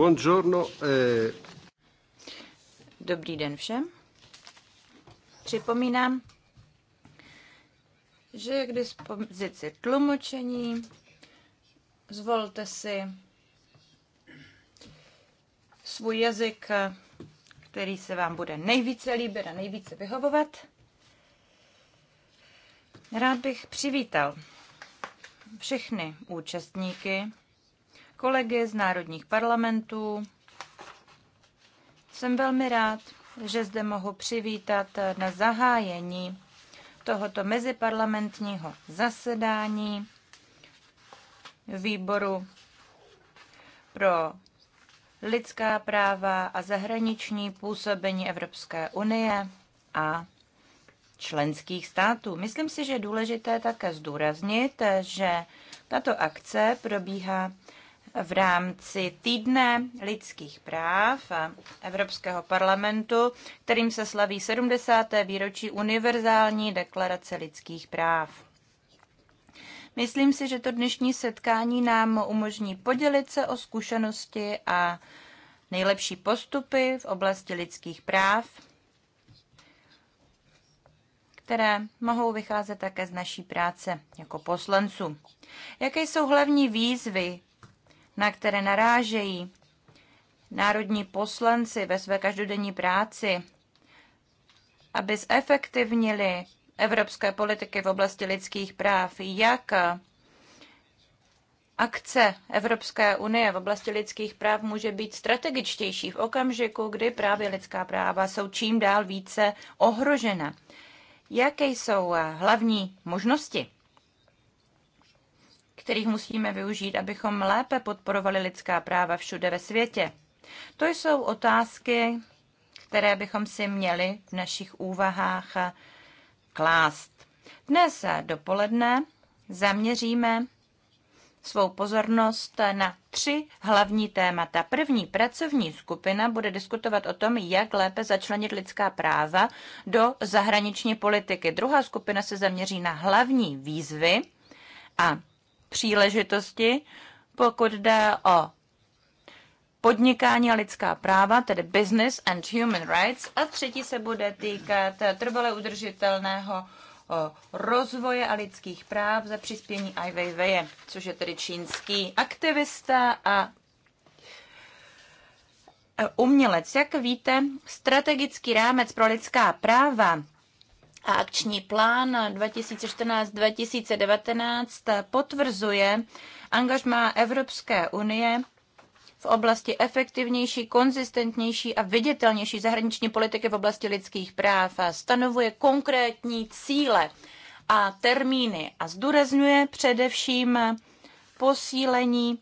Buongiorno. E Dobrý den všem. Připomínám, že je k dispozici tlumočení. Zvolte si svůj jazyk, který se vám bude nejvíce líbit a nejvíce vyhovovat. Rád bych přivítal všechny účastníky kolegy z národních parlamentů. Jsem velmi rád, že zde mohu přivítat na zahájení tohoto meziparlamentního zasedání výboru pro lidská práva a zahraniční působení Evropské unie a členských států. Myslím si, že je důležité také zdůraznit, že tato akce probíhá v rámci týdne lidských práv Evropského parlamentu, kterým se slaví 70. výročí Univerzální deklarace lidských práv. Myslím si, že to dnešní setkání nám umožní podělit se o zkušenosti a nejlepší postupy v oblasti lidských práv, které mohou vycházet také z naší práce jako poslanců. Jaké jsou hlavní výzvy, na které narážejí národní poslanci ve své každodenní práci, aby zefektivnili evropské politiky v oblasti lidských práv, jak akce Evropské unie v oblasti lidských práv může být strategičtější v okamžiku, kdy právě lidská práva jsou čím dál více ohrožena. Jaké jsou hlavní možnosti? kterých musíme využít, abychom lépe podporovali lidská práva všude ve světě. To jsou otázky, které bychom si měli v našich úvahách klást. Dnes dopoledne zaměříme svou pozornost na tři hlavní témata. První pracovní skupina bude diskutovat o tom, jak lépe začlenit lidská práva do zahraniční politiky. Druhá skupina se zaměří na hlavní výzvy a příležitosti, pokud jde o podnikání a lidská práva, tedy business and human rights. A třetí se bude týkat trvale udržitelného rozvoje a lidských práv za přispění Ai Weiwei, což je tedy čínský aktivista a e, umělec. Jak víte, strategický rámec pro lidská práva a akční plán 2014-2019 potvrzuje angažmá Evropské unie v oblasti efektivnější, konzistentnější a viditelnější zahraniční politiky v oblasti lidských práv a stanovuje konkrétní cíle a termíny a zdůrazňuje především posílení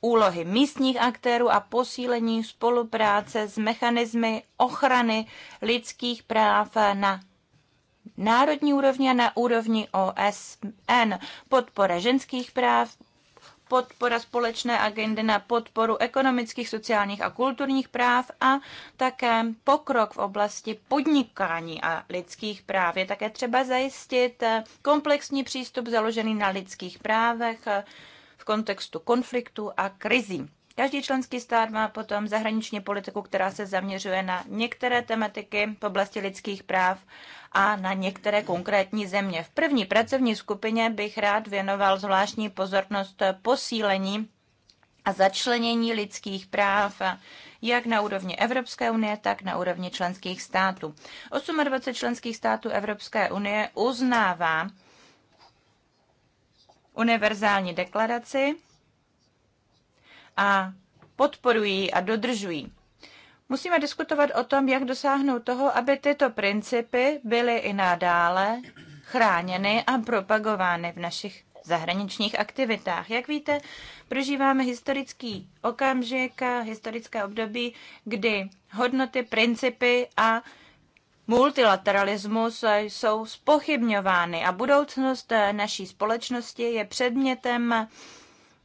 úlohy místních aktérů a posílení spolupráce s mechanismy ochrany lidských práv na národní úrovni a na úrovni OSN. Podpora ženských práv, podpora společné agendy na podporu ekonomických, sociálních a kulturních práv a také pokrok v oblasti podnikání a lidských práv. Je také třeba zajistit komplexní přístup založený na lidských právech v kontextu konfliktu a krizí. Každý členský stát má potom zahraniční politiku, která se zaměřuje na některé tematiky v oblasti lidských práv a na některé konkrétní země. V první pracovní skupině bych rád věnoval zvláštní pozornost posílení a začlenění lidských práv jak na úrovni Evropské unie, tak na úrovni členských států. 28 členských států Evropské unie uznává univerzální deklaraci a podporují a dodržují. Musíme diskutovat o tom, jak dosáhnout toho, aby tyto principy byly i nadále chráněny a propagovány v našich zahraničních aktivitách. Jak víte, prožíváme historický okamžik, a historické období, kdy hodnoty, principy a multilateralismus jsou spochybňovány a budoucnost naší společnosti je předmětem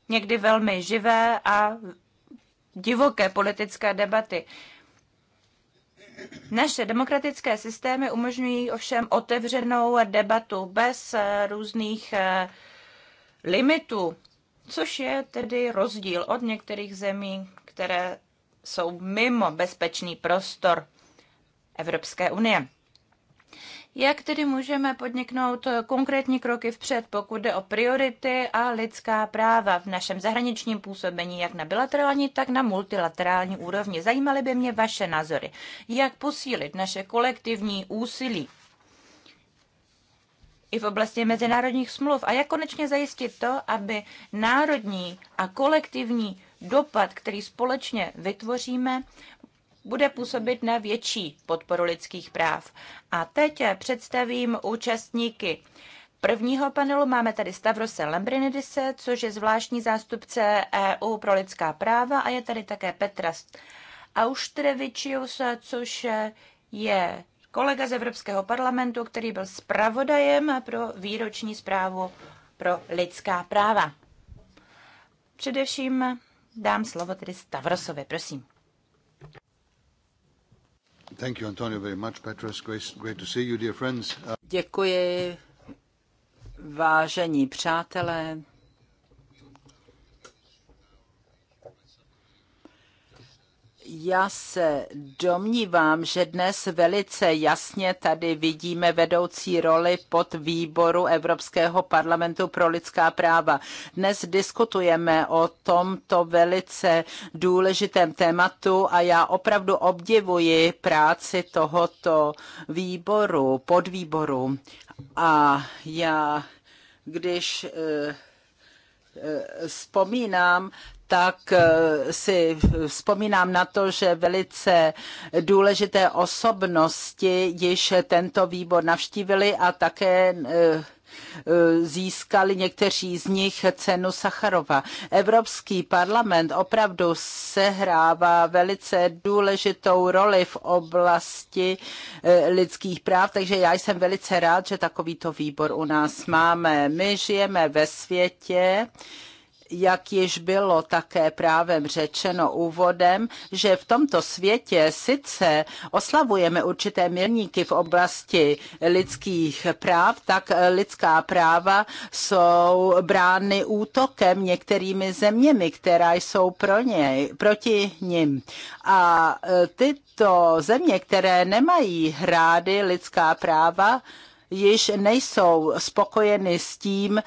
někdy velmi živé a divoké politické debaty. Naše demokratické systémy umožňují ovšem otevřenou debatu bez eh, různých eh, limitů, což je tedy rozdíl od některých zemí, které jsou mimo bezpečný prostor Evropské unie. Jak tedy můžeme podniknout konkrétní kroky vpřed, pokud jde o priority a lidská práva v našem zahraničním působení, jak na bilaterální, tak na multilaterální úrovni? Zajímaly by mě vaše názory. Jak posílit naše kolektivní úsilí i v oblasti mezinárodních smluv a jak konečně zajistit to, aby národní a kolektivní dopad, který společně vytvoříme, bude působit na větší podporu lidských práv. A teď představím účastníky prvního panelu máme tady Stavrose Lembrinidise, což je zvláštní zástupce EU pro lidská práva a je tady také Petra Auštrevičius, což je kolega z Evropského parlamentu, který byl zpravodajem pro výroční zprávu pro lidská práva. Především dám slovo tedy Stavrosovi, prosím. Děkuji, vážení přátelé. Já se domnívám, že dnes velice jasně tady vidíme vedoucí roli pod výboru Evropského parlamentu pro lidská práva. Dnes diskutujeme o tomto velice důležitém tématu a já opravdu obdivuji práci tohoto výboru, podvýboru. A já, když eh, eh, vzpomínám, tak eh, si vzpomínám na to, že velice důležité osobnosti již tento výbor navštívili a také eh, eh, získali někteří z nich cenu Sacharova. Evropský parlament opravdu sehrává velice důležitou roli v oblasti lidských práv, takže já jsem velice rád, že takovýto výbor u nás máme. My žijeme ve světě, jak již bylo také právem řečeno úvodem, že v tomto světě sice oslavujeme určité milníky v oblasti lidských práv, tak lidská práva jsou brány útokem některými zeměmi, která jsou pro něj, proti nim. A e, tyto země, které nemají rády lidská práva, již nejsou spokojeny s tím,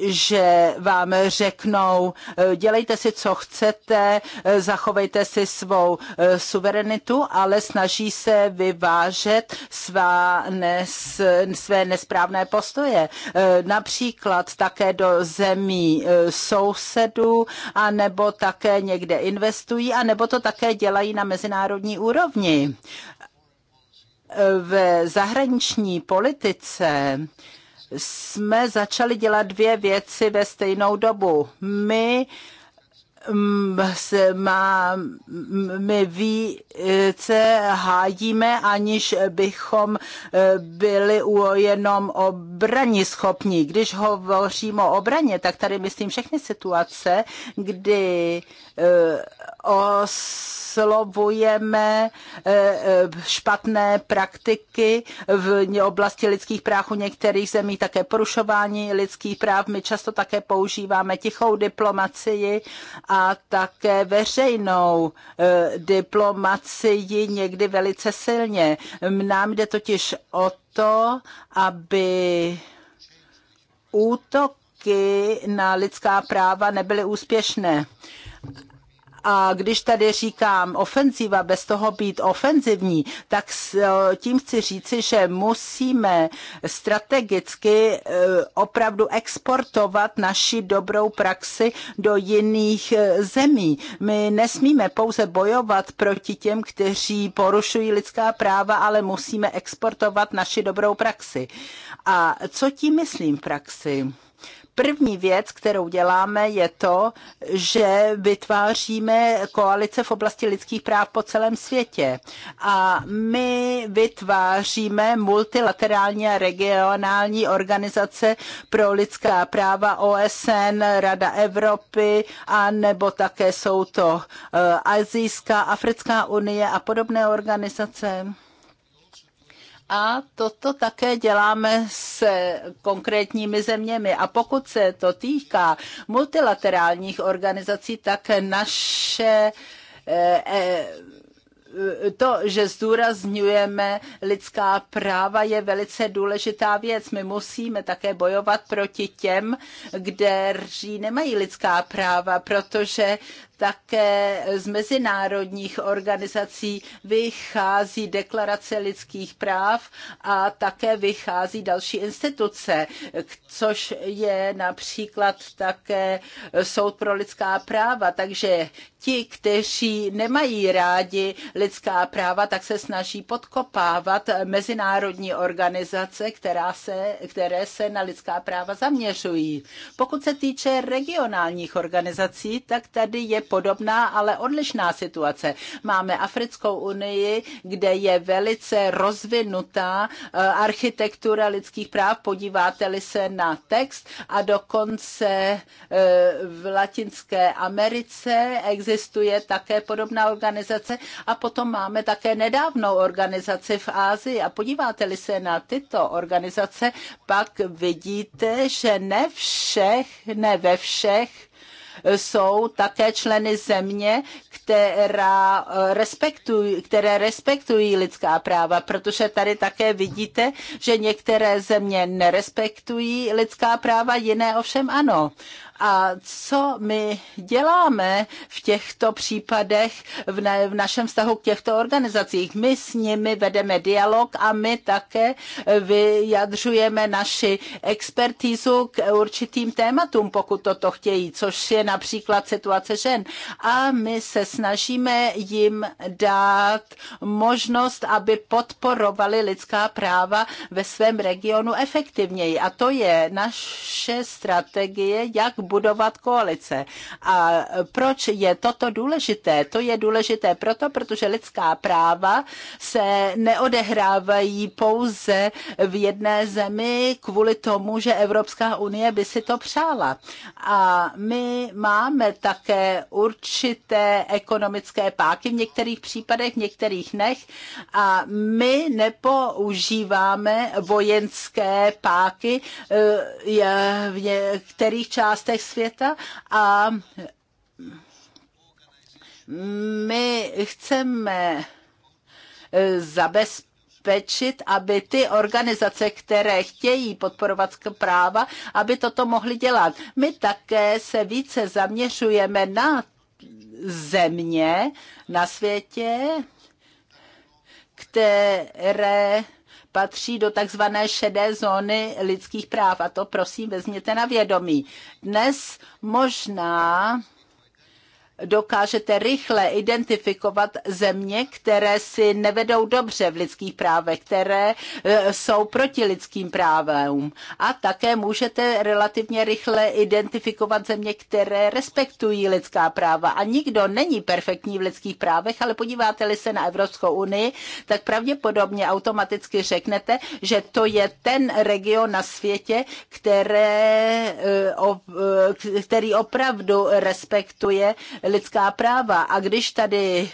že vám řeknou, eh, dělejte si, co chcete, eh, zachovejte si svou eh, suverenitu, ale snaží se vyvážet svá nes, své nesprávné postoje. Například také do zemí sousedů, anebo také někde investují, anebo to také dělají na mezinárodní úrovni v zahraniční politice jsme začali dělat dvě věci ve stejnou dobu. My mm, má, mm, my více hájíme, aniž bychom eh, byli u jenom obraní schopní. Když hovořím o obraně, tak tady myslím všechny situace, kdy eh, oslovujeme eh, eh, špatné praktiky v oblasti lidských práv u některých zemí, také porušování lidských práv. My často také používáme tichou diplomacii a také veřejnou eh, diplomacii někdy velice silně. Nám jde totiž o to, aby útoky na lidská práva nebyly úspěšné. A když tady říkám ofenzíva, bez toho být ofenzivní, tak eh, tím chci říci, že musíme strategicky eh, opravdu exportovat naši dobrou praxi do jiných eh, zemí. My nesmíme pouze bojovat proti těm, kteří porušují lidská práva, ale musíme exportovat naši dobrou praxi. A co tím myslím v praxi? První věc, kterou děláme, je to, že vytváříme koalice v oblasti lidských práv po celém světě. A my vytváříme multilaterální a regionální organizace pro lidská práva OSN, Rada Evropy, a nebo také jsou to eh, Azijská, Africká unie a podobné organizace a toto také děláme s konkrétními zeměmi. A pokud se to týká multilaterálních organizací, tak naše eh, eh, to, že zdůrazňujeme lidská práva, je velice důležitá věc. My musíme také bojovat proti těm, kteří nemají lidská práva, protože také z mezinárodních organizací vychází deklarace lidských práv a také vychází další instituce, což je například také Soud pro lidská práva. Takže ti, kteří nemají rádi lidská práva, tak se snaží podkopávat mezinárodní organizace, která se, které se na lidská práva zaměřují. Pokud se týče regionálních organizací, tak tady je podobná, ale odlišná situace. Máme Africkou unii, kde je velice rozvinutá eh, architektura lidských práv. Podíváte-li se na text a dokonce eh, v Latinské Americe existuje také podobná organizace a potom máme také nedávnou organizaci v Ázii a podíváte-li se na tyto organizace, pak vidíte, že ne všech, ne ve všech jsou také členy země, která eh, respektují, které respektují lidská práva, protože tady také vidíte, že některé země nerespektují lidská práva, jiné ovšem ano. A co my děláme v těchto případech v, ne, v našem vztahu k těchto organizacích? My s nimi vedeme dialog a my také vyjadřujeme naši expertízu k určitým tématům, pokud toto chtějí, což je například situace žen. A my se snažíme jim dát možnost, aby podporovali lidská práva ve svém regionu efektivněji. A to je naše strategie, jak budovat koalice. A proč je toto důležité? To je důležité proto, protože lidská práva se neodehrávají pouze v jedné zemi kvůli tomu, že Evropská unie by si to přála. A my máme také určité ekonomické páky v některých případech, v některých nech a my nepoužíváme vojenské páky eh, v některých částech částech světa a my chceme e, zabezpečit aby ty organizace, které chtějí podporovat práva, aby toto mohly dělat. My také se více zaměřujeme na země na světě, které patří do takzvané šedé zóny lidských práv. A to prosím vezměte na vědomí. Dnes možná dokážete rychle identifikovat země, které si nevedou dobře v lidských právech, které eh, jsou proti lidským právům. A také můžete relativně rychle identifikovat země, které respektují lidská práva. A nikdo není perfektní v lidských právech, ale podíváte-li se na Evropskou unii, tak pravděpodobně automaticky řeknete, že to je ten region na světě, které, eh, eh, který opravdu respektuje lidská práva. A když tady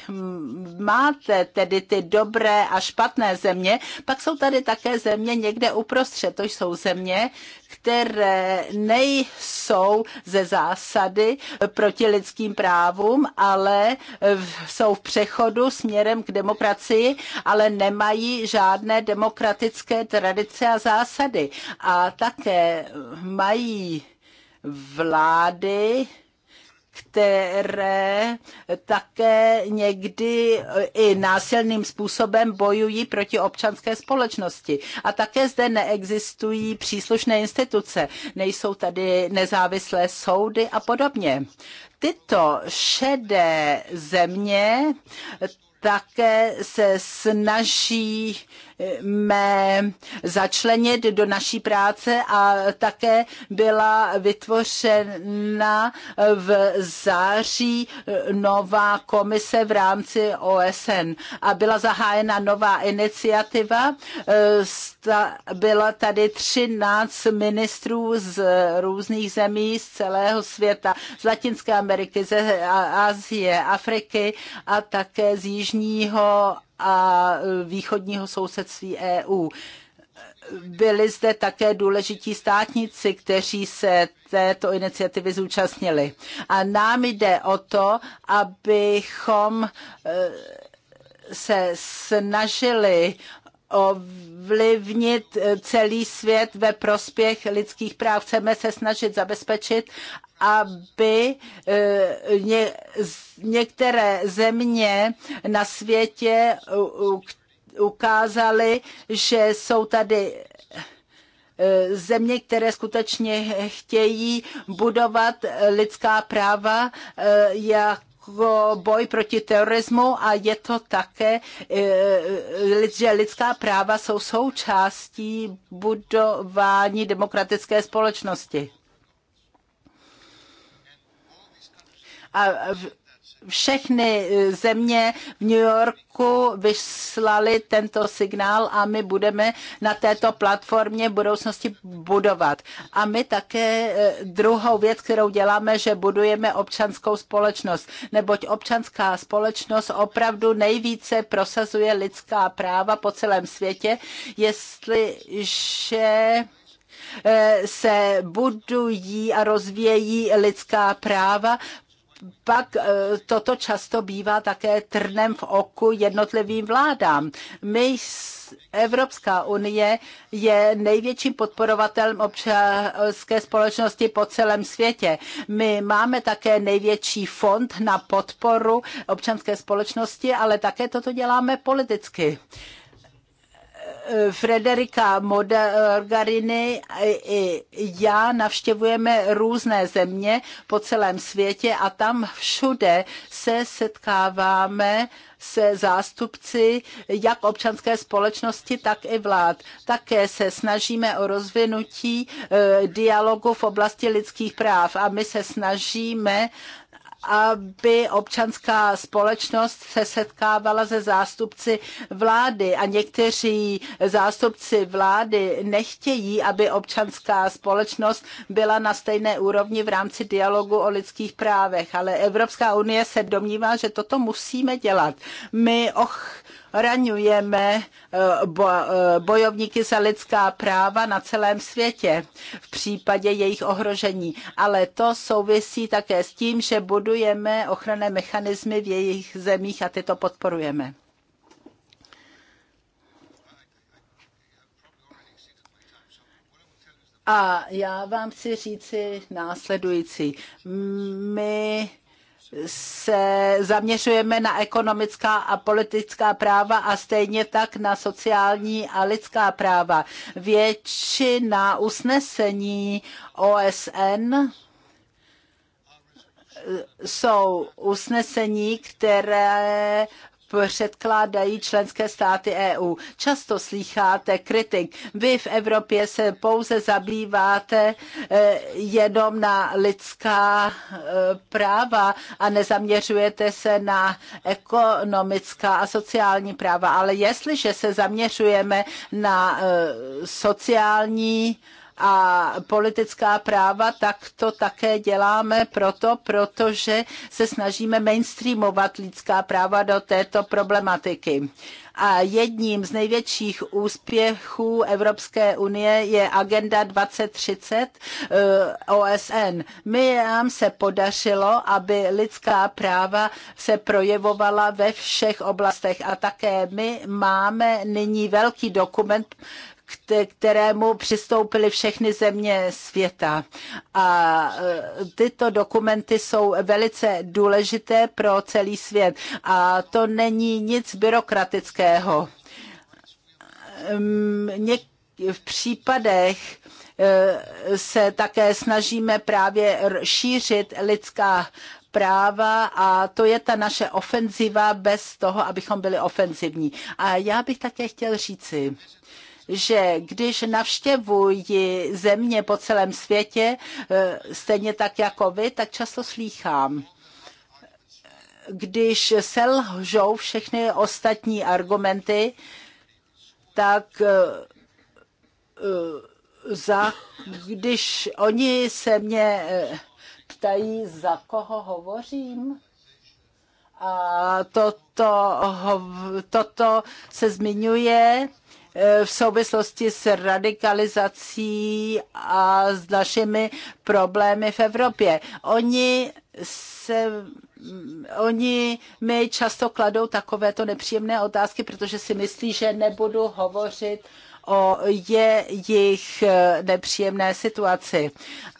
máte tedy ty dobré a špatné země, pak jsou tady také země někde uprostřed. To jsou země, které nejsou ze zásady proti lidským právům, ale jsou v přechodu směrem k demokracii, ale nemají žádné demokratické tradice a zásady. A také mají vlády, které také někdy eh, i násilným způsobem bojují proti občanské společnosti. A také zde neexistují příslušné instituce, nejsou tady nezávislé soudy a podobně. Tyto šedé země také se snaží začlenit do naší práce a také byla vytvořena v září nová komise v rámci OSN a byla zahájena nová iniciativa. Byla tady 13 ministrů z různých zemí z celého světa, z Latinské Ameriky, ze Asie, Afriky a také z Jižního a východního sousedství EU. Byli zde také důležití státníci, kteří se této iniciativy zúčastnili. A nám jde o to, abychom eh, se snažili ovlivnit eh, celý svět ve prospěch lidských práv. Chceme se snažit zabezpečit, aby e, ně, některé země na světě ukázaly, že jsou tady e, země, které skutečně chtějí budovat lidská práva e, jak boj proti terorismu a je to také, že lidská práva jsou součástí budování demokratické společnosti. a všechny e, země v New Yorku vyslali tento signál a my budeme na této platformě v budoucnosti budovat. A my také e, druhou věc, kterou děláme, že budujeme občanskou společnost, neboť občanská společnost opravdu nejvíce prosazuje lidská práva po celém světě, jestliže e, se budují a rozvíjejí lidská práva, pak e, toto často bývá také trnem v oku jednotlivým vládám. My Evropská unie je největším podporovatelem občanské společnosti po celém světě. My máme také největší fond na podporu občanské společnosti, ale také toto děláme politicky. Frederika Mogariny i já navštěvujeme různé země po celém světě a tam všude se setkáváme se zástupci jak občanské společnosti, tak i vlád. Také se snažíme o rozvinutí eh, dialogu v oblasti lidských práv a my se snažíme aby občanská společnost se setkávala se zástupci vlády a někteří zástupci vlády nechtějí, aby občanská společnost byla na stejné úrovni v rámci dialogu o lidských právech, ale Evropská unie se domnívá, že toto musíme dělat. My och raňujeme eh, eh, bojovníky za lidská práva na celém světě v případě jejich ohrožení. Ale to souvisí také s tím, že budujeme ochranné mechanismy v jejich zemích a ty to podporujeme. A já vám chci říci následující. My se zaměřujeme na ekonomická a politická práva a stejně tak na sociální a lidská práva. Většina usnesení OSN jsou usnesení, které předkládají členské státy EU. Často slýcháte kritik. Vy v Evropě se pouze zabýváte e, jenom na lidská e, práva a nezaměřujete se na ekonomická a sociální práva. Ale jestliže se zaměřujeme na e, sociální a politická práva, tak to také děláme proto, protože se snažíme mainstreamovat lidská práva do této problematiky. A jedním z největších úspěchů Evropské unie je Agenda 2030 eh, OSN. My nám se podařilo, aby lidská práva se projevovala ve všech oblastech a také my máme nyní velký dokument, kterému přistoupily všechny země světa. A e, tyto dokumenty jsou velice důležité pro celý svět. A to není nic byrokratického. V případech e, se také snažíme právě šířit lidská práva a to je ta naše ofenziva bez toho, abychom byli ofenzivní. A já bych také chtěl říci, že když navštěvuji země po celém světě, eh, stejně tak jako vy, tak často slýchám když selžou všechny ostatní argumenty, tak eh, eh, za, když oni se mě ptají, za koho hovořím, a toto, toto se zmiňuje E, v souvislosti s radikalizací a s našimi problémy v Evropě. Oni se oni mi často kladou takovéto nepříjemné otázky, protože si myslí, že nebudu hovořit o jejich e, nepříjemné situaci.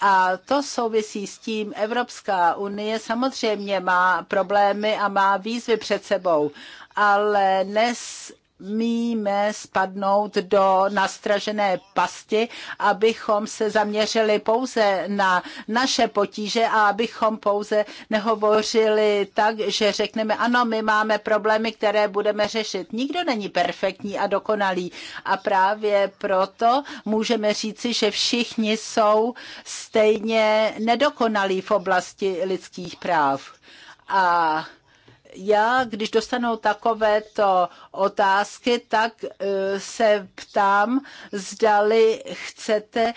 A to souvisí s tím, Evropská unie samozřejmě má problémy a má výzvy před sebou, ale dnes míme spadnout do nastražené pasti, abychom se zaměřili pouze na naše potíže a abychom pouze nehovořili tak, že řekneme, ano, my máme problémy, které budeme řešit. Nikdo není perfektní a dokonalý a právě proto můžeme říci, že všichni jsou stejně nedokonalí v oblasti lidských práv. A já, když dostanou takovéto otázky, tak e, se ptám, zdali chcete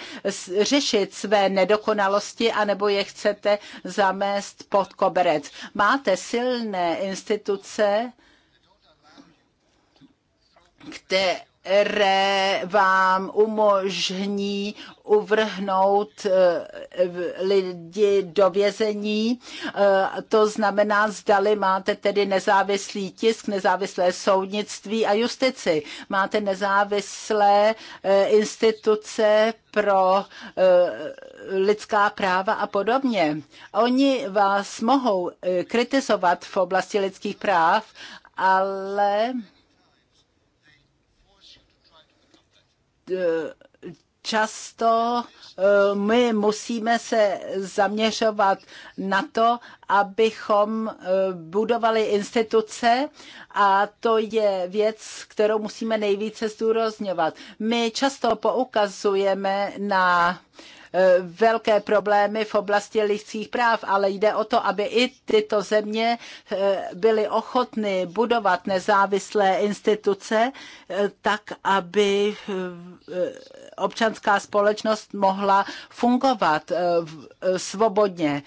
řešit své nedokonalosti, anebo je chcete zamést pod koberec. Máte silné instituce, které které vám umožní uvrhnout eh, lidi do vězení. Eh, to znamená, zdali máte tedy nezávislý tisk, nezávislé soudnictví a justici. Máte nezávislé eh, instituce pro lidská práva a podobně. Oni vás mohou kritizovat v oblasti lidských práv, ale často eh, my musíme se zaměřovat na to, abychom eh, budovali instituce a to je věc, kterou musíme nejvíce zdůrazňovat. My často poukazujeme na uh, Eh, velké problémy v oblasti lidských práv, ale jde o to, aby i tyto země eh, byly ochotny budovat nezávislé instituce, eh, tak aby občanská společnost mohla fungovat svobodně.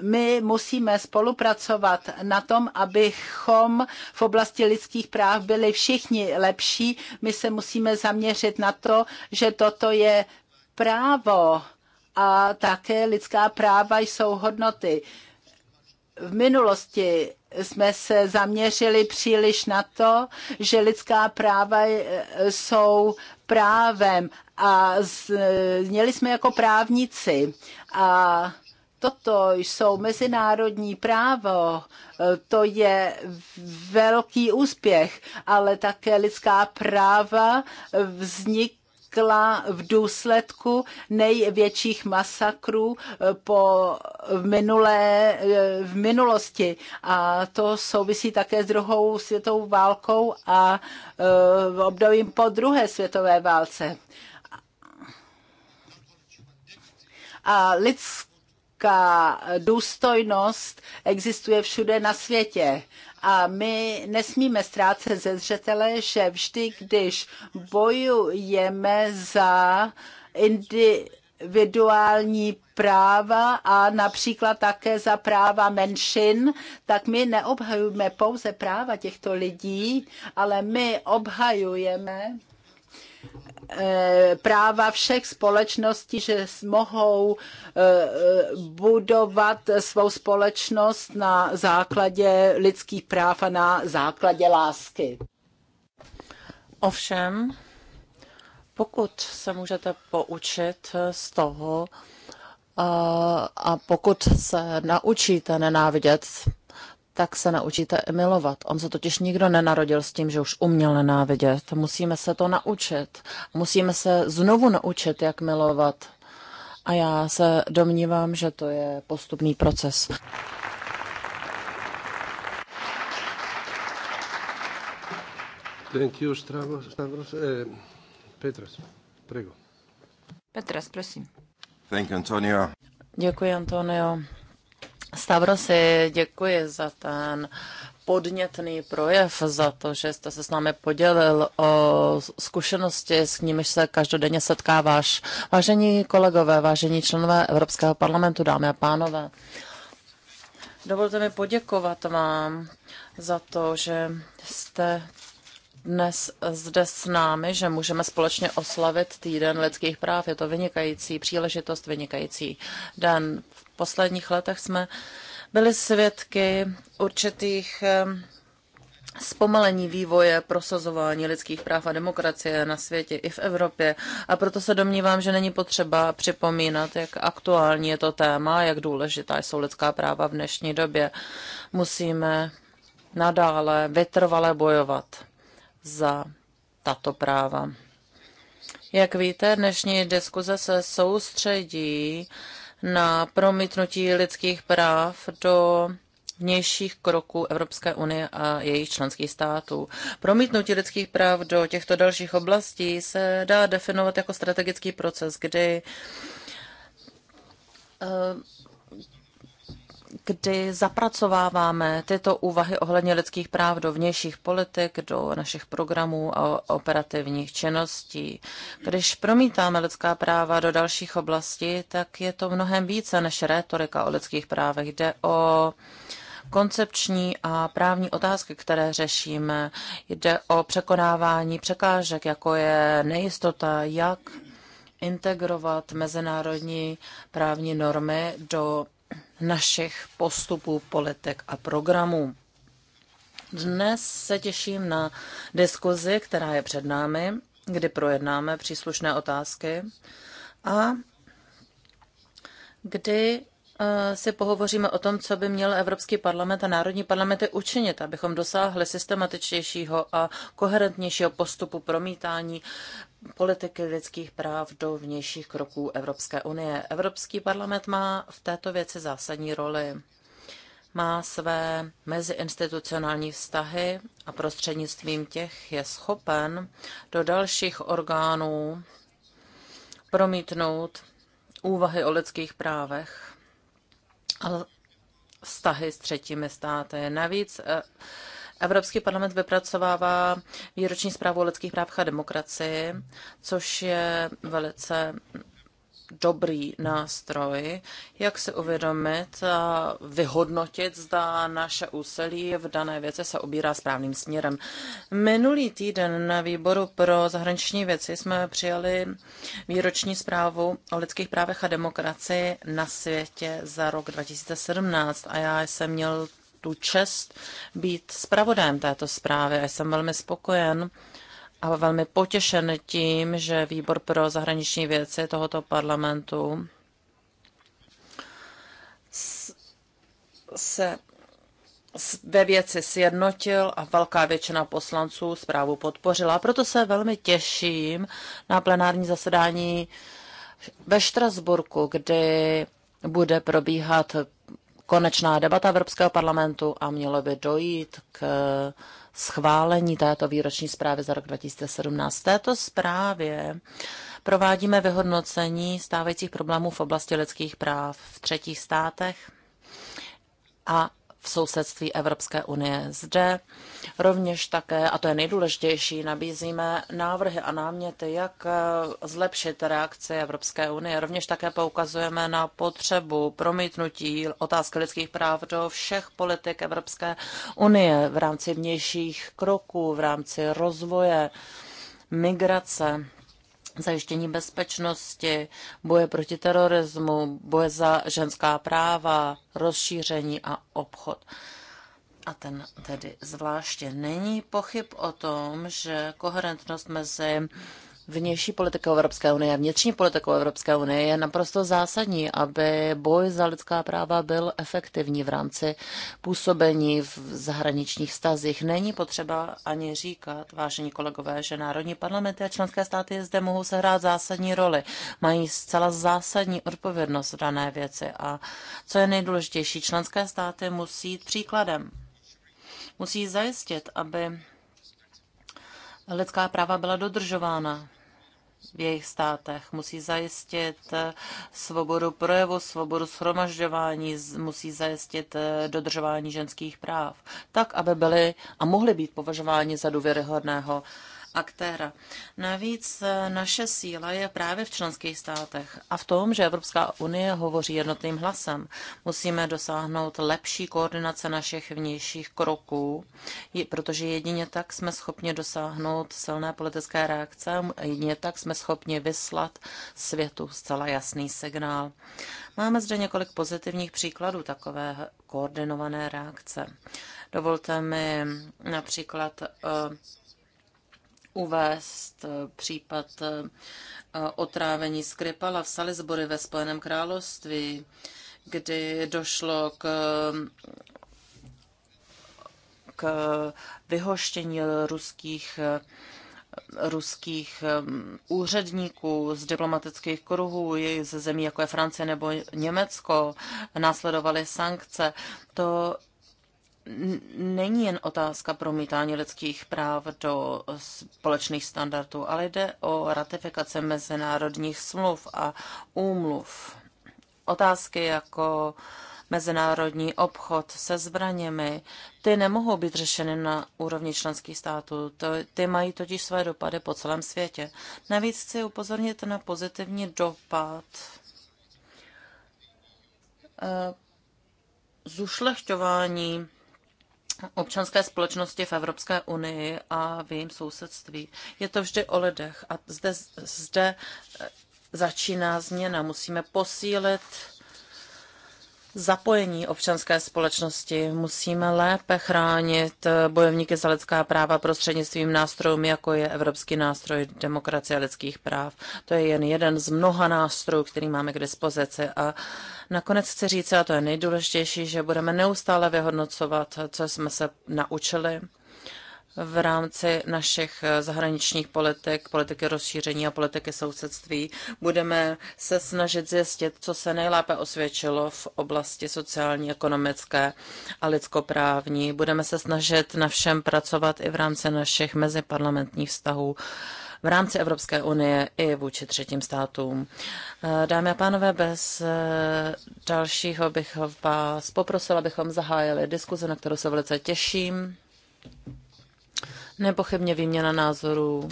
My musíme spolupracovat na tom, abychom v oblasti lidských práv byli všichni lepší. My se musíme zaměřit na to, že toto je právo a také lidská práva jsou hodnoty. V minulosti jsme se zaměřili příliš na to, že lidská práva jsou právem a měli jsme jako právníci. A toto jsou mezinárodní právo, to je velký úspěch, ale také lidská práva vznik vznikla v důsledku největších masakrů eh, po v, minulé, eh, v minulosti. A to souvisí také s druhou světovou válkou a eh, obdobím po druhé světové válce. A lidská důstojnost existuje všude na světě a my nesmíme ztrácet ze zřetele, že vždy, když bojujeme za individuální práva a například také za práva menšin, tak my neobhajujeme pouze práva těchto lidí, ale my obhajujeme Eh, práva všech společností, že mohou eh, budovat svou společnost na základě lidských práv a na základě lásky. Ovšem, pokud se můžete poučit z toho, eh, a pokud se naučíte nenávidět tak se naučíte milovat. On se totiž nikdo nenarodil s tím, že už uměl nenávidět. Musíme se to naučit. Musíme se znovu naučit, jak milovat. A já se domnívám, že to je postupný proces. Thank you, Stavros. Stavros. Eh, Petras, prego. Petras, prosím. Thank you, Antonio. Děkuji, Antonio. Stavrosi, děkuji za ten podnětný projev, za to, že jste se s námi podělil o zkušenosti, s nimiž se každodenně setkáváš. Vážení kolegové, vážení členové Evropského parlamentu, dámy a pánové, dovolte mi poděkovat vám za to, že jste dnes zde s námi, že můžeme společně oslavit týden lidských práv. Je to vynikající příležitost, vynikající den v posledních letech jsme byli svědky určitých zpomalení vývoje prosazování lidských práv a demokracie na světě i v Evropě. A proto se domnívám, že není potřeba připomínat, jak aktuální je to téma, jak důležitá jsou lidská práva v dnešní době. Musíme nadále vytrvale bojovat za tato práva. Jak víte, dnešní diskuze se soustředí na promítnutí lidských práv do vnějších kroků Evropské unie a jejich členských států. Promítnutí lidských práv do těchto dalších oblastí se dá definovat jako strategický proces, kdy kdy zapracováváme tyto úvahy ohledně lidských práv do vnějších politik, do našich programů a operativních činností. Když promítáme lidská práva do dalších oblastí, tak je to mnohem více než rétorika o lidských právech. Jde o koncepční a právní otázky, které řešíme. Jde o překonávání překážek, jako je nejistota, jak integrovat mezinárodní právní normy do našich postupů, politik a programů. Dnes se těším na diskuzi, která je před námi, kdy projednáme příslušné otázky a kdy Eh, si pohovoříme o tom, co by měl Evropský parlament a národní parlamenty učinit, abychom dosáhli systematičtějšího a koherentnějšího postupu promítání politiky lidských práv do vnějších kroků Evropské unie. Evropský parlament má v této věci zásadní roli. Má své meziinstitucionální vztahy a prostřednictvím těch je schopen do dalších orgánů promítnout úvahy o lidských právech vztahy s třetími státy. Navíc eh, Evropský parlament vypracovává výroční zprávu o lidských právech a demokracii, což je velice dobrý nástroj, jak si uvědomit a vyhodnotit, zda naše úsilí v dané věci se obírá správným směrem. Minulý týden na výboru pro zahraniční věci jsme přijali výroční zprávu o lidských právech a demokracii na světě za rok 2017 a já jsem měl tu čest být zpravodajem této zprávy a jsem velmi spokojen a velmi potěšen tím, že výbor pro zahraniční věci tohoto parlamentu se ve věci sjednotil a velká většina poslanců zprávu podpořila. Proto se velmi těším na plenární zasedání ve Štrasburku, kdy bude probíhat konečná debata Evropského parlamentu a mělo by dojít k schválení této výroční zprávy za rok 2017. V této zprávě provádíme vyhodnocení stávajících problémů v oblasti lidských práv v třetích státech a v sousedství Evropské unie. Zde rovněž také, a to je nejdůležitější, nabízíme návrhy a náměty, jak eh, zlepšit reakci Evropské unie. Rovněž také poukazujeme na potřebu promítnutí otázky lidských práv do všech politik Evropské unie v rámci vnějších kroků, v rámci rozvoje migrace zajištění bezpečnosti, boje proti terorismu, boje za ženská práva, rozšíření a obchod. A ten tedy zvláště není pochyb o tom, že koherentnost mezi vnější politikou Evropské unie, vnitřní politikou Evropské unie je naprosto zásadní, aby boj za lidská práva byl efektivní v rámci působení v zahraničních stazích. Není potřeba ani říkat, vážení kolegové, že národní parlamenty a členské státy zde mohou sehrát zásadní roli. Mají zcela zásadní odpovědnost v dané věci a co je nejdůležitější, členské státy musí jít příkladem. Musí zajistit, aby lidská práva byla dodržována v jejich státech. Musí zajistit eh, svobodu projevu, svobodu shromažďování, musí zajistit eh, dodržování ženských práv, tak, aby byly a mohly být považováni za důvěryhodného aktéra. Navíc eh, naše síla je právě v členských státech a v tom, že Evropská unie hovoří jednotným hlasem. Musíme dosáhnout lepší koordinace našich vnějších kroků, protože jedině tak jsme schopni dosáhnout silné politické reakce, jedině tak jsme schopni vyslat světu zcela jasný signál. Máme zde několik pozitivních příkladů takové koordinované reakce. Dovolte mi například eh, uvést eh, případ eh, otrávení Skripala v Salisbury ve Spojeném království, kdy došlo k k vyhoštění ruských, ruských eh, úředníků z diplomatických kruhů ze zemí, jako je Francie nebo Německo, následovaly sankce. To není jen otázka promítání lidských práv do společných standardů, ale jde o ratifikace mezinárodních smluv a úmluv. Otázky jako mezinárodní obchod se zbraněmi, ty nemohou být řešeny na úrovni členských států, ty mají totiž své dopady po celém světě. Navíc chci upozornit na pozitivní dopad eh, zušlechťování občanské společnosti v Evropské unii a v jejím sousedství. Je to vždy o lidech a zde, zde eh, začíná změna. Musíme posílit zapojení občanské společnosti. Musíme lépe chránit bojovníky za lidská práva prostřednictvím nástrojů, jako je Evropský nástroj demokracie a lidských práv. To je jen jeden z mnoha nástrojů, který máme k dispozici. A nakonec chci říct, a to je nejdůležitější, že budeme neustále vyhodnocovat, co jsme se naučili v rámci našich eh, zahraničních politik, politiky rozšíření a politiky sousedství. Budeme se snažit zjistit, co se nejlépe osvědčilo v oblasti sociální, ekonomické a lidskoprávní. Budeme se snažit na všem pracovat i v rámci našich meziparlamentních vztahů v rámci Evropské unie i vůči třetím státům. Eh, Dámy a pánové, bez eh, dalšího bych vás poprosila, abychom zahájili diskuzi, na kterou se velice těším. Nepochybně výměna názorů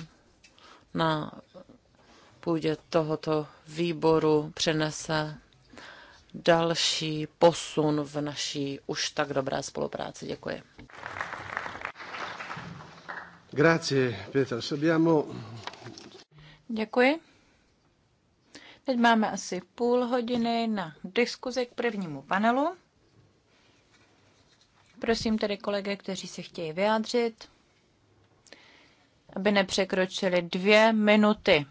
na půdě tohoto výboru přinese další posun v naší už tak dobré spolupráci. Děkuji. Grazie, Petra. Abbiamo... Děkuji. Teď máme asi půl hodiny na diskuzi k prvnímu panelu. Prosím tedy kolegy, kteří se chtějí vyjádřit aby nepřekročili dvě minuty.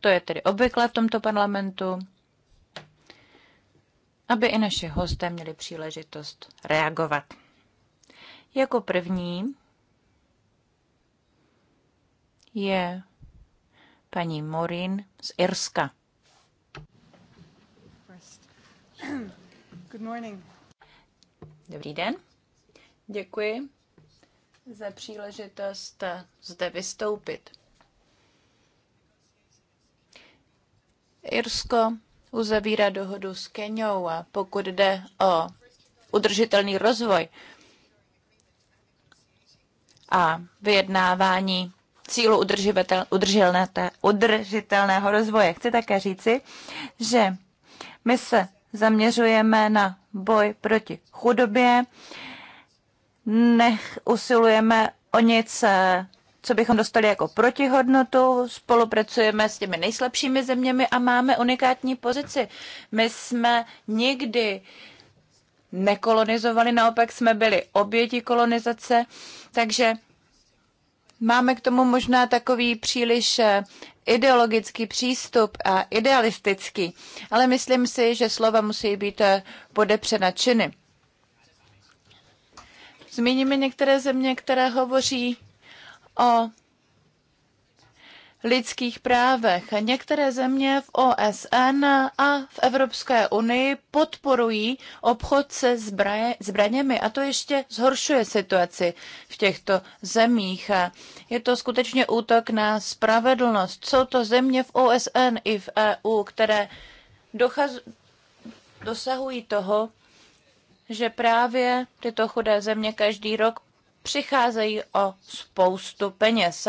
To je tedy obvyklé v tomto parlamentu, aby i naši hosté měli příležitost reagovat. Jako první je paní Morin z Irska. Dobrý den. Děkuji za příležitost zde vystoupit. Irsko uzavírá dohodu s a pokud jde o udržitelný rozvoj a vyjednávání cílu udržitelného rozvoje. Chci také říci, že my se zaměřujeme na boj proti chudobě, nech usilujeme o nic, eh, co bychom dostali jako protihodnotu, spolupracujeme s těmi nejslabšími zeměmi a máme unikátní pozici. My jsme nikdy nekolonizovali, naopak jsme byli oběti kolonizace, takže máme k tomu možná takový příliš eh, ideologický přístup a idealistický, ale myslím si, že slova musí být eh, podepřena činy. Zmíníme některé země, které hovoří o lidských právech. Některé země v OSN a v Evropské unii podporují obchod se zbraje, zbraněmi a to ještě zhoršuje situaci v těchto zemích. Je to skutečně útok na spravedlnost. Jsou to země v OSN i v EU, které dochaz, dosahují toho, že právě tyto chudé země každý rok přicházejí o spoustu peněz.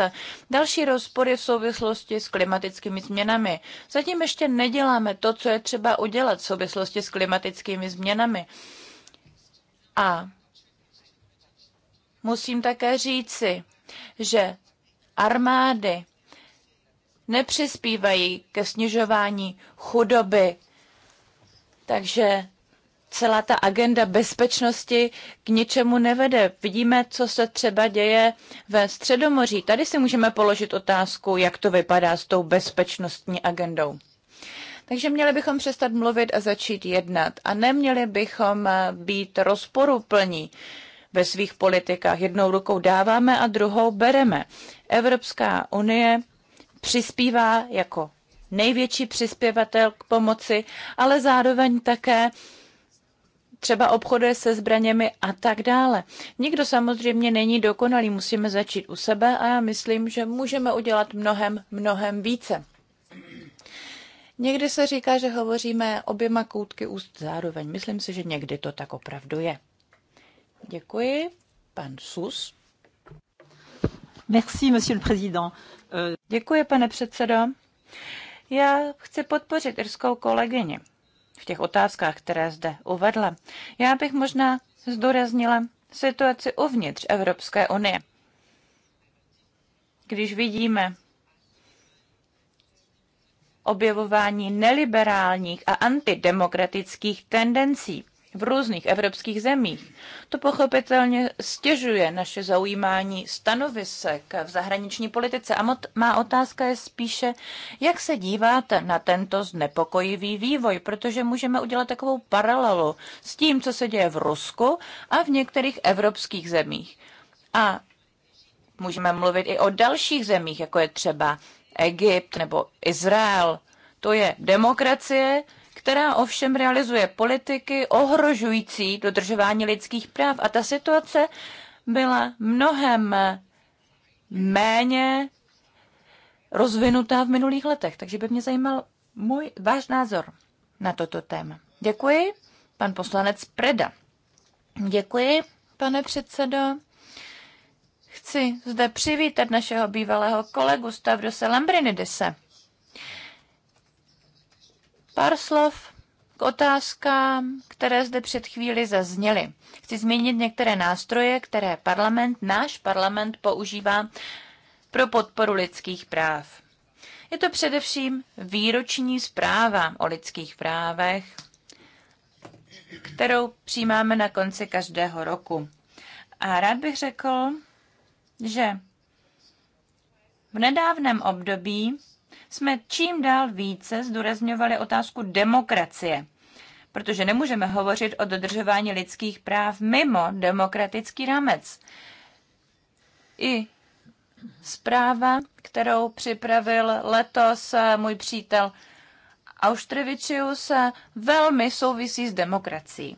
Další rozpory v souvislosti s klimatickými změnami. Zatím ještě neděláme to, co je třeba udělat v souvislosti s klimatickými změnami. A musím také říci, že armády nepřispívají ke snižování chudoby. Takže celá ta agenda bezpečnosti k ničemu nevede. Vidíme, co se třeba děje ve Středomoří. Tady si můžeme položit otázku, jak to vypadá s tou bezpečnostní agendou. Takže měli bychom přestat mluvit a začít jednat. A neměli bychom eh, být rozporuplní ve svých politikách. Jednou rukou dáváme a druhou bereme. Evropská unie přispívá jako největší přispěvatel k pomoci, ale zároveň také třeba obchoduje se zbraněmi a tak dále. Nikdo samozřejmě není dokonalý, musíme začít u sebe a já myslím, že můžeme udělat mnohem, mnohem více. Někdy se říká, že hovoříme oběma koutky úst zároveň. Myslím si, že někdy to tak opravdu je. Děkuji. Pan Sus. Merci, monsieur le président. Děkuji, pane předsedo. Já chci podpořit irskou kolegyni v těch otázkách, které zde uvedla. Já bych možná zdůraznila situaci uvnitř Evropské unie. Když vidíme objevování neliberálních a antidemokratických tendencí, v různých evropských zemích. To pochopitelně stěžuje naše zaujímání stanovisek v zahraniční politice. A má otázka je spíše, jak se díváte na tento znepokojivý vývoj, protože můžeme udělat takovou paralelu s tím, co se děje v Rusku a v některých evropských zemích. A můžeme mluvit i o dalších zemích, jako je třeba Egypt nebo Izrael. To je demokracie, která ovšem realizuje politiky ohrožující dodržování lidských práv. A ta situace byla mnohem méně rozvinutá v minulých letech. Takže by mě zajímal můj váš názor na toto téma. Děkuji. Pan poslanec Preda. Děkuji, pane předsedo. Chci zde přivítat našeho bývalého kolegu Stavrose Lambrinidise. Pár slov k otázkám, které zde před chvíli zazněly. Chci zmínit některé nástroje, které parlament, náš parlament používá pro podporu lidských práv. Je to především výroční zpráva o lidských právech, kterou přijímáme na konci každého roku. A rád bych řekl, že v nedávném období jsme čím dál více zdůrazňovali otázku demokracie, protože nemůžeme hovořit o dodržování lidských práv mimo demokratický rámec. I zpráva, kterou připravil letos eh, můj přítel Austrevičius, eh, velmi souvisí s demokracií.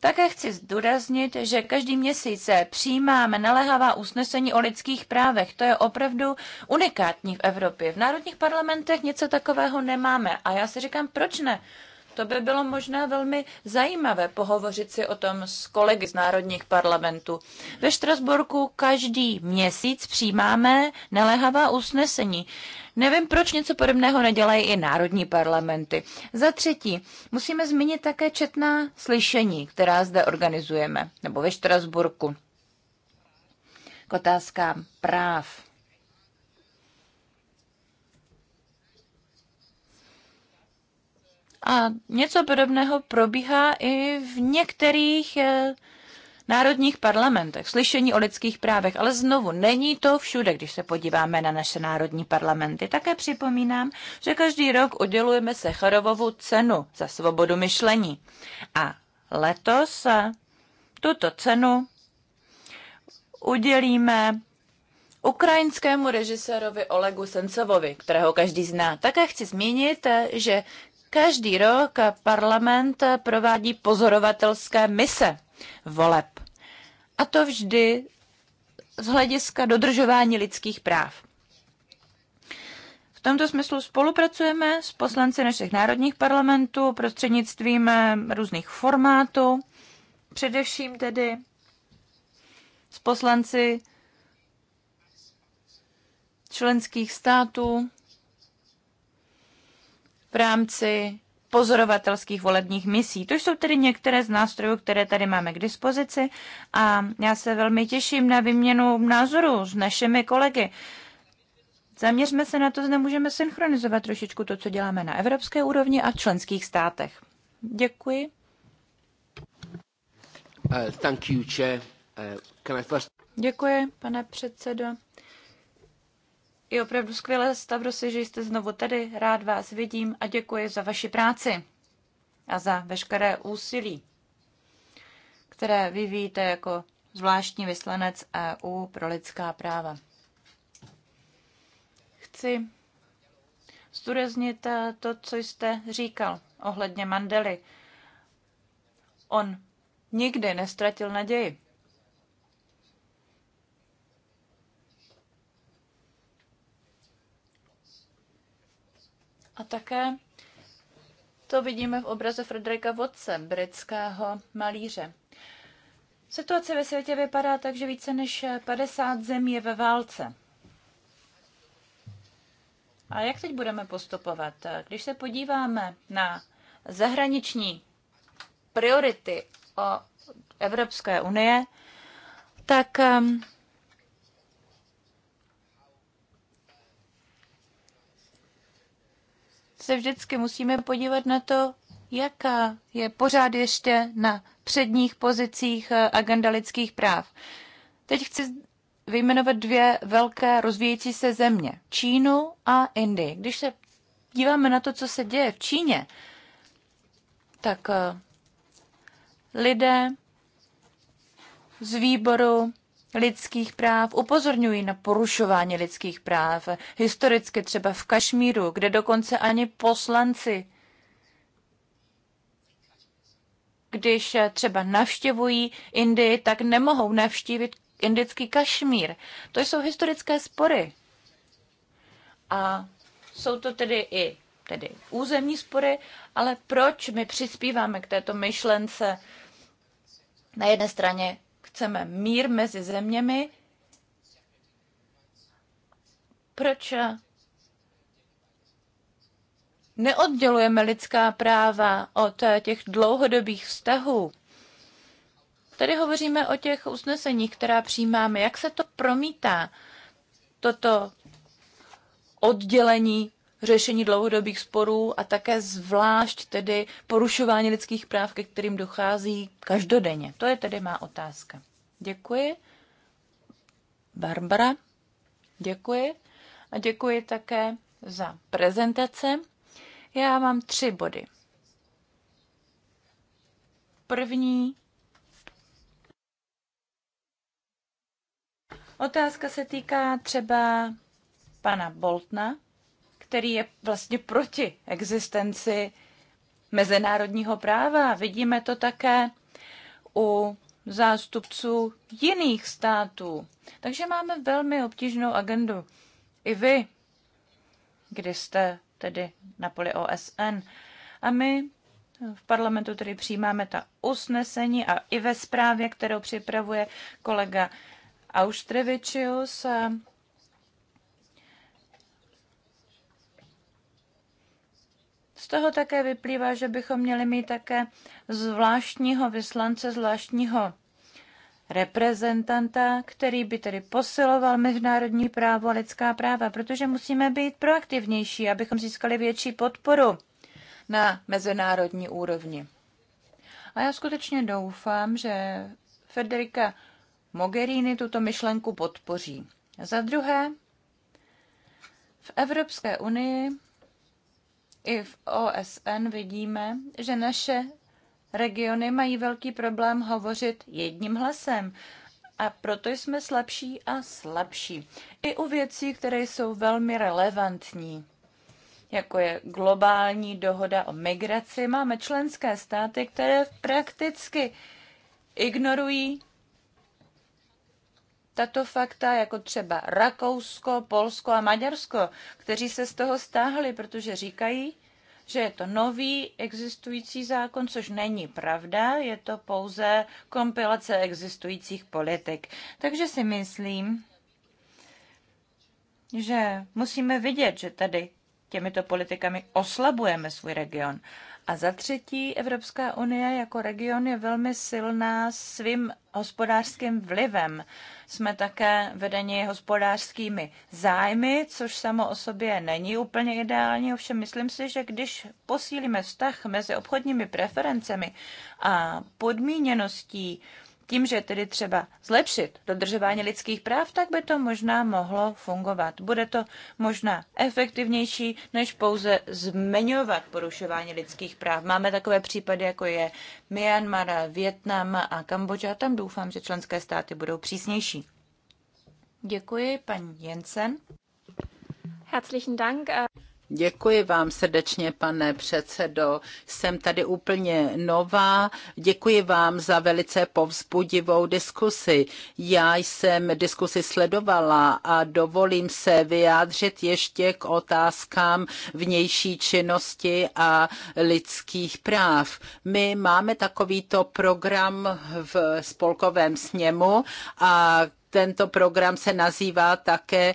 Také chci zdůraznit, že každý měsíc přijímáme naléhavá usnesení o lidských právech. To je opravdu unikátní v Evropě. V národních parlamentech něco takového nemáme. A já si říkám, proč ne? To by bylo možná velmi zajímavé pohovořit si o tom s kolegy z národních parlamentů. Ve Štrasburku každý měsíc přijímáme naléhavá usnesení. Nevím, proč něco podobného nedělají i národní parlamenty. Za třetí, musíme zmínit také četná slyšení, která zde organizujeme, nebo ve Štrasburku. K otázkám práv. A něco podobného probíhá i v některých eh, národních parlamentech, slyšení o lidských právech, ale znovu není to všude, když se podíváme na naše národní parlamenty. Také připomínám, že každý rok udělujeme Secharovovu cenu za svobodu myšlení. A letos tuto cenu udělíme ukrajinskému režisérovi Olegu Sencovovi, kterého každý zná. Také chci zmínit, že každý rok parlament provádí pozorovatelské mise voleb. A to vždy z hlediska dodržování lidských práv. V tomto smyslu spolupracujeme s poslanci našich národních parlamentů prostřednictvím eh, různých formátů, především tedy s poslanci členských států v rámci pozorovatelských volebních misí. To jsou tedy některé z nástrojů, které tady máme k dispozici a já se velmi těším na výměnu názorů s našimi kolegy. Zaměřme se na to, zda můžeme synchronizovat trošičku to, co děláme na evropské úrovni a členských státech. Děkuji. Uh, thank you, chair. Uh, can I first... Děkuji, pane předsedo. Je opravdu skvělé, Stavrosi, že jste znovu tady. Rád vás vidím a děkuji za vaši práci a za veškeré úsilí, které vyvíjíte jako zvláštní vyslanec EU pro lidská práva. Chci zdůraznit eh, to, co jste říkal ohledně Mandely. On nikdy nestratil naději. A také to vidíme v obraze Frederika Vodce britského malíře. Situace ve světě vypadá tak, že více než 50 zemí je ve válce. A jak teď budeme postupovat? Když se podíváme na zahraniční priority o Evropské unie, tak um, se vždycky musíme podívat na to, jaká je pořád ještě na předních pozicích eh, agenda lidských práv. Teď chci vyjmenovat dvě velké rozvíjející se země, Čínu a Indii. Když se díváme na to, co se děje v Číně, tak eh, lidé z výboru lidských práv, upozorňují na porušování lidských práv. Historicky třeba v Kašmíru, kde dokonce ani poslanci, když třeba navštěvují Indii, tak nemohou navštívit indický Kašmír. To jsou historické spory. A jsou to tedy i tedy územní spory, ale proč my přispíváme k této myšlence na jedné straně chceme mír mezi zeměmi, proč neoddělujeme lidská práva od těch dlouhodobých vztahů? Tady hovoříme o těch usneseních, která přijímáme. Jak se to promítá, toto oddělení řešení dlouhodobých sporů a také zvlášť tedy porušování lidských práv, ke kterým dochází každodenně? To je tedy má otázka. Děkuji. Barbara, děkuji. A děkuji také za prezentace. Já mám tři body. První otázka se týká třeba pana Boltna, který je vlastně proti existenci mezinárodního práva. Vidíme to také u zástupců jiných států. Takže máme velmi obtížnou agendu. I vy, kdy jste tedy na poli OSN. A my v parlamentu tedy přijímáme ta usnesení a i ve zprávě, kterou připravuje kolega Austrevičius, Z toho také vyplývá, že bychom měli mít také zvláštního vyslance, zvláštního reprezentanta, který by tedy posiloval mezinárodní právo a lidská práva, protože musíme být proaktivnější, abychom získali větší podporu na mezinárodní úrovni. A já skutečně doufám, že Federica Mogherini tuto myšlenku podpoří. Za druhé, v Evropské unii i v OSN vidíme, že naše regiony mají velký problém hovořit jedním hlasem a proto jsme slabší a slabší. I u věcí, které jsou velmi relevantní, jako je globální dohoda o migraci, máme členské státy, které prakticky ignorují tato fakta, jako třeba Rakousko, Polsko a Maďarsko, kteří se z toho stáhli, protože říkají, že je to nový existující zákon, což není pravda, je to pouze kompilace existujících politik. Takže si myslím, že musíme vidět, že tady těmito politikami oslabujeme svůj region. A za třetí, Evropská unie jako region je velmi silná svým hospodářským vlivem. Jsme také vedeni hospodářskými zájmy, což samo o sobě není úplně ideální, ovšem myslím si, že když posílíme vztah mezi obchodními preferencemi a podmíněností, tím, že tedy třeba zlepšit dodržování lidských práv, tak by to možná mohlo fungovat. Bude to možná efektivnější, než pouze zmiňovat porušování lidských práv. Máme takové případy, jako je Myanmar, Větnam a Kambodža. Tam doufám, že členské státy budou přísnější. Děkuji, paní Jensen. Herzlichen Dank. Děkuji vám srdečně, pane předsedo. Jsem tady úplně nová. Děkuji vám za velice povzbudivou diskusi. Já jsem diskusi sledovala a dovolím se vyjádřit ještě k otázkám vnější činnosti a lidských práv. My máme takovýto program v spolkovém sněmu a tento program se nazývá také e,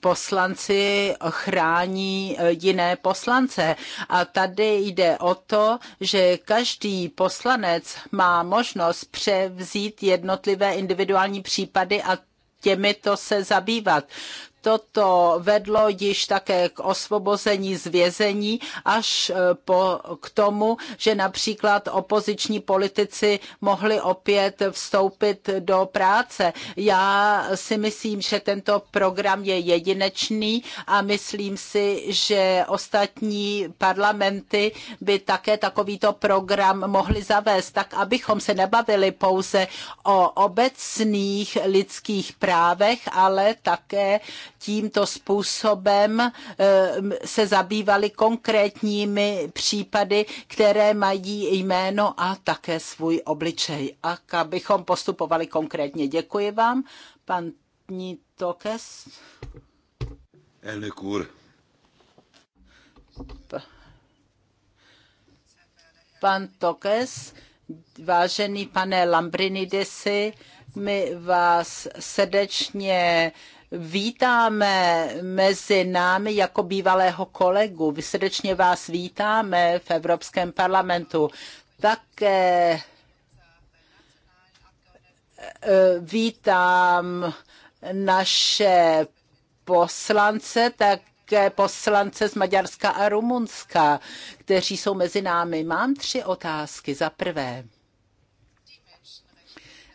poslanci chrání e, jiné poslance. A tady jde o to, že každý poslanec má možnost převzít jednotlivé individuální případy a těmito se zabývat Toto vedlo již také k osvobození z vězení až eh, po, k tomu, že například opoziční politici mohli opět vstoupit do práce. Já si myslím, že tento program je jedinečný a myslím si, že ostatní parlamenty by také takovýto program mohly zavést, tak abychom se nebavili pouze o obecných lidských právech, ale také tímto způsobem eh, se zabývali konkrétními případy, které mají jméno a také svůj obličej. A abychom postupovali konkrétně. Děkuji vám, pan Tokes. Elnök Pan Tokes, vážený pane Lambrinidisi, my vás srdečně vítáme mezi námi jako bývalého kolegu. Srdečně vás vítáme v Evropském parlamentu. Také e, vítám naše poslance, také poslance z Maďarska a Rumunska, kteří jsou mezi námi. Mám tři otázky. Za prvé,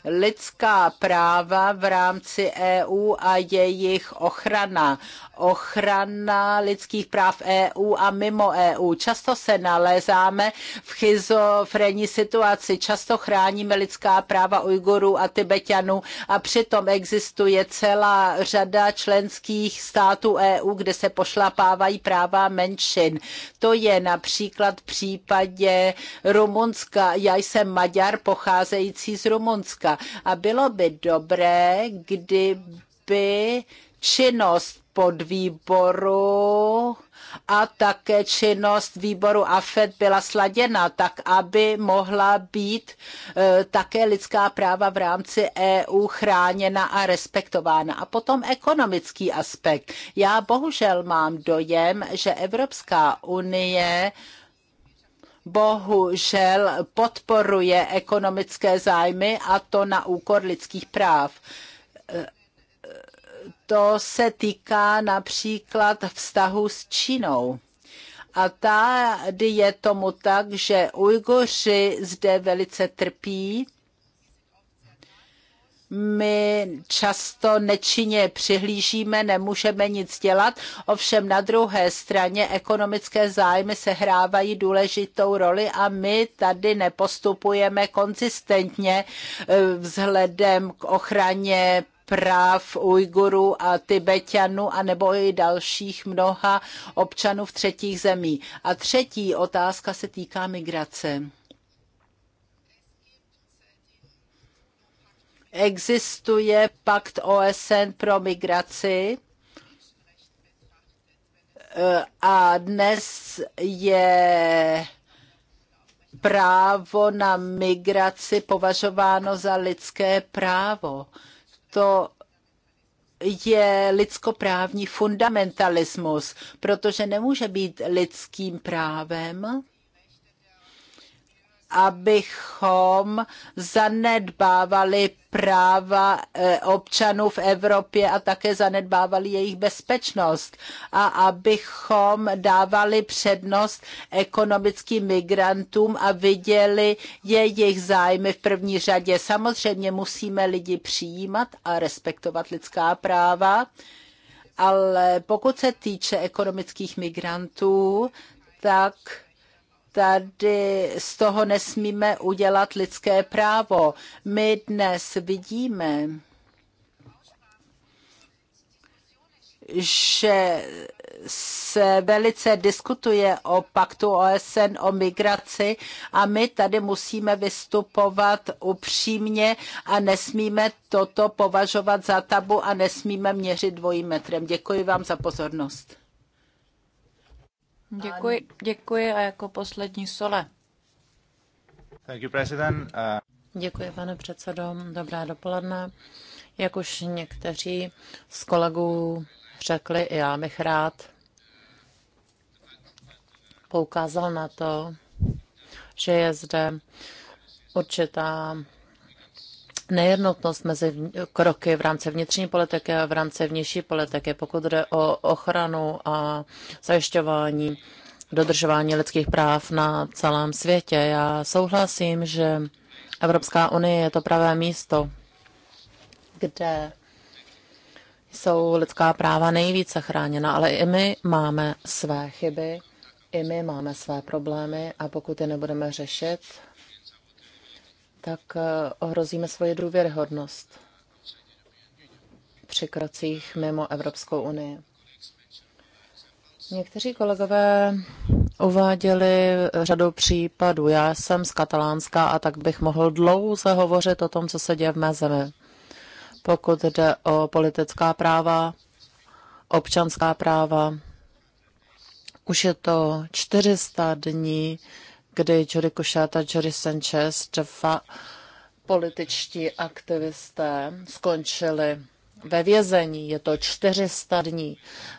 lidská práva v rámci EU a jejich ochrana ochrana lidských práv EU a mimo EU. Často se nalézáme v schizofrenní situaci, často chráníme lidská práva Ujgurů a Tibetanů a přitom existuje celá řada členských států EU, kde se pošlapávají práva menšin. To je například v případě Rumunska. Já jsem Maďar pocházející z Rumunska a bylo by dobré, kdyby činnost podvýboru a také činnost výboru AFED byla sladěna, tak aby mohla být e, také lidská práva v rámci EU chráněna a respektována. A potom ekonomický aspekt. Já bohužel mám dojem, že Evropská unie bohužel podporuje ekonomické zájmy a to na úkor lidských práv. E, to se týká například vztahu s Čínou. A tady je tomu tak, že Ujgoři zde velice trpí. My často nečinně přihlížíme, nemůžeme nic dělat, ovšem na druhé straně ekonomické zájmy se hrávají důležitou roli a my tady nepostupujeme konzistentně eh, vzhledem k ochraně práv Ujgurů a Tibetanů a nebo i dalších mnoha občanů v třetích zemí. A třetí otázka se týká migrace. Existuje pakt OSN pro migraci eh, a dnes je právo na migraci považováno za lidské právo to je lidskoprávní fundamentalismus, protože nemůže být lidským právem, abychom zanedbávali práva eh, občanů v Evropě a také zanedbávali jejich bezpečnost a abychom dávali přednost ekonomickým migrantům a viděli jejich zájmy v první řadě. Samozřejmě musíme lidi přijímat a respektovat lidská práva, ale pokud se týče ekonomických migrantů, tak tady z toho nesmíme udělat lidské právo. My dnes vidíme, že se velice diskutuje o paktu OSN o migraci a my tady musíme vystupovat upřímně a nesmíme toto považovat za tabu a nesmíme měřit dvojím metrem. Děkuji vám za pozornost. Děkuji, děkuji a jako poslední sole. Uh, děkuji, pane předsedo. Dobrá dopoledne. Jak už někteří z kolegů řekli, i já bych rád poukázal na to, že je zde určitá nejednotnost mezi kroky v rámci vnitřní politiky a v rámci vnější politiky, pokud jde o ochranu a zajišťování dodržování lidských práv na celém světě. Já souhlasím, že Evropská unie je to pravé místo, kde jsou lidská práva nejvíce chráněna, ale i my máme své chyby, i my máme své problémy a pokud je nebudeme řešit, tak eh, ohrozíme svoji důvěryhodnost při krocích mimo Evropskou unii. Někteří kolegové uváděli eh, řadu případů. Já jsem z Katalánska a tak bych mohl dlouze hovořit o tom, co se děje v mé zemi. Pokud jde o politická práva, občanská práva, už je to 400 dní, kdy Jory Kušáta, a Jory Sanchez, dva političtí aktivisté, skončili ve vězení. Je to 400 dní.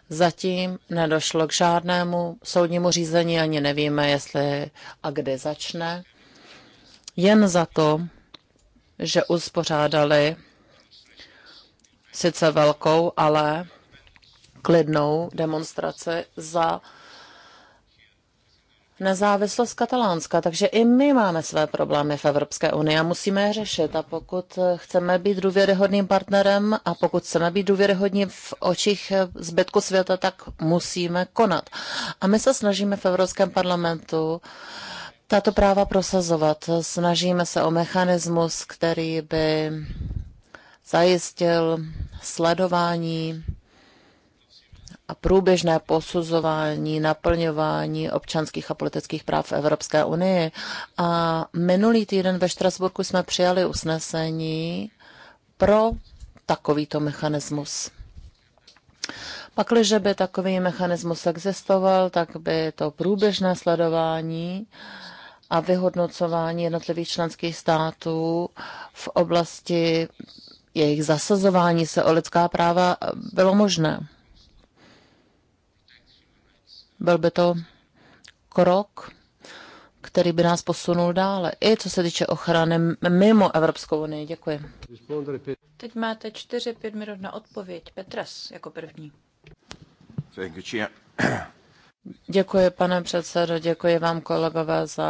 Zatím nedošlo k žádnému soudnímu řízení, ani nevíme, jestli a kdy začne. Jen za to, že uspořádali sice velkou, ale klidnou demonstraci za nezávislost Katalánska, takže i my máme své problémy v Evropské unii a musíme je řešit. A pokud chceme být důvěryhodným partnerem a pokud chceme být důvěryhodní v očích zbytku světa, tak musíme konat. A my se snažíme v Evropském parlamentu tato práva prosazovat. Snažíme se o mechanismus, který by zajistil sledování a průběžné posuzování, naplňování občanských a politických práv v Evropské unii. A minulý týden ve Štrasburku jsme přijali usnesení pro takovýto mechanismus. Pakliže by takový mechanismus existoval, tak by to průběžné sledování a vyhodnocování jednotlivých členských států v oblasti jejich zasazování se o lidská práva bylo možné. Byl by to krok, který by nás posunul dále, i co se týče ochrany mimo Evropskou unii. Děkuji. Teď máte 4-5 minut na odpověď. Petras jako první. Děkuji, pane předsedo, děkuji vám, kolegové, za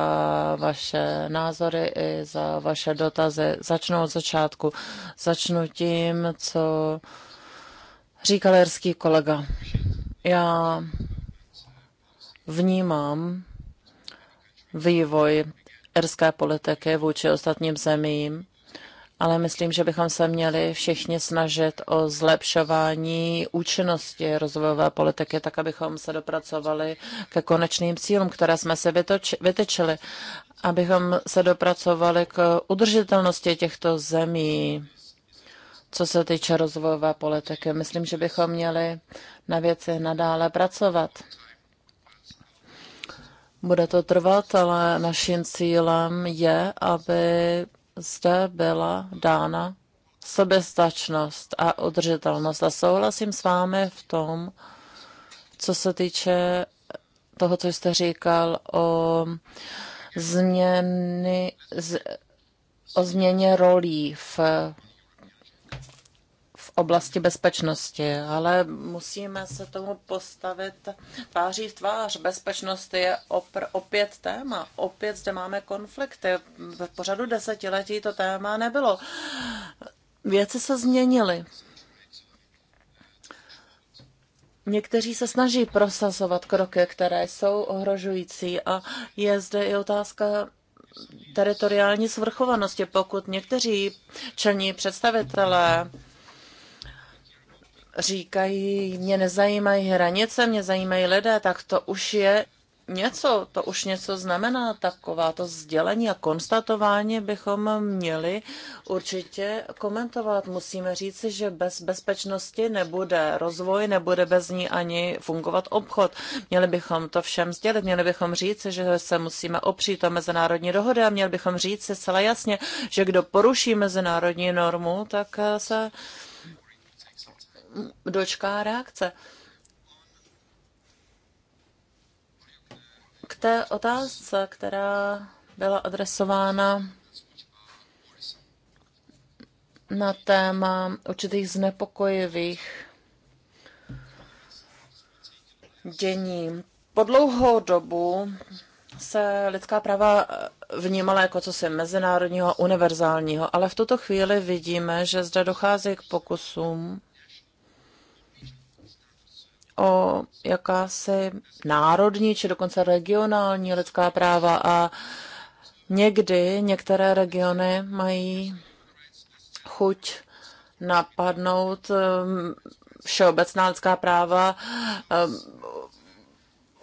vaše názory i za vaše dotazy. Začnu od začátku. Začnu tím, co říkal jerský kolega. Já vnímám vývoj irské politiky vůči ostatním zemím, ale myslím, že bychom se měli všichni snažit o zlepšování účinnosti rozvojové politiky, tak abychom se dopracovali ke konečným cílům, které jsme si vytyčili, abychom se dopracovali k udržitelnosti těchto zemí co se týče rozvojové politiky. Myslím, že bychom měli na věci nadále pracovat. Bude to trvat, ale naším cílem je, aby zde byla dána soběstačnost a udržitelnost. A souhlasím s vámi v tom, co se týče toho, co jste říkal o změny, o změně rolí v oblasti bezpečnosti, ale musíme se tomu postavit tváří v tvář. Bezpečnost je opr- opět téma. Opět zde máme konflikty. V pořadu desetiletí to téma nebylo. Věci se změnily. Někteří se snaží prosazovat kroky, které jsou ohrožující a je zde i otázka teritoriální svrchovanosti. Pokud někteří čelní představitelé říkají, mě nezajímají hranice, mě zajímají lidé, tak to už je něco, to už něco znamená. Taková to sdělení a konstatování bychom měli určitě komentovat. Musíme říci, že bez bezpečnosti nebude rozvoj, nebude bez ní ani fungovat obchod. Měli bychom to všem sdělit, měli bychom říci, že se musíme opřít o mezinárodní dohody a měli bychom říci celé jasně, že kdo poruší mezinárodní normu, tak se dočká reakce. K té otázce, která byla adresována na téma určitých znepokojivých dění. Po dlouhou dobu se lidská práva vnímala jako co si mezinárodního a univerzálního, ale v tuto chvíli vidíme, že zde dochází k pokusům o jakási národní či dokonce regionální lidská práva a někdy některé regiony mají chuť napadnout um, všeobecná lidská práva um,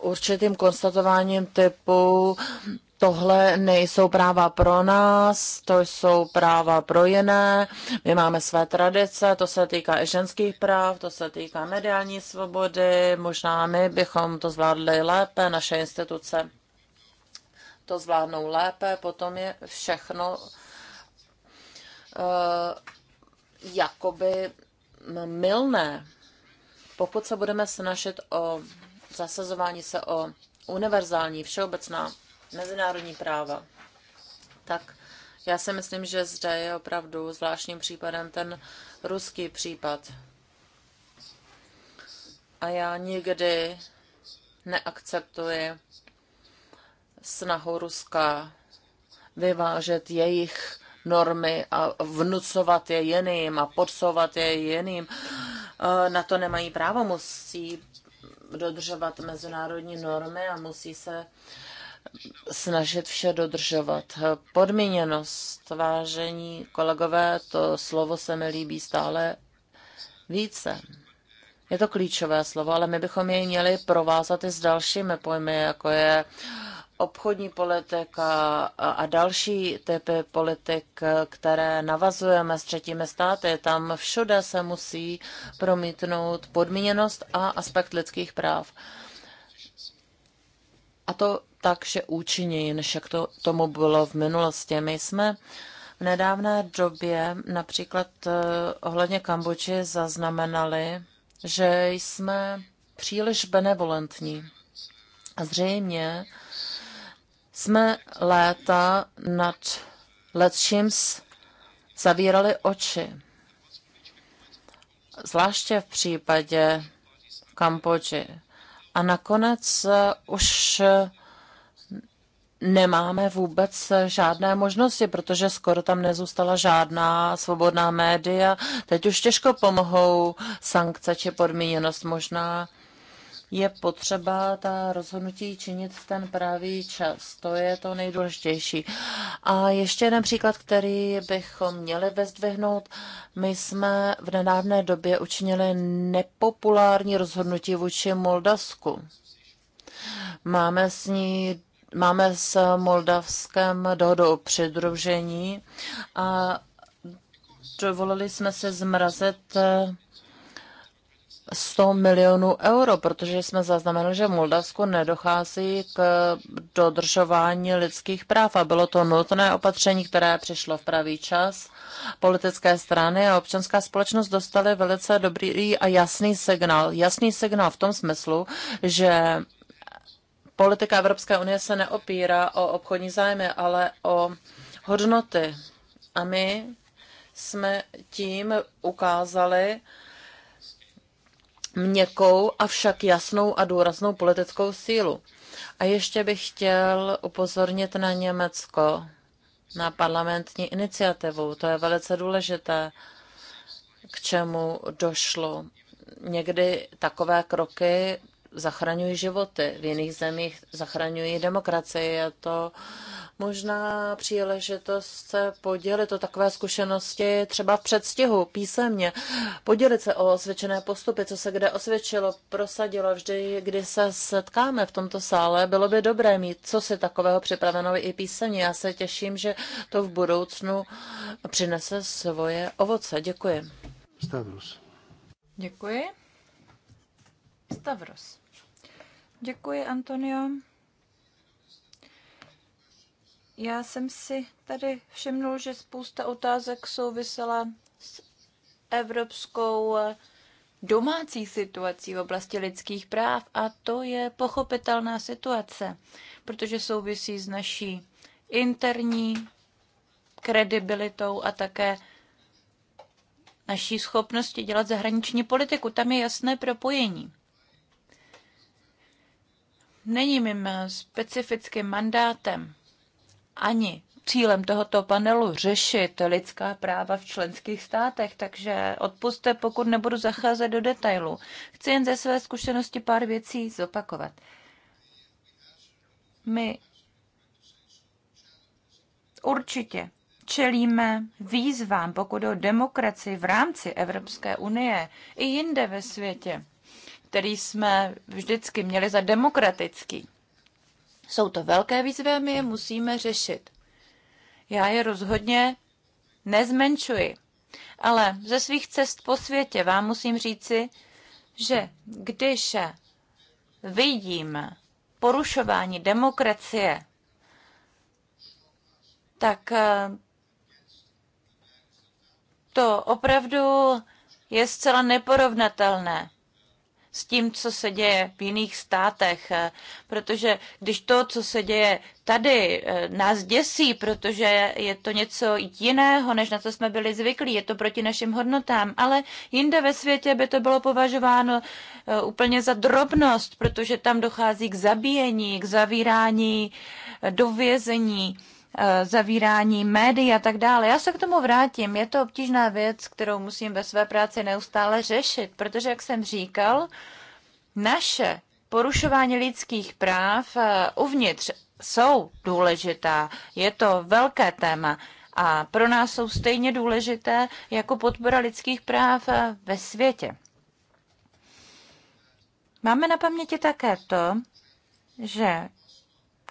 určitým konstatováním typu tohle nejsou práva pro nás, to jsou práva pro jiné, my máme své tradice, to se týká i ženských práv, to se týká mediální svobody, možná my bychom to zvládli lépe, naše instituce to zvládnou lépe, potom je všechno uh, jakoby mylné. Pokud se budeme snažit o zasazování se o univerzální, všeobecná mezinárodní práva, tak já si myslím, že zde je opravdu zvláštním případem ten ruský případ. A já nikdy neakceptuji snahu Ruska vyvážet jejich normy a vnucovat je jiným a podsouvat je jiným. Eh, na to nemají právo, musí dodržovat mezinárodní normy a musí se snažit vše dodržovat. Podmíněnost, vážení kolegové, to slovo se mi líbí stále více. Je to klíčové slovo, ale my bychom jej měli provázat i s dalšími pojmy, jako je obchodní politika a další typy politik, které navazujeme s třetími státy. Tam všude se musí promítnout podmíněnost a aspekt lidských práv. A to takže účinněji, než jak to, tomu bylo v minulosti. My jsme v nedávné době například eh, ohledně Kambodži zaznamenali, že jsme příliš benevolentní. A zřejmě jsme léta nad letším zavírali oči. Zvláště v případě Kambodži. A nakonec eh, už nemáme vůbec žádné možnosti, protože skoro tam nezůstala žádná svobodná média. Teď už těžko pomohou sankce či podmíněnost. Možná je potřeba ta rozhodnutí činit v ten pravý čas. To je to nejdůležitější. A ještě jeden příklad, který bychom měli vezdvihnout. My jsme v nedávné době učinili nepopulární rozhodnutí vůči Moldavsku. Máme s ní Máme s Moldavskem dohodu o přidružení a dovolili jsme se zmrazit 100 eh, milionů euro, protože jsme zaznamenali, že v Moldavsku nedochází k dodržování lidských práv a bylo to nutné opatření, které přišlo v pravý čas. Politické strany a občanská společnost dostaly velice dobrý a jasný signál. Jasný signál v tom smyslu, že politika Evropské unie se neopírá o obchodní zájmy, ale o hodnoty. A my jsme tím ukázali měkkou, avšak jasnou a důraznou politickou sílu. A ještě bych chtěl upozornit na Německo, na parlamentní iniciativu. To je velice důležité, k čemu došlo. Někdy takové kroky zachraňují životy, v jiných zemích zachraňují demokracii. Je to možná příležitost se podělit o takové zkušenosti třeba v předstihu, písemně. Podělit se o osvědčené postupy, co se kde osvědčilo, prosadilo. Vždy, kdy se setkáme v tomto sále, bylo by dobré mít co si takového připraveno i písemně. Já se těším, že to v budoucnu přinese svoje ovoce. Děkuji. Stavros. Děkuji. Stavros. Děkuji, Antonio. Já jsem si tady všimnul, že spousta otázek souvisela s evropskou eh, domácí situací v oblasti lidských práv a to je pochopitelná situace, protože souvisí s naší interní kredibilitou a také naší schopnosti dělat zahraniční politiku. Tam je jasné propojení není mým eh, specifickým mandátem ani cílem tohoto panelu řešit lidská práva v členských státech, takže odpuste, pokud nebudu zacházet do detailů. Chci jen ze své zkušenosti pár věcí zopakovat. My určitě čelíme výzvám, pokud o demokracii v rámci Evropské unie i jinde ve světě který jsme vždycky měli za demokratický. Jsou to velké výzvy my je musíme řešit. Já je rozhodně nezmenšuji. Ale ze svých cest po světě vám musím říci, že když vidím porušování demokracie, tak eh, to opravdu je zcela neporovnatelné s tím, co se děje v jiných státech, eh, protože když to, co se děje tady, eh, nás děsí, protože je to něco jiného, než na co jsme byli zvyklí, je to proti našim hodnotám, ale jinde ve světě by to bylo považováno eh, úplně za drobnost, protože tam dochází k zabíjení, k zavírání, do vězení Eh, zavírání médií a tak dále. Já se k tomu vrátím. Je to obtížná věc, kterou musím ve své práci neustále řešit, protože, jak jsem říkal, naše porušování lidských práv eh, uvnitř jsou důležitá. Je to velké téma a pro nás jsou stejně důležité jako podpora lidských práv eh, ve světě. Máme na paměti také to, že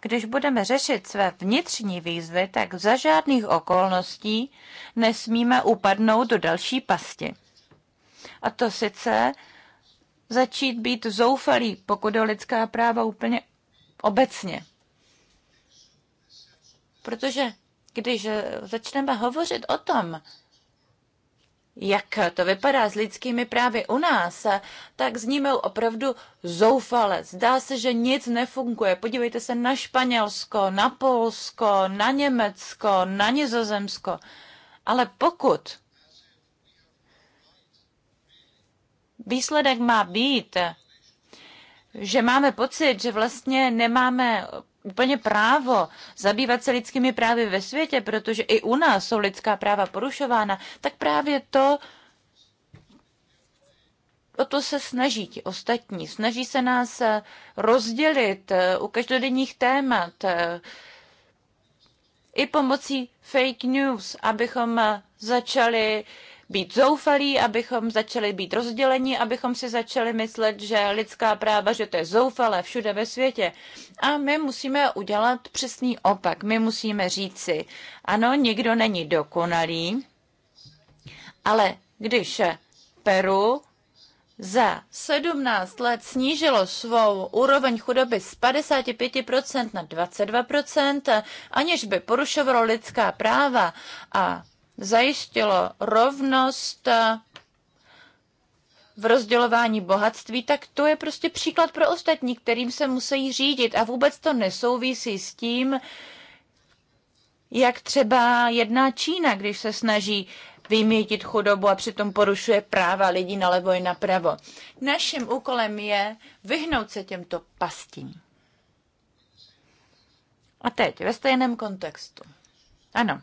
když budeme řešit své vnitřní výzvy, tak za žádných okolností nesmíme upadnout do další pasti. A to sice začít být zoufalí, pokud o lidská práva úplně obecně. Protože když začneme hovořit o tom, jak to vypadá s lidskými právy u nás, tak zníme opravdu zoufale. Zdá se, že nic nefunguje. Podívejte se na Španělsko, na Polsko, na Německo, na Nizozemsko. Ale pokud výsledek má být, že máme pocit, že vlastně nemáme úplně právo zabývat se lidskými právy ve světě, protože i u nás jsou lidská práva porušována, tak právě to, o to se snaží ti ostatní. Snaží se nás eh, rozdělit eh, u každodenních témat eh, i pomocí fake news, abychom začali uh, být zoufalí, abychom začali být rozděleni, abychom si začali myslet, že lidská práva, že to je zoufalé všude ve světě. A my musíme udělat přesný opak. My musíme říci, ano, nikdo není dokonalý, ale když Peru za 17 let snížilo svou úroveň chudoby z 55% na 22%, aniž by porušovalo lidská práva a zajistilo rovnost eh, v rozdělování bohatství, tak to je prostě příklad pro ostatní, kterým se musí řídit. A vůbec to nesouvisí s tím, jak třeba jedná Čína, když se snaží vymětit chudobu a přitom porušuje práva lidí nalevo i napravo. Naším úkolem je vyhnout se těmto pastím. A teď ve stejném kontextu. Ano,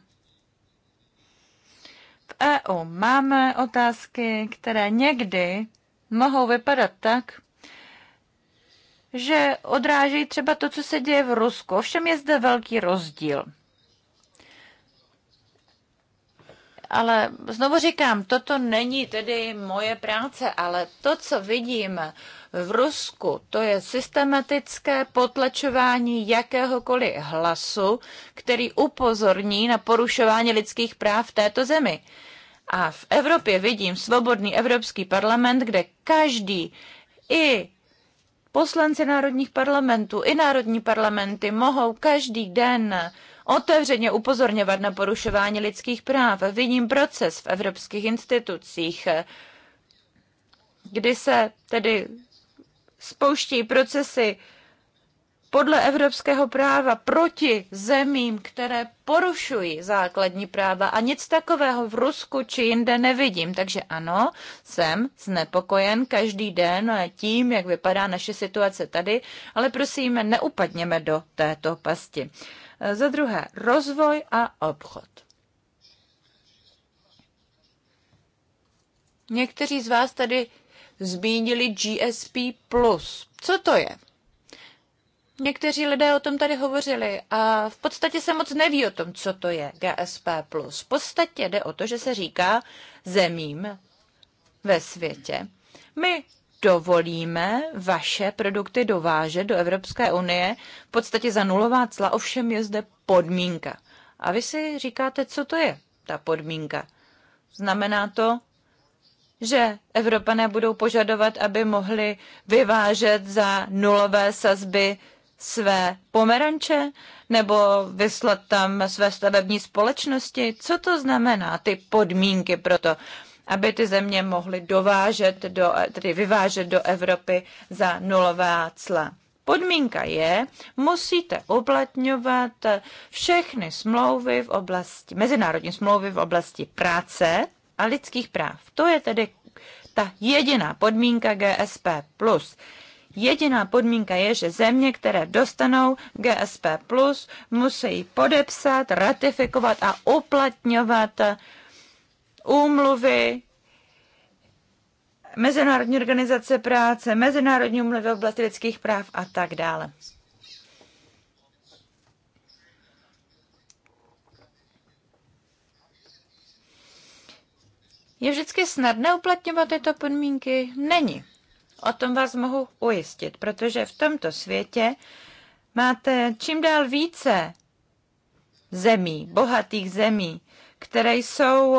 EU máme otázky, které někdy mohou vypadat tak, že odrážejí třeba to, co se děje v Rusku. Ovšem je zde velký rozdíl. Ale znovu říkám, toto není tedy moje práce, ale to, co vidím v Rusku, to je systematické potlačování jakéhokoliv hlasu, který upozorní na porušování lidských práv v této zemi. A v Evropě vidím svobodný Evropský parlament, kde každý i poslanci národních parlamentů, i národní parlamenty mohou každý den otevřeně upozorňovat na porušování lidských práv. Vidím proces v evropských institucích, kdy se tedy spouští procesy podle evropského práva proti zemím, které porušují základní práva a nic takového v Rusku či jinde nevidím. Takže ano, jsem znepokojen každý den no tím, jak vypadá naše situace tady, ale prosím, neupadněme do této pasti. Za druhé, rozvoj a obchod. Někteří z vás tady zmínili GSP+. Co to je? Někteří lidé o tom tady hovořili a v podstatě se moc neví o tom, co to je GSP+. V podstatě jde o to, že se říká zemím ve světě. My dovolíme vaše produkty dovážet do Evropské unie v podstatě za nulová cla, ovšem je zde podmínka. A vy si říkáte, co to je ta podmínka. Znamená to, že Evropané budou požadovat, aby mohli vyvážet za nulové sazby své pomeranče nebo vyslat tam své stavební společnosti? Co to znamená, ty podmínky pro to, aby ty země mohly dovážet do, tedy vyvážet do Evropy za nulová cla? Podmínka je, musíte uplatňovat všechny smlouvy v oblasti, mezinárodní smlouvy v oblasti práce a lidských práv. To je tedy ta jediná podmínka GSP+. Jediná podmínka je, že země, které dostanou GSP+, musí podepsat, ratifikovat a uplatňovat úmluvy Mezinárodní organizace práce, Mezinárodní úmluvy oblasti lidských práv a tak dále. Je vždycky snadné uplatňovat tyto podmínky? Není. O tom vás mohu ujistit, protože v tomto světě máte čím dál více zemí, bohatých zemí, které jsou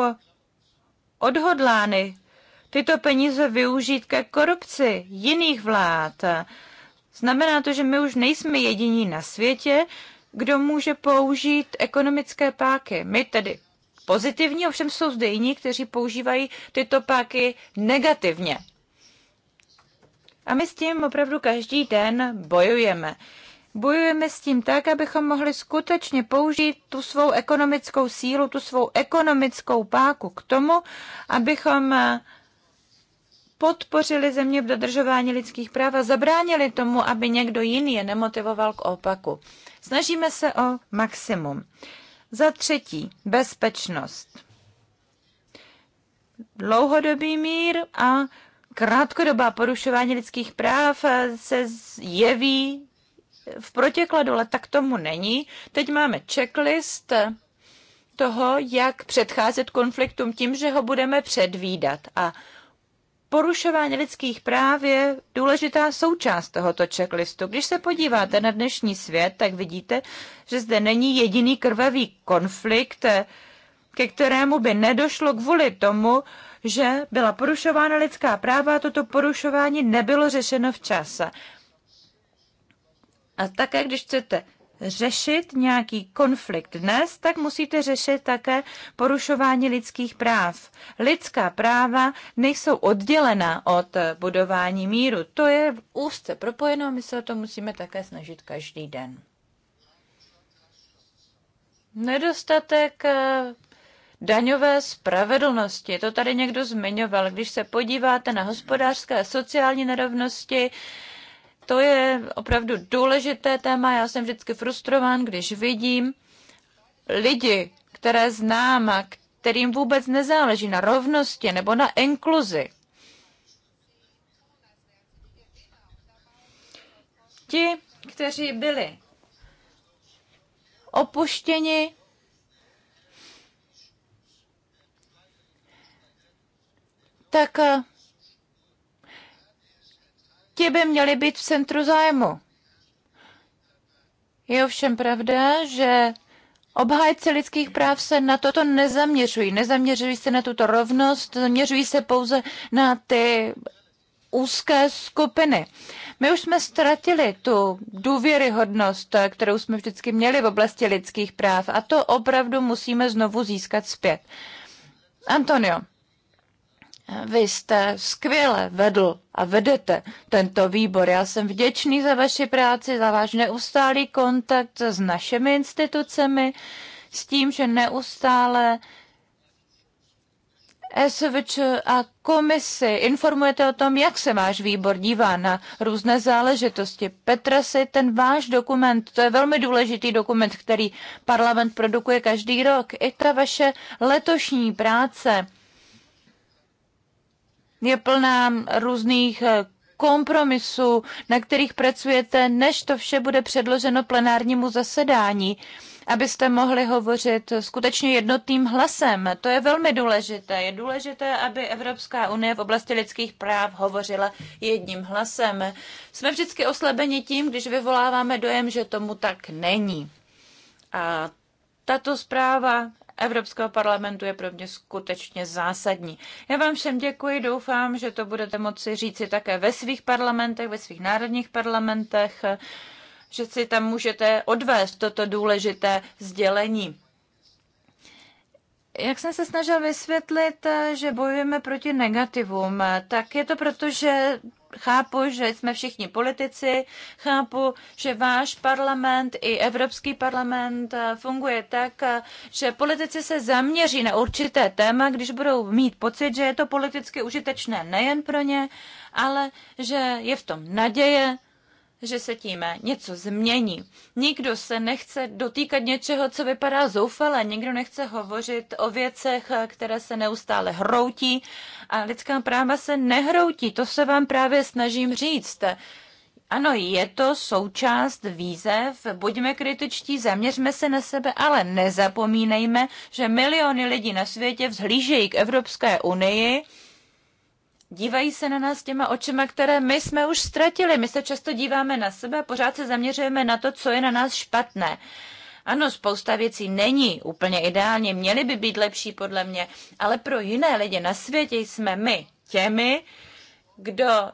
odhodlány tyto peníze využít ke korupci jiných vlád. Znamená to, že my už nejsme jediní na světě, kdo může použít ekonomické páky. My tedy pozitivní, ovšem jsou zde jiní, kteří používají tyto páky negativně. A my s tím opravdu každý den bojujeme. Bojujeme s tím tak, abychom mohli skutečně použít tu svou ekonomickou sílu, tu svou ekonomickou páku k tomu, abychom podpořili země v dodržování lidských práv a zabránili tomu, aby někdo jiný je nemotivoval k opaku. Snažíme se o maximum. Za třetí, bezpečnost. Dlouhodobý mír a krátkodobá porušování lidských práv eh, se jeví v protěkladu, ale tak tomu není. Teď máme checklist toho, jak předcházet konfliktům tím, že ho budeme předvídat. A porušování lidských práv je důležitá součást tohoto checklistu. Když se podíváte na dnešní svět, tak vidíte, že zde není jediný krvavý konflikt, eh, ke kterému by nedošlo kvůli tomu, že byla porušována lidská práva a toto porušování nebylo řešeno včas. A také, když chcete řešit nějaký konflikt dnes, tak musíte řešit také porušování lidských práv. Lidská práva nejsou oddělená od budování míru. To je v úzce propojeno a my se o to musíme také snažit každý den. Nedostatek eh, daňové spravedlnosti. To tady někdo zmiňoval. Když se podíváte na hospodářské a sociální nerovnosti, to je opravdu důležité téma. Já jsem vždycky frustrován, když vidím lidi, které znám a kterým vůbec nezáleží na rovnosti nebo na inkluzi. Ti, kteří byli opuštěni tak eh, tě by měli být v centru zájmu. Je ovšem pravda, že Obhájci lidských práv se na toto nezaměřují. Nezaměřují se na tuto rovnost, zaměřují se pouze na ty úzké skupiny. My už jsme ztratili tu důvěryhodnost, eh, kterou jsme vždycky měli v oblasti lidských práv a to opravdu musíme znovu získat zpět. Antonio, vy jste skvěle vedl a vedete tento výbor. Já jsem vděčný za vaši práci, za váš neustálý kontakt s našimi institucemi, s tím, že neustále SVČ a komisi informujete o tom, jak se váš výbor dívá na různé záležitosti. Petra, si ten váš dokument, to je velmi důležitý dokument, který parlament produkuje každý rok. I ta vaše letošní práce je plná různých eh, kompromisů, na kterých pracujete, než to vše bude předloženo plenárnímu zasedání, abyste mohli hovořit skutečně jednotným hlasem. To je velmi důležité. Je důležité, aby Evropská unie v oblasti lidských práv hovořila jedním hlasem. Jsme vždycky oslabeni tím, když vyvoláváme dojem, že tomu tak není. A tato zpráva Evropského parlamentu je pro mě skutečně zásadní. Já vám všem děkuji, doufám, že to budete moci říci také ve svých parlamentech, ve svých národních parlamentech, že si tam můžete odvést toto důležité sdělení. Jak jsem se snažil vysvětlit, že bojujeme proti negativům, tak je to proto, že Chápu, že jsme všichni politici, chápu, že váš parlament i Evropský parlament eh, funguje tak, eh, že politici se zaměří na určité téma, když budou mít pocit, že je to politicky užitečné nejen pro ně, ale že je v tom naděje, že se tím něco změní. Nikdo se nechce dotýkat něčeho, co vypadá zoufale, nikdo nechce hovořit o věcech, které se neustále hroutí a lidská práva se nehroutí. To se vám právě snažím říct. Ano, je to součást výzev, buďme kritičtí, zaměřme se na sebe, ale nezapomínejme, že miliony lidí na světě vzhlížejí k Evropské unii dívají se na nás těma očima, které my jsme už ztratili. My se často díváme na sebe a pořád se zaměřujeme na to, co je na nás špatné. Ano, spousta věcí není úplně ideálně, měly by být lepší podle mě, ale pro jiné lidi na světě jsme my těmi, kdo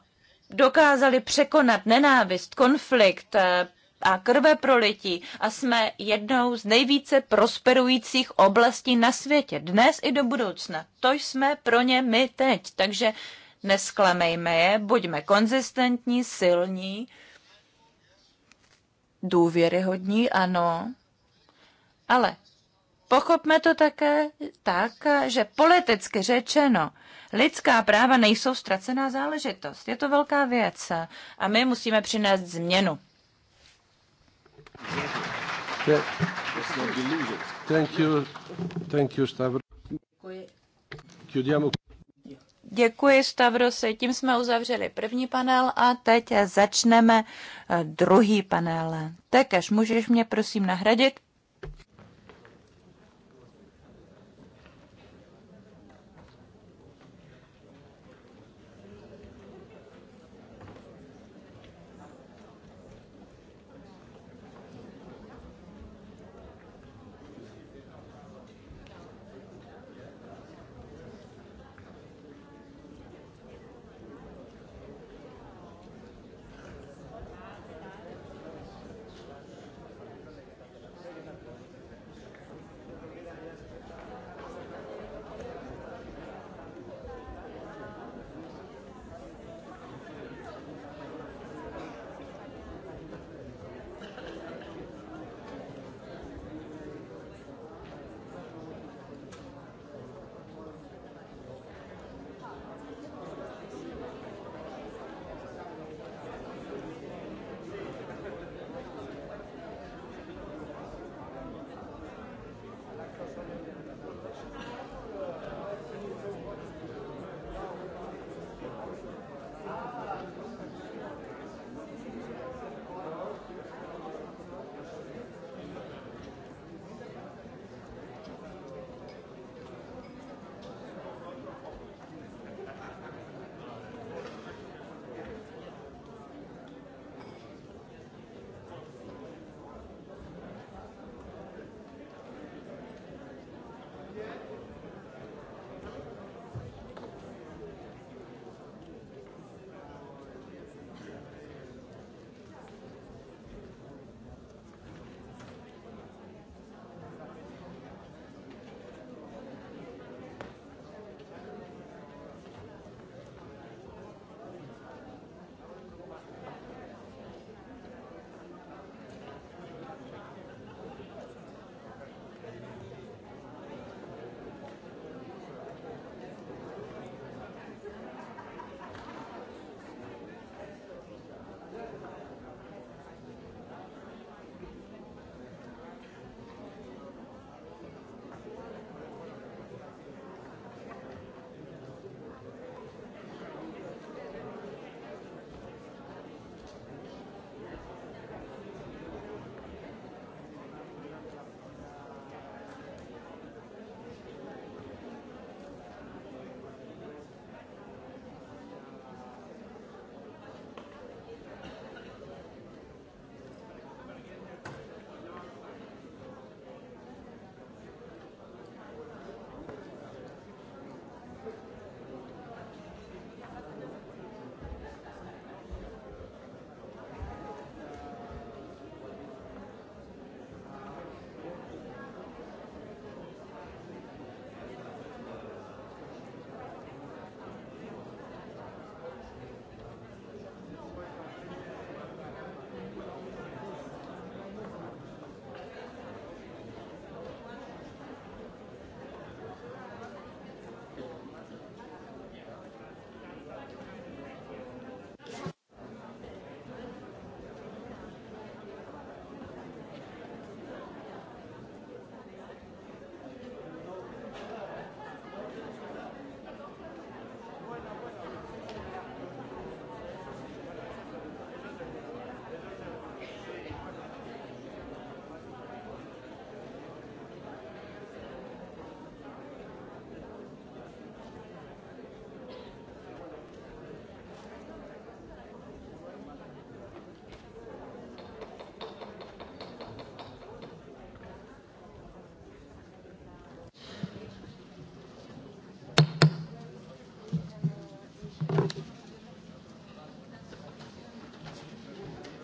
dokázali překonat nenávist, konflikt eh, a krve prolití a jsme jednou z nejvíce prosperujících oblastí na světě, dnes i do budoucna. To jsme pro ně my teď, takže nesklamejme je, buďme konzistentní, silní, důvěryhodní, ano, ale pochopme to také tak, že politicky řečeno, lidská práva nejsou ztracená záležitost. Je to velká věc a my musíme přinést změnu. Thank you. Thank you, Stavro. Děkuji. Děkuji, Stavrosi. Tím jsme uzavřeli první panel a teď začneme eh, druhý panel. Tekeš, můžeš mě prosím nahradit?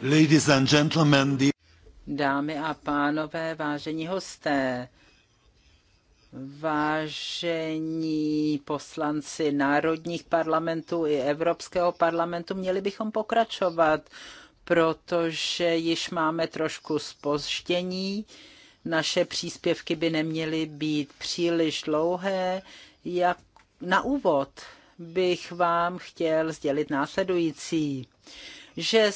Ladies and gentlemen, the... Dámy a pánové, vážení hosté, vážení poslanci národních parlamentů i Evropského parlamentu, měli bychom pokračovat, protože již máme trošku spoždění. Naše příspěvky by neměly být příliš dlouhé. Jak na úvod bych vám chtěl sdělit následující, že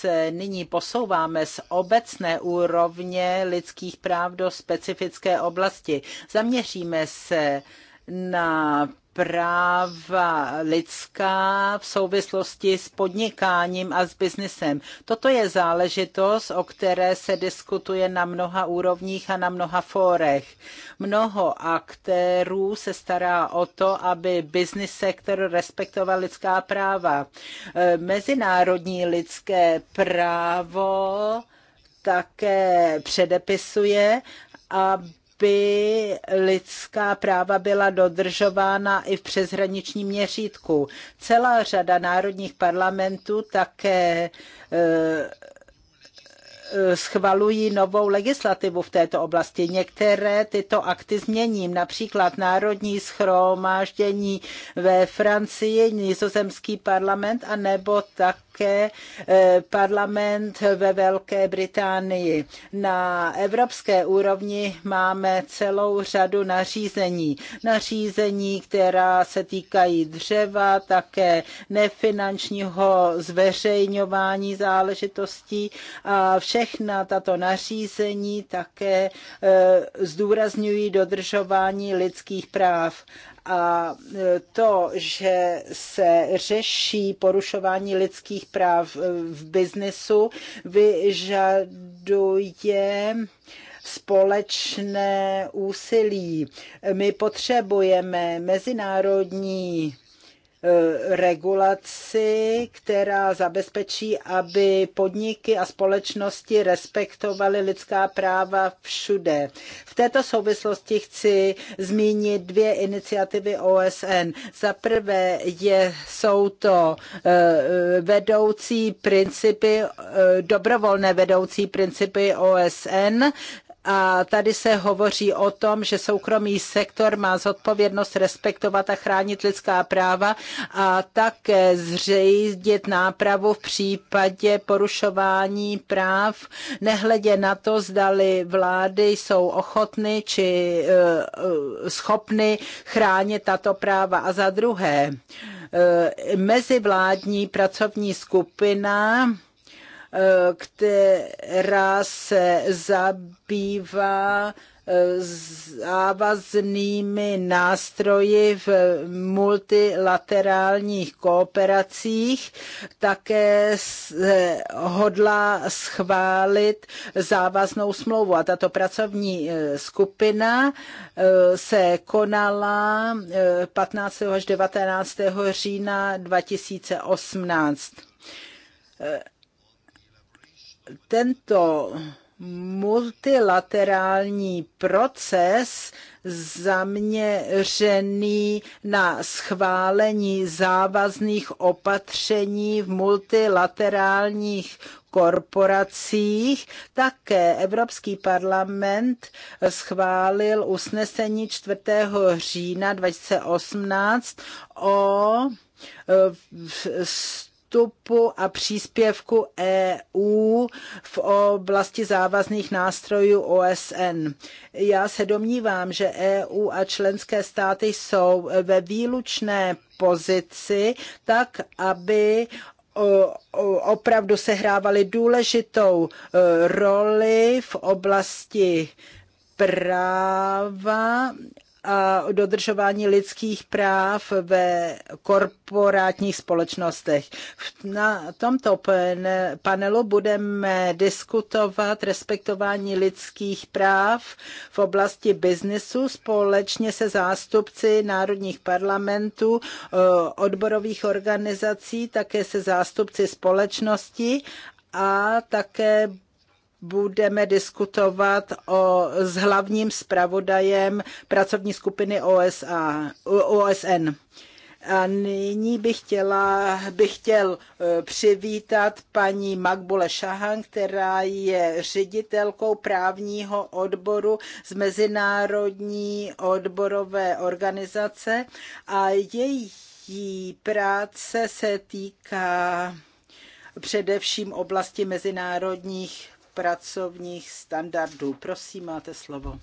se nyní posouváme z obecné úrovně lidských práv do specifické oblasti. Zaměříme se na práva lidská v souvislosti s podnikáním a s biznesem. Toto je záležitost, o které se diskutuje na mnoha úrovních a na mnoha fórech. Mnoho aktérů se stará o to, aby biznis sektor respektoval lidská práva. E, mezinárodní lidské právo také předepisuje, aby aby lidská práva byla dodržována i v přeshraničním měřítku. Celá řada národních parlamentů také e, schvalují novou legislativu v této oblasti. Některé tyto akty změním, například Národní schromáždění ve Francii, Nizozemský parlament a nebo také eh, parlament ve Velké Británii. Na evropské úrovni máme celou řadu nařízení. Nařízení, která se týkají dřeva, také nefinančního zveřejňování záležitostí a vše Všechna tato nařízení také e, zdůrazňují dodržování lidských práv a e, to, že se řeší porušování lidských práv e, v biznesu, vyžaduje společné úsilí. My potřebujeme mezinárodní E, regulaci, která zabezpečí, aby podniky a společnosti respektovaly lidská práva všude. V této souvislosti chci zmínit dvě iniciativy OSN. Za prvé je, jsou to e, vedoucí principy, e, dobrovolné vedoucí principy OSN, a tady se hovoří o tom, že soukromý sektor má zodpovědnost respektovat a chránit lidská práva a také zřídit nápravu v případě porušování práv, nehledě na to, zdali vlády jsou ochotny či eh, schopny chránit tato práva. A za druhé, eh, mezivládní pracovní skupina která se zabývá eh, závaznými nástroji v multilaterálních kooperacích. Také hodlá schválit závaznou smlouvu. A tato pracovní eh, skupina eh, se konala 15. až 19. října 2018 tento multilaterální proces zaměřený na schválení závazných opatření v multilaterálních korporacích. Také Evropský parlament schválil usnesení 4. října 2018 o přístupu a příspěvku EU v oblasti závazných nástrojů OSN. Já se domnívám, že EU a členské státy jsou ve výlučné pozici, tak aby opravdu sehrávaly důležitou e, roli v oblasti práva a dodržování lidských práv ve korporátních společnostech. Na tomto panelu budeme diskutovat respektování lidských práv v oblasti biznesu společně se zástupci národních parlamentů, e, odborových organizací, také se zástupci společnosti a také budeme diskutovat o, s hlavním zpravodajem pracovní skupiny OSA, OSN. A nyní bych, chtěla, bych chtěl e, přivítat paní Magbole Šahan, která je ředitelkou právního odboru z Mezinárodní odborové organizace a její práce se týká především oblasti mezinárodních pracovních standardů. Prosím, máte slovo.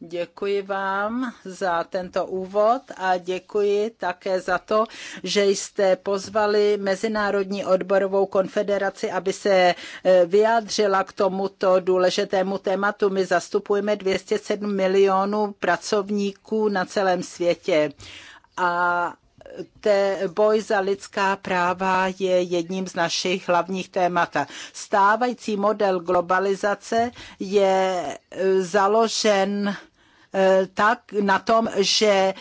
Děkuji vám za tento úvod a děkuji také za to, že jste pozvali Mezinárodní odborovou konfederaci, aby se e, vyjádřila k tomuto důležitému tématu. My zastupujeme 207 milionů pracovníků na celém světě. A te boj za lidská práva je jedním z našich hlavních témat. Stávající model globalizace je e, založen Eh, tak na tom, že eh,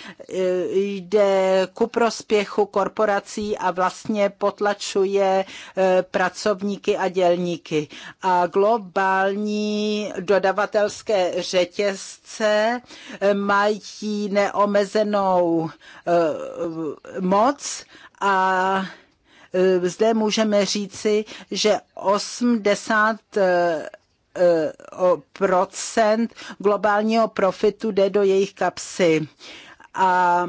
jde ku prospěchu korporací a vlastně potlačuje eh, pracovníky a dělníky. A globální dodavatelské řetězce mají neomezenou moc a zde můžeme říci, že 80 Eh, procent globálního profitu jde do jejich kapsy. A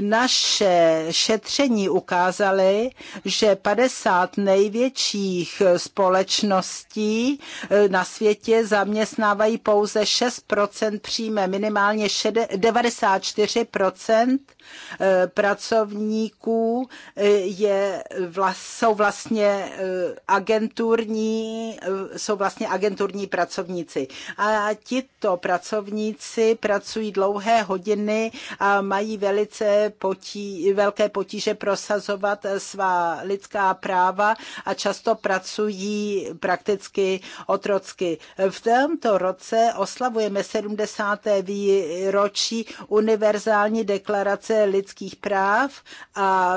naše šetření ukázaly, že 50 největších společností eh, na světě zaměstnávají pouze 6 příjme, minimálně 94 Eh, pracovníků eh, je, jsou vlastně eh, agenturní, jsou vlastně agenturní pracovníci. A tito pracovníci pracují dlouhé hodiny a mají velice potí, velké potíže prosazovat svá lidská práva a často pracují prakticky otrocky. V tomto roce oslavujeme 70. výročí univerzální deklarace obhájce lidských práv a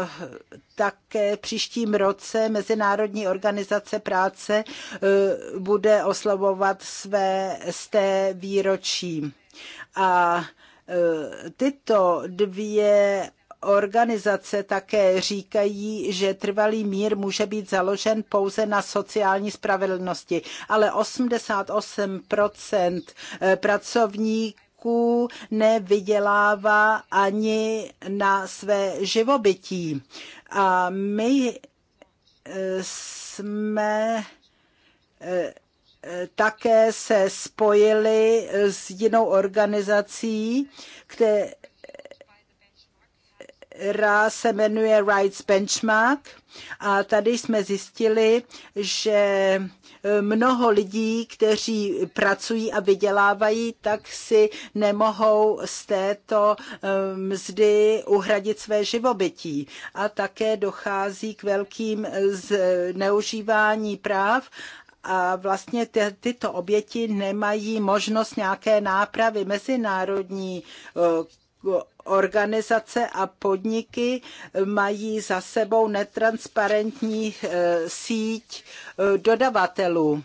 také příštím roce Mezinárodní organizace práce eh, bude oslavovat své sté výročí. A eh, tyto dvě organizace také říkají, že trvalý mír může být založen pouze na sociální spravedlnosti, ale 88% eh, pracovník roků nevydělává ani na své živobytí. A my eh, jsme eh, také se spojili s jinou organizací, která se jmenuje Rights Benchmark. A tady jsme zjistili, že mnoho lidí, kteří pracují a vydělávají, tak si nemohou z této eh, mzdy uhradit své živobytí. A také dochází k velkým eh, zneužívání práv a vlastně ty, tyto oběti nemají možnost nějaké nápravy. Mezinárodní eh, organizace a podniky mají za sebou netransparentní eh, síť eh, dodavatelů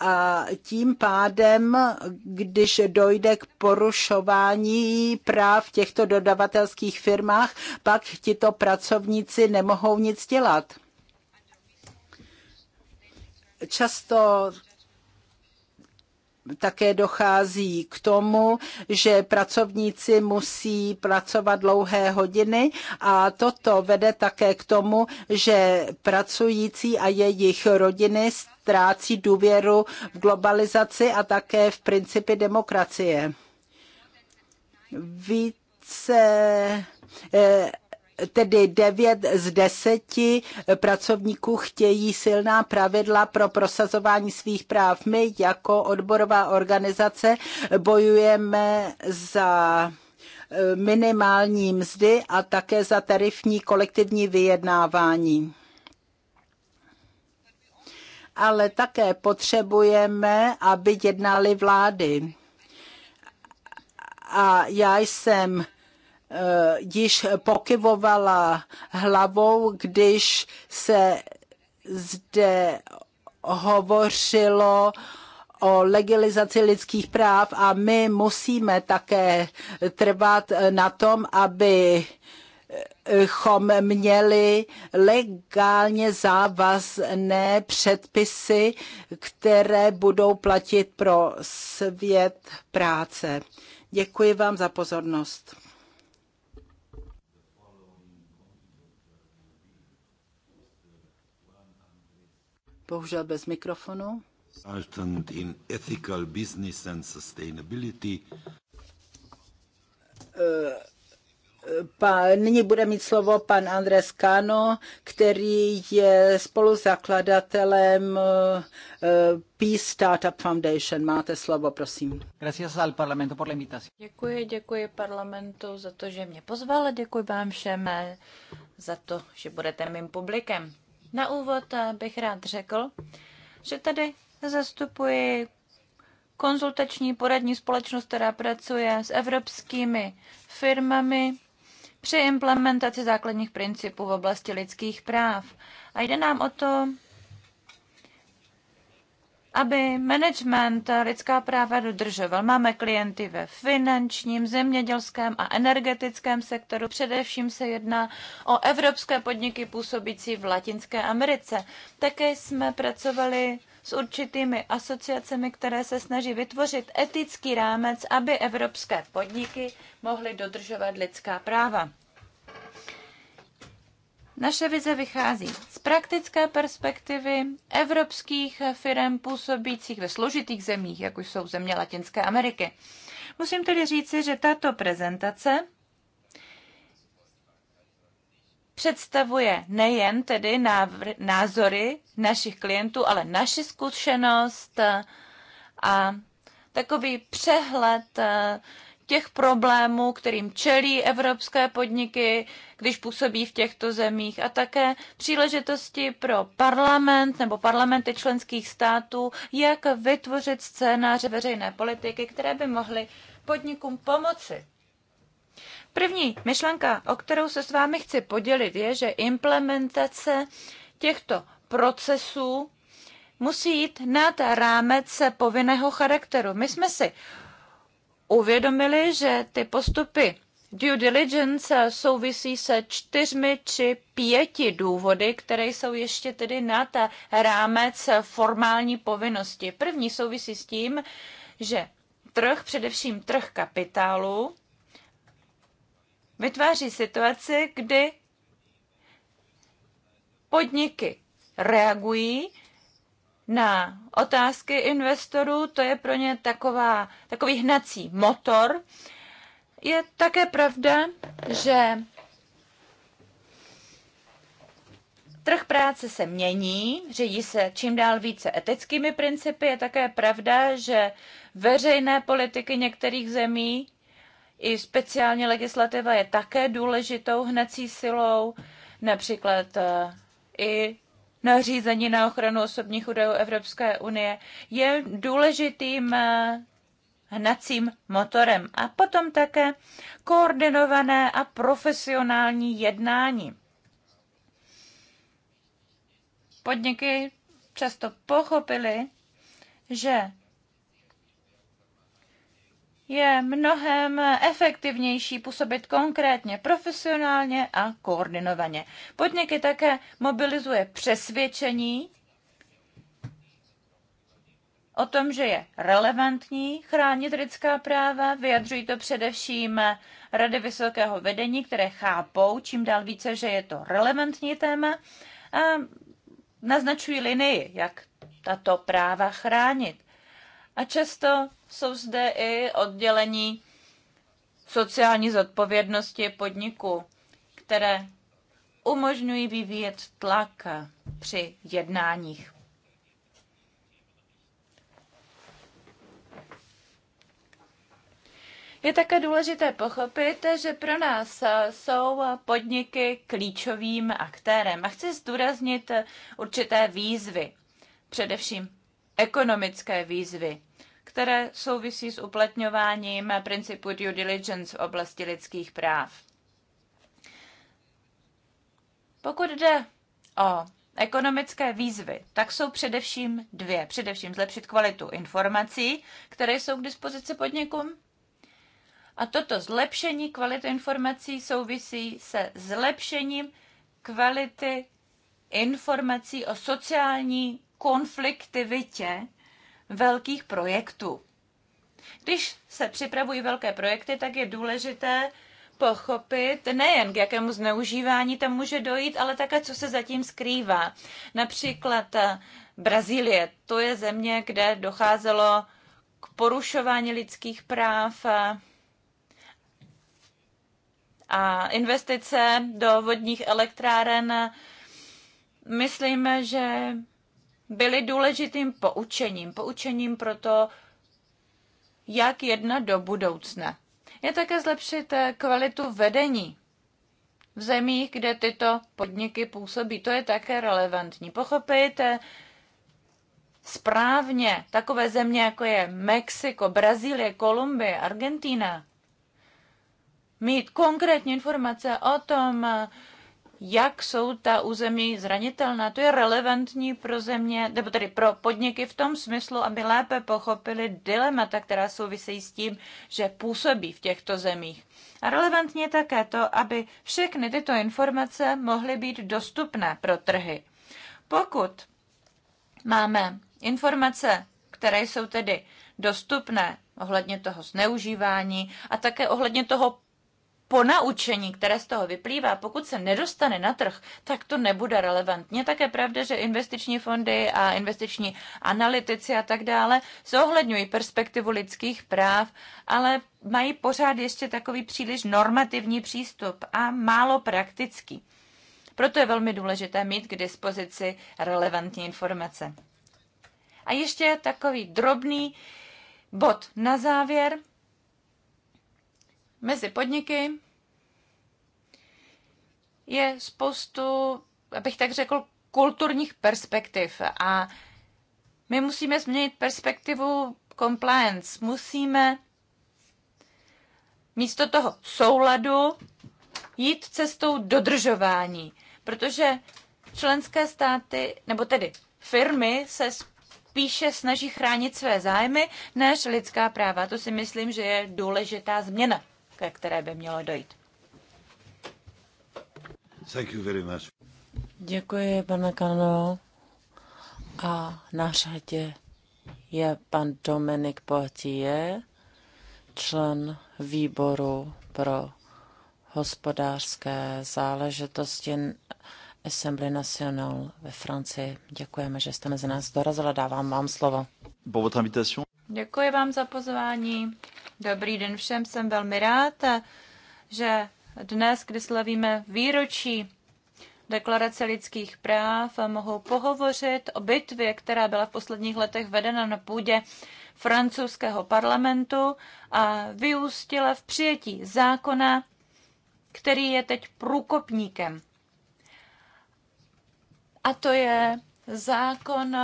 a tím pádem, když dojde k porušování práv v těchto dodavatelských firmách, pak tito pracovníci nemohou nic dělat. Často také dochází k tomu, že pracovníci musí pracovat dlouhé hodiny a toto vede také k tomu, že pracující a jejich rodiny ztrácí důvěru v globalizaci a také v principy demokracie. Více eh, tedy 9 z 10 pracovníků chtějí silná pravidla pro prosazování svých práv. My jako odborová organizace bojujeme za eh, minimální mzdy a také za tarifní kolektivní vyjednávání ale také potřebujeme, aby jednali vlády. A já jsem Eh, již pokyvovala hlavou, když se zde hovořilo o legalizaci lidských práv a my musíme také trvat na tom, aby chom měli legálně závazné předpisy, které budou platit pro svět práce. Děkuji vám za pozornost. bohužel bez mikrofonu. In ethical business and sustainability. Eh, pa, nyní bude mít slovo pan Andres Kano, který je spoluzakladatelem eh, Peace Startup Foundation. Máte slovo, prosím. Děkuji, děkuji parlamentu za to, že mě pozval. Děkuji vám všem eh, za to, že budete mým publikem. Na úvod bych rád řekl, že tady zastupuji konzultační poradní společnost, která pracuje s evropskými firmami při implementaci základních principů v oblasti lidských práv. A jde nám o to aby management lidská práva dodržoval. Máme klienty ve finančním, zemědělském a energetickém sektoru. Především se jedná o evropské podniky působící v Latinské Americe. Také jsme pracovali s určitými asociacemi, které se snaží vytvořit etický rámec, aby evropské podniky mohly dodržovat lidská práva. Naše vize vychází z praktické perspektivy evropských firm působících ve složitých zemích, jako jsou země Latinské Ameriky. Musím tedy říci, že tato prezentace představuje nejen tedy návr- názory našich klientů, ale naši zkušenost a takový přehled těch problémů, kterým čelí evropské podniky, když působí v těchto zemích a také příležitosti pro parlament nebo parlamenty členských států, jak vytvořit scénáře veřejné politiky, které by mohly podnikům pomoci. První myšlenka, o kterou se s vámi chci podělit, je, že implementace těchto procesů musí jít nad rámec povinného charakteru. My jsme si uvědomili, že ty postupy due diligence souvisí se čtyřmi či pěti důvody, které jsou ještě tedy nad rámec formální povinnosti. První souvisí s tím, že trh, především trh kapitálu, vytváří situaci, kdy podniky reagují na otázky investorů, to je pro ně taková, takový hnací motor. Je také pravda, že Trh práce se mění, řídí se čím dál více etickými principy. Je také pravda, že veřejné politiky některých zemí i speciálně legislativa je také důležitou hnací silou, například eh, i nařízení na ochranu osobních údajů Evropské unie je důležitým eh, hnacím motorem a potom také koordinované a profesionální jednání. Podniky často pochopily, že je mnohem efektivnější působit konkrétně, profesionálně a koordinovaně. Podniky také mobilizuje přesvědčení o tom, že je relevantní chránit lidská práva. Vyjadřují to především rady vysokého vedení, které chápou čím dál více, že je to relevantní téma a naznačují linii, jak tato práva chránit. A často jsou zde i oddělení sociální zodpovědnosti podniku, které umožňují vyvíjet tlak při jednáních. Je také důležité pochopit, že pro nás jsou podniky klíčovým aktérem. A chci zdůraznit určité výzvy. Především ekonomické výzvy, které souvisí s uplatňováním principu due diligence v oblasti lidských práv. Pokud jde o ekonomické výzvy, tak jsou především dvě. Především zlepšit kvalitu informací, které jsou k dispozici podnikům. A toto zlepšení kvality informací souvisí se zlepšením kvality informací o sociální konfliktivitě velkých projektů. Když se připravují velké projekty, tak je důležité pochopit nejen k jakému zneužívání tam může dojít, ale také, co se zatím skrývá. Například eh, Brazílie, to je země, kde docházelo k porušování lidských práv eh, a investice do vodních elektráren. Myslím, že byly důležitým poučením. Poučením pro to, jak jednat do budoucna. Je také zlepšit eh, kvalitu vedení v zemích, kde tyto podniky působí. To je také relevantní. Pochopit eh, správně takové země, jako je Mexiko, Brazílie, Kolumbie, Argentina. Mít konkrétní informace o tom, eh, jak jsou ta území zranitelná. To je relevantní pro země, nebo tedy pro podniky v tom smyslu, aby lépe pochopili dilemata, která souvisejí s tím, že působí v těchto zemích. A relevantní je také to, aby všechny tyto informace mohly být dostupné pro trhy. Pokud máme informace, které jsou tedy dostupné ohledně toho zneužívání a také ohledně toho ponaučení, které z toho vyplývá, pokud se nedostane na trh, tak to nebude relevantně. Také pravda, že investiční fondy a investiční analytici a tak dále zohledňují perspektivu lidských práv, ale mají pořád ještě takový příliš normativní přístup a málo praktický. Proto je velmi důležité mít k dispozici relevantní informace. A ještě takový drobný bod na závěr – mezi podniky je spoustu, abych tak řekl, kulturních perspektiv a my musíme změnit perspektivu compliance. Musíme místo toho souladu jít cestou dodržování, protože členské státy, nebo tedy firmy se spíše snaží chránit své zájmy než lidská práva. To si myslím, že je důležitá změna ke které by mělo dojít. Thank you very much. Děkuji, pane Kano. A na řadě je pan Dominik Poitier, člen výboru pro hospodářské záležitosti Assembly National ve Francii. Děkujeme, že jste mezi nás dorazila. Dávám vám slovo. Děkuji vám za pozvání. Dobrý den všem, jsem velmi rád, že dnes, kdy slavíme výročí deklarace lidských práv, mohou pohovořit o bitvě, která byla v posledních letech vedena na půdě francouzského parlamentu a vyústila v přijetí zákona, který je teď průkopníkem. A to je zákon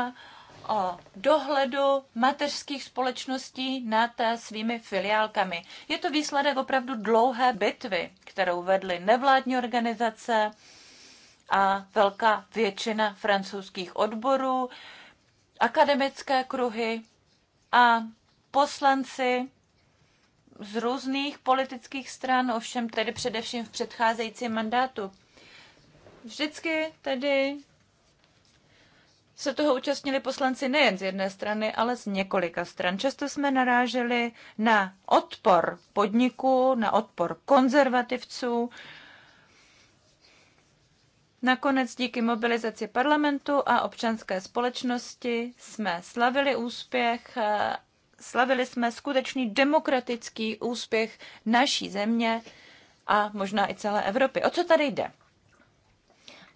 o dohledu mateřských společností nad eh, svými filiálkami. Je to výsledek opravdu dlouhé bitvy, kterou vedly nevládní organizace a velká většina francouzských odborů, akademické kruhy a poslanci z různých politických stran, ovšem tedy především v předcházejícím mandátu. Vždycky tedy se toho účastnili poslanci nejen z jedné strany, ale z několika stran. Často jsme naráželi na odpor podniků, na odpor konzervativců. Nakonec díky mobilizaci parlamentu a občanské společnosti jsme slavili úspěch, slavili jsme skutečný demokratický úspěch naší země a možná i celé Evropy. O co tady jde?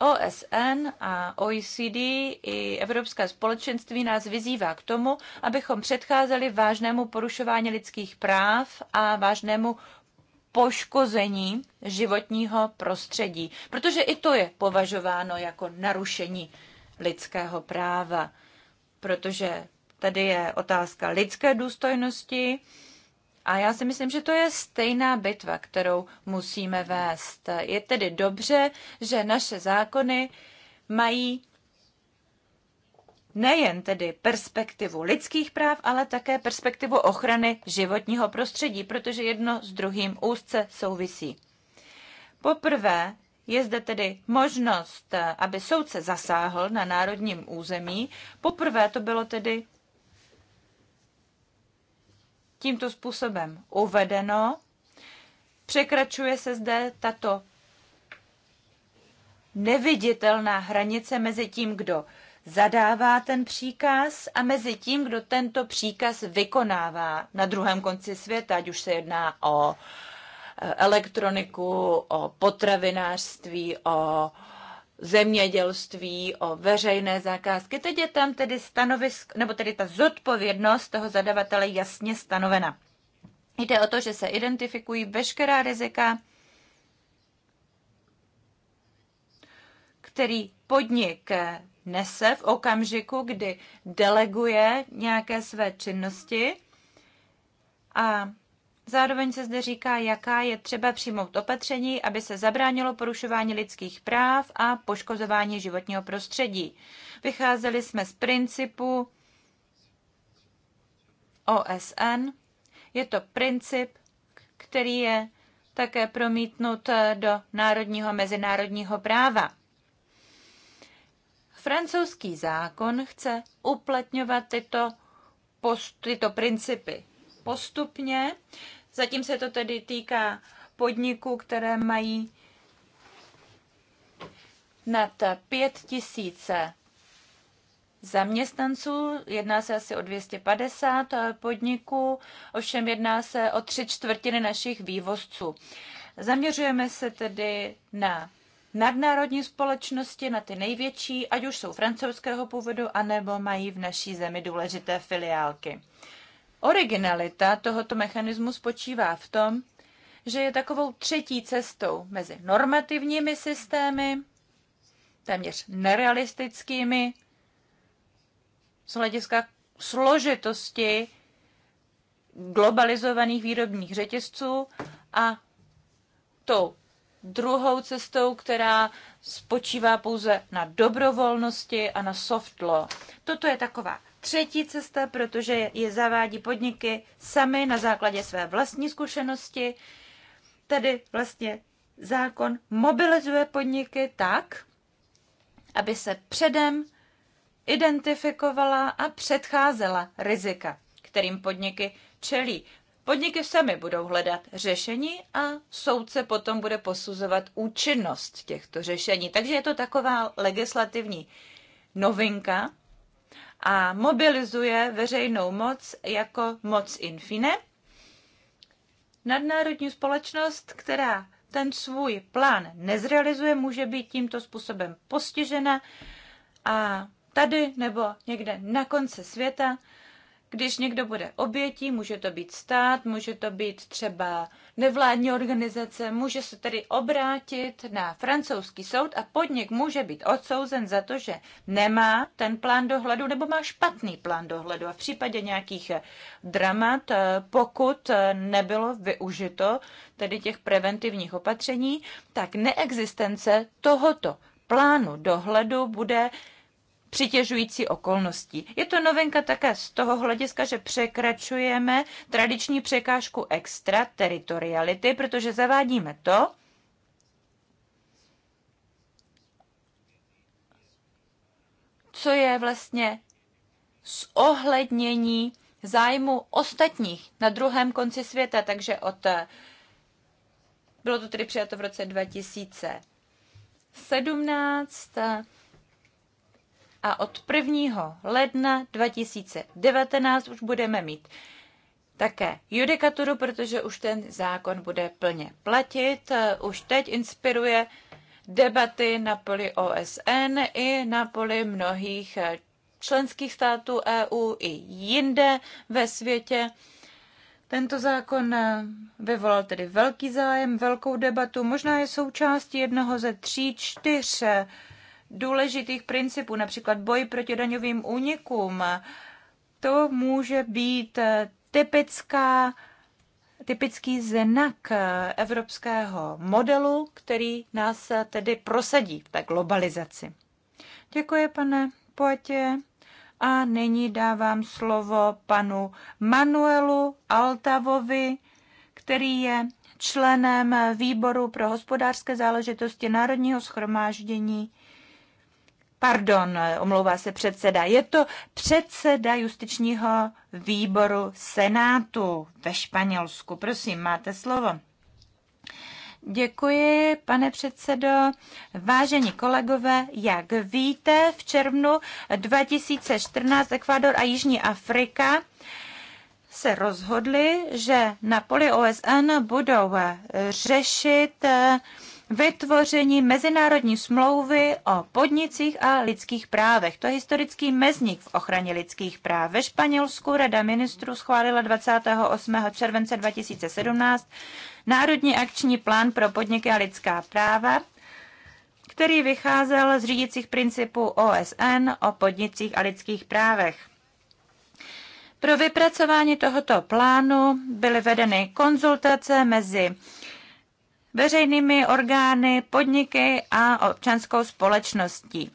OSN a OECD i Evropské společenství nás vyzývá k tomu, abychom předcházeli vážnému porušování lidských práv a vážnému poškození životního prostředí, protože i to je považováno jako narušení lidského práva, protože tady je otázka lidské důstojnosti, a já si myslím, že to je stejná bitva, kterou musíme vést. Je tedy dobře, že naše zákony mají nejen tedy perspektivu lidských práv, ale také perspektivu ochrany životního prostředí, protože jedno s druhým úzce souvisí. Poprvé je zde tedy možnost, eh, aby soudce zasáhl na národním území. Poprvé to bylo tedy tímto způsobem uvedeno. Překračuje se zde tato neviditelná hranice mezi tím, kdo zadává ten příkaz a mezi tím, kdo tento příkaz vykonává na druhém konci světa, ať už se jedná o eh, elektroniku, o potravinářství, o zemědělství, o veřejné zakázky. Teď je tam tedy stanovisk, nebo tedy ta zodpovědnost toho zadavatele jasně stanovena. Jde o to, že se identifikují veškerá rizika, který podnik nese v okamžiku, kdy deleguje nějaké své činnosti a Zároveň se zde říká, jaká je třeba přijmout opatření, aby se zabránilo porušování lidských práv a poškozování životního prostředí. Vycházeli jsme z principu OSN. Je to princip, který je také promítnut do národního mezinárodního práva. Francouzský zákon chce uplatňovat tyto, post, tyto principy postupně Zatím se to tedy týká podniků, které mají nad 5 tisíc zaměstnanců, jedná se asi o 250 podniků, ovšem jedná se o tři čtvrtiny našich vývozců. Zaměřujeme se tedy na nadnárodní společnosti, na ty největší, ať už jsou francouzského původu, anebo mají v naší zemi důležité filiálky. Originalita tohoto mechanismu spočívá v tom, že je takovou třetí cestou mezi normativními systémy, téměř nerealistickými, z hlediska složitosti globalizovaných výrobních řetězců a tou druhou cestou, která spočívá pouze na dobrovolnosti a na soft law. Toto je taková Třetí cesta, protože je zavádí podniky sami na základě své vlastní zkušenosti. Tedy vlastně zákon mobilizuje podniky tak, aby se předem identifikovala a předcházela rizika, kterým podniky čelí. Podniky sami budou hledat řešení a soudce potom bude posuzovat účinnost těchto řešení. Takže je to taková legislativní novinka, a mobilizuje veřejnou moc jako moc infine. Nadnárodní společnost, která ten svůj plán nezrealizuje, může být tímto způsobem postižena a tady nebo někde na konci světa když někdo bude obětí, může to být stát, může to být třeba nevládní organizace, může se tedy obrátit na francouzský soud a podnik může být odsouzen za to, že nemá ten plán dohledu nebo má špatný plán dohledu. A v případě nějakých eh, dramat, eh, pokud eh, nebylo využito tedy těch preventivních opatření, tak neexistence tohoto plánu dohledu bude přitěžující okolností. Je to novinka také z toho hlediska, že překračujeme tradiční překážku extrateritoriality, protože zavádíme to, co je vlastně zohlednění zájmu ostatních na druhém konci světa. Takže od, bylo to tedy přijato v roce 2017 a od 1. ledna 2019 už budeme mít také judikaturu, protože už ten zákon bude plně platit. Už teď inspiruje debaty na poli OSN i na poli mnohých členských států EU i jinde ve světě. Tento zákon vyvolal tedy velký zájem, velkou debatu, možná je součástí jednoho ze tří, čtyř důležitých principů, například boj proti daňovým únikům, to může být typická, typický znak evropského modelu, který nás tedy prosadí v té globalizaci. Děkuji, pane Poetě. A nyní dávám slovo panu Manuelu Altavovi, který je členem výboru pro hospodářské záležitosti Národního schromáždění pardon, omlouvá se předseda, je to předseda justičního výboru Senátu ve Španělsku. Prosím, máte slovo. Děkuji, pane předsedo. Vážení kolegové, jak víte, v červnu 2014 Ekvador a Jižní Afrika se rozhodli, že na poli OSN budou řešit vytvoření mezinárodní smlouvy o podnicích a lidských právech. To je historický mezník v ochraně lidských práv. Ve Španělsku Rada ministrů schválila 28. července 2017 Národní akční plán pro podniky a lidská práva, který vycházel z řídicích principů OSN o podnicích a lidských právech. Pro vypracování tohoto plánu byly vedeny konzultace mezi veřejnými orgány, podniky a občanskou společností.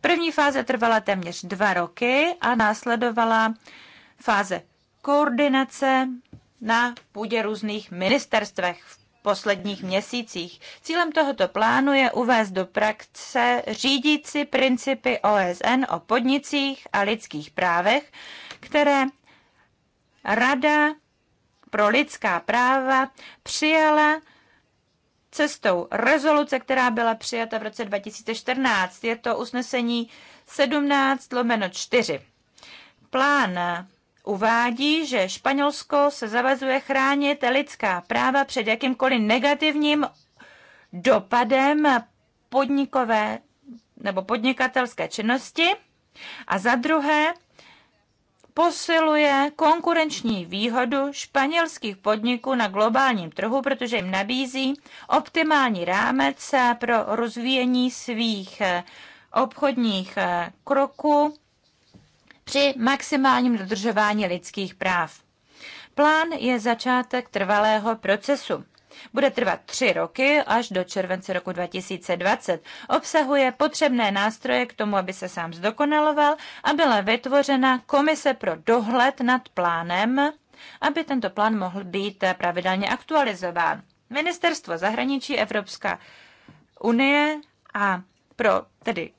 První fáze trvala téměř dva roky a následovala fáze koordinace na půdě různých ministerstvech v posledních měsících. Cílem tohoto plánu je uvést do praxe řídící principy OSN o podnicích a lidských právech, které Rada pro lidská práva přijala cestou rezoluce, která byla přijata v roce 2014. Je to usnesení 17 lomeno 4. Plán uvádí, že Španělsko se zavazuje chránit lidská práva před jakýmkoliv negativním dopadem podnikové nebo podnikatelské činnosti. A za druhé, posiluje konkurenční výhodu španělských podniků na globálním trhu, protože jim nabízí optimální rámec pro rozvíjení svých eh, obchodních eh, kroků při maximálním dodržování lidských práv. Plán je začátek trvalého procesu. Bude trvat tři roky až do července roku 2020. Obsahuje potřebné nástroje k tomu, aby se sám zdokonaloval a byla vytvořena komise pro dohled nad plánem, aby tento plán mohl být pravidelně aktualizován. Ministerstvo zahraničí Evropská unie a pro tedy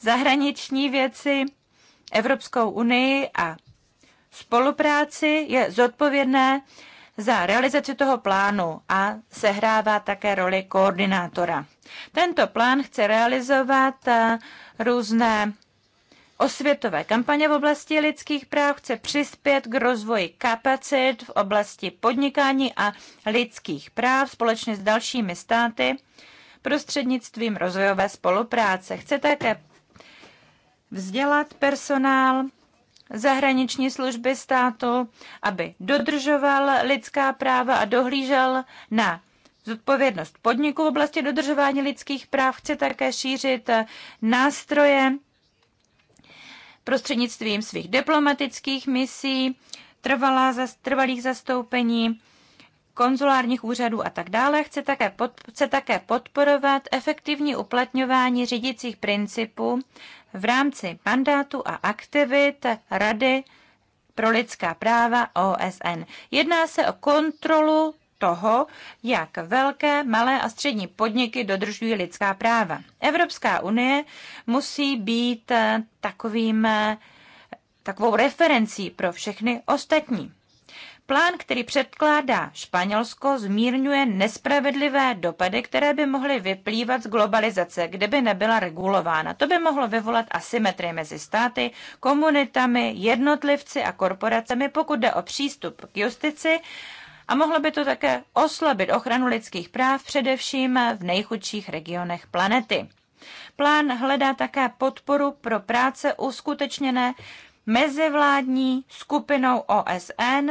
zahraniční věci Evropskou unii a spolupráci je zodpovědné za realizaci toho plánu a sehrává také roli koordinátora. Tento plán chce realizovat eh, různé osvětové kampaně v oblasti lidských práv, chce přispět k rozvoji kapacit v oblasti podnikání a lidských práv společně s dalšími státy prostřednictvím rozvojové spolupráce. Chce také vzdělat personál zahraniční služby státu, aby dodržoval lidská práva a dohlížel na zodpovědnost podniků v oblasti dodržování lidských práv. Chce také šířit eh, nástroje prostřednictvím svých diplomatických misí, trvalá, trvalých zastoupení, konzulárních úřadů a tak dále. Chce také, pod, chce také podporovat efektivní uplatňování řídicích principů v rámci mandátu a aktivit Rady pro lidská práva OSN. Jedná se o kontrolu toho, jak velké, malé a střední podniky dodržují lidská práva. Evropská unie musí být takovým, takovou referencí pro všechny ostatní. Plán, který předkládá Španělsko, zmírňuje nespravedlivé dopady, které by mohly vyplývat z globalizace, kdyby nebyla regulována. To by mohlo vyvolat asymetrie mezi státy, komunitami, jednotlivci a korporacemi, pokud jde o přístup k justici a mohlo by to také oslabit ochranu lidských práv především v nejchudších regionech planety. Plán hledá také podporu pro práce uskutečněné mezivládní skupinou OSN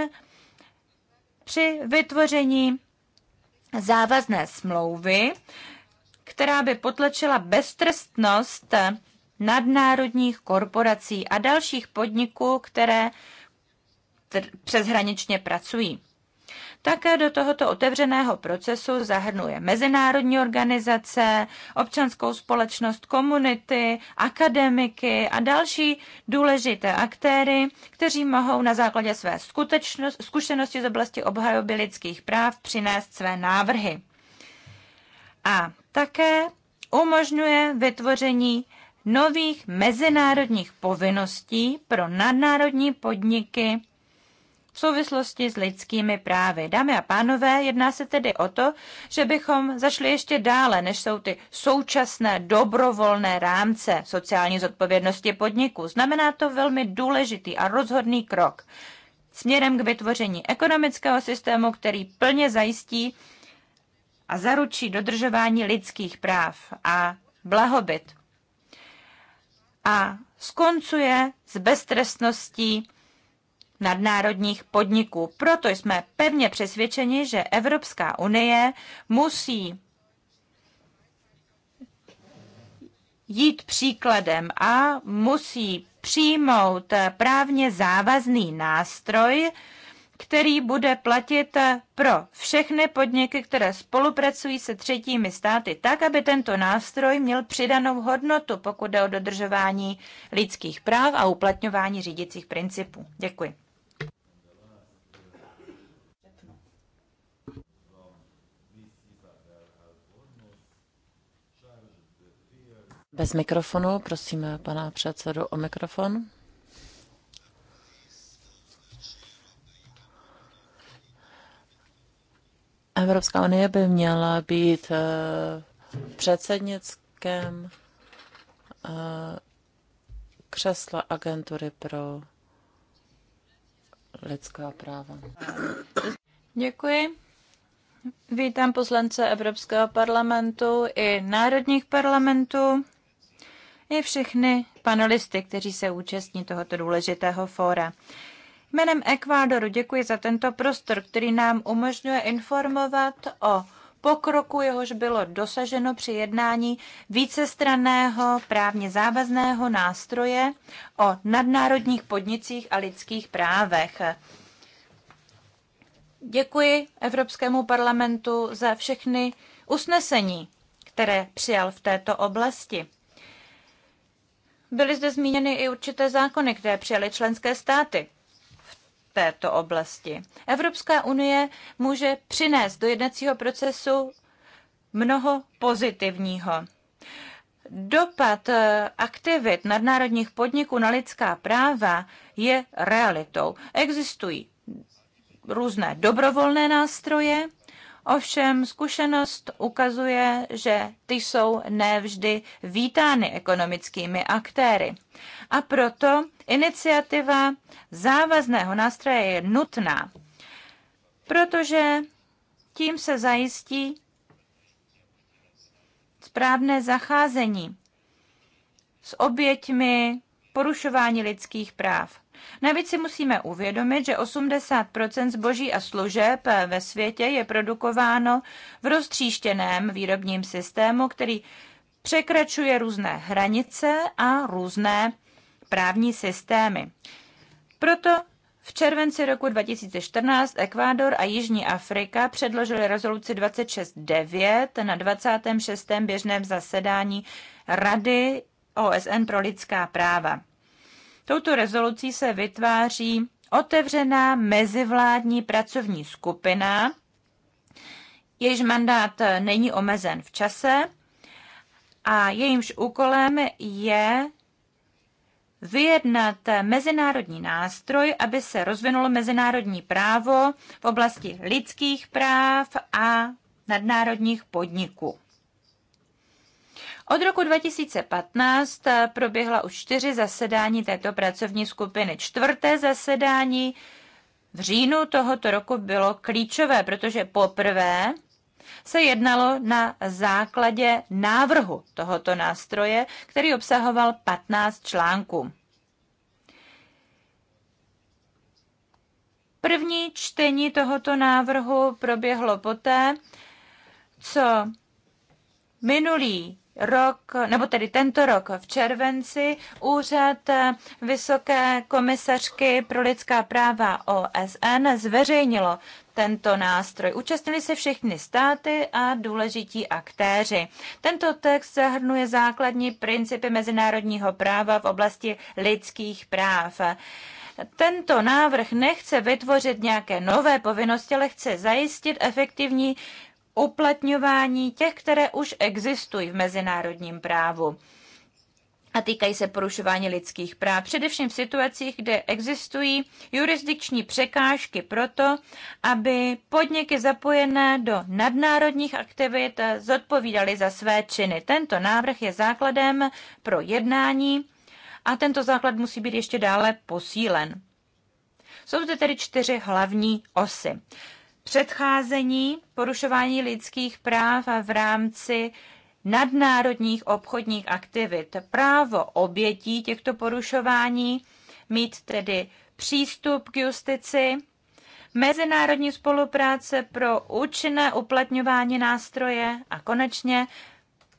při vytvoření závazné smlouvy, která by potlačila beztrestnost nadnárodních korporací a dalších podniků, které přeshraničně pracují. Také do tohoto otevřeného procesu zahrnuje mezinárodní organizace, občanskou společnost, komunity, akademiky a další důležité aktéry, kteří mohou na základě své zkušenosti z oblasti obhajoby lidských práv přinést své návrhy. A také umožňuje vytvoření nových mezinárodních povinností pro nadnárodní podniky v souvislosti s lidskými právy. Dámy a pánové, jedná se tedy o to, že bychom zašli ještě dále, než jsou ty současné dobrovolné rámce sociální zodpovědnosti podniků. Znamená to velmi důležitý a rozhodný krok směrem k vytvoření ekonomického systému, který plně zajistí a zaručí dodržování lidských práv a blahobyt. A skoncuje s beztrestností nadnárodních podniků. Proto jsme pevně přesvědčeni, že Evropská unie musí jít příkladem a musí přijmout právně závazný nástroj, který bude platit pro všechny podniky, které spolupracují se třetími státy, tak, aby tento nástroj měl přidanou hodnotu, pokud jde o dodržování lidských práv a uplatňování řídicích principů. Děkuji. Bez mikrofonu, prosím, pana předsedu o mikrofon. Evropská unie by měla být eh, předsednickém eh, křesla agentury pro lidská práva. Děkuji. Vítám poslance Evropského parlamentu i národních parlamentů i všechny panelisty, kteří se účastní tohoto důležitého fóra. Jménem Ekvádoru děkuji za tento prostor, který nám umožňuje informovat o pokroku, jehož bylo dosaženo při jednání vícestranného právně závazného nástroje o nadnárodních podnicích a lidských právech. Děkuji Evropskému parlamentu za všechny usnesení, které přijal v této oblasti. Byly zde zmíněny i určité zákony, které přijaly členské státy v této oblasti. Evropská unie může přinést do jednacího procesu mnoho pozitivního. Dopad eh, aktivit nadnárodních podniků na lidská práva je realitou. Existují různé dobrovolné nástroje, Ovšem zkušenost ukazuje, že ty jsou nevždy vítány ekonomickými aktéry. A proto iniciativa závazného nástroje je nutná, protože tím se zajistí správné zacházení s oběťmi porušování lidských práv. Navíc si musíme uvědomit, že 80 zboží a služeb ve světě je produkováno v roztříštěném výrobním systému, který překračuje různé hranice a různé právní systémy. Proto v červenci roku 2014 Ekvádor a Jižní Afrika předložili rezoluci 269 na 26. běžném zasedání Rady OSN pro lidská práva. Touto rezolucí se vytváří otevřená mezivládní pracovní skupina, jejíž mandát není omezen v čase a jejímž úkolem je vyjednat mezinárodní nástroj, aby se rozvinulo mezinárodní právo v oblasti lidských práv a nadnárodních podniků. Od roku 2015 eh, proběhla už čtyři zasedání této pracovní skupiny. Čtvrté zasedání v říjnu tohoto roku bylo klíčové, protože poprvé se jednalo na základě návrhu tohoto nástroje, který obsahoval 15 článků. První čtení tohoto návrhu proběhlo poté, co minulý rok, nebo tedy tento rok v červenci, úřad Vysoké komisařky pro lidská práva OSN zveřejnilo tento nástroj. Účastnili se všechny státy a důležití aktéři. Tento text zahrnuje základní principy mezinárodního práva v oblasti lidských práv. Tento návrh nechce vytvořit nějaké nové povinnosti, ale chce zajistit efektivní uplatňování těch, které už existují v mezinárodním právu a týkají se porušování lidských práv, především v situacích, kde existují jurisdikční překážky proto, aby podniky zapojené do nadnárodních aktivit zodpovídaly za své činy. Tento návrh je základem pro jednání a tento základ musí být ještě dále posílen. Jsou zde tedy čtyři hlavní osy předcházení porušování lidských práv v rámci nadnárodních obchodních aktivit. Právo obětí těchto porušování mít tedy přístup k justici, mezinárodní spolupráce pro účinné uplatňování nástroje a konečně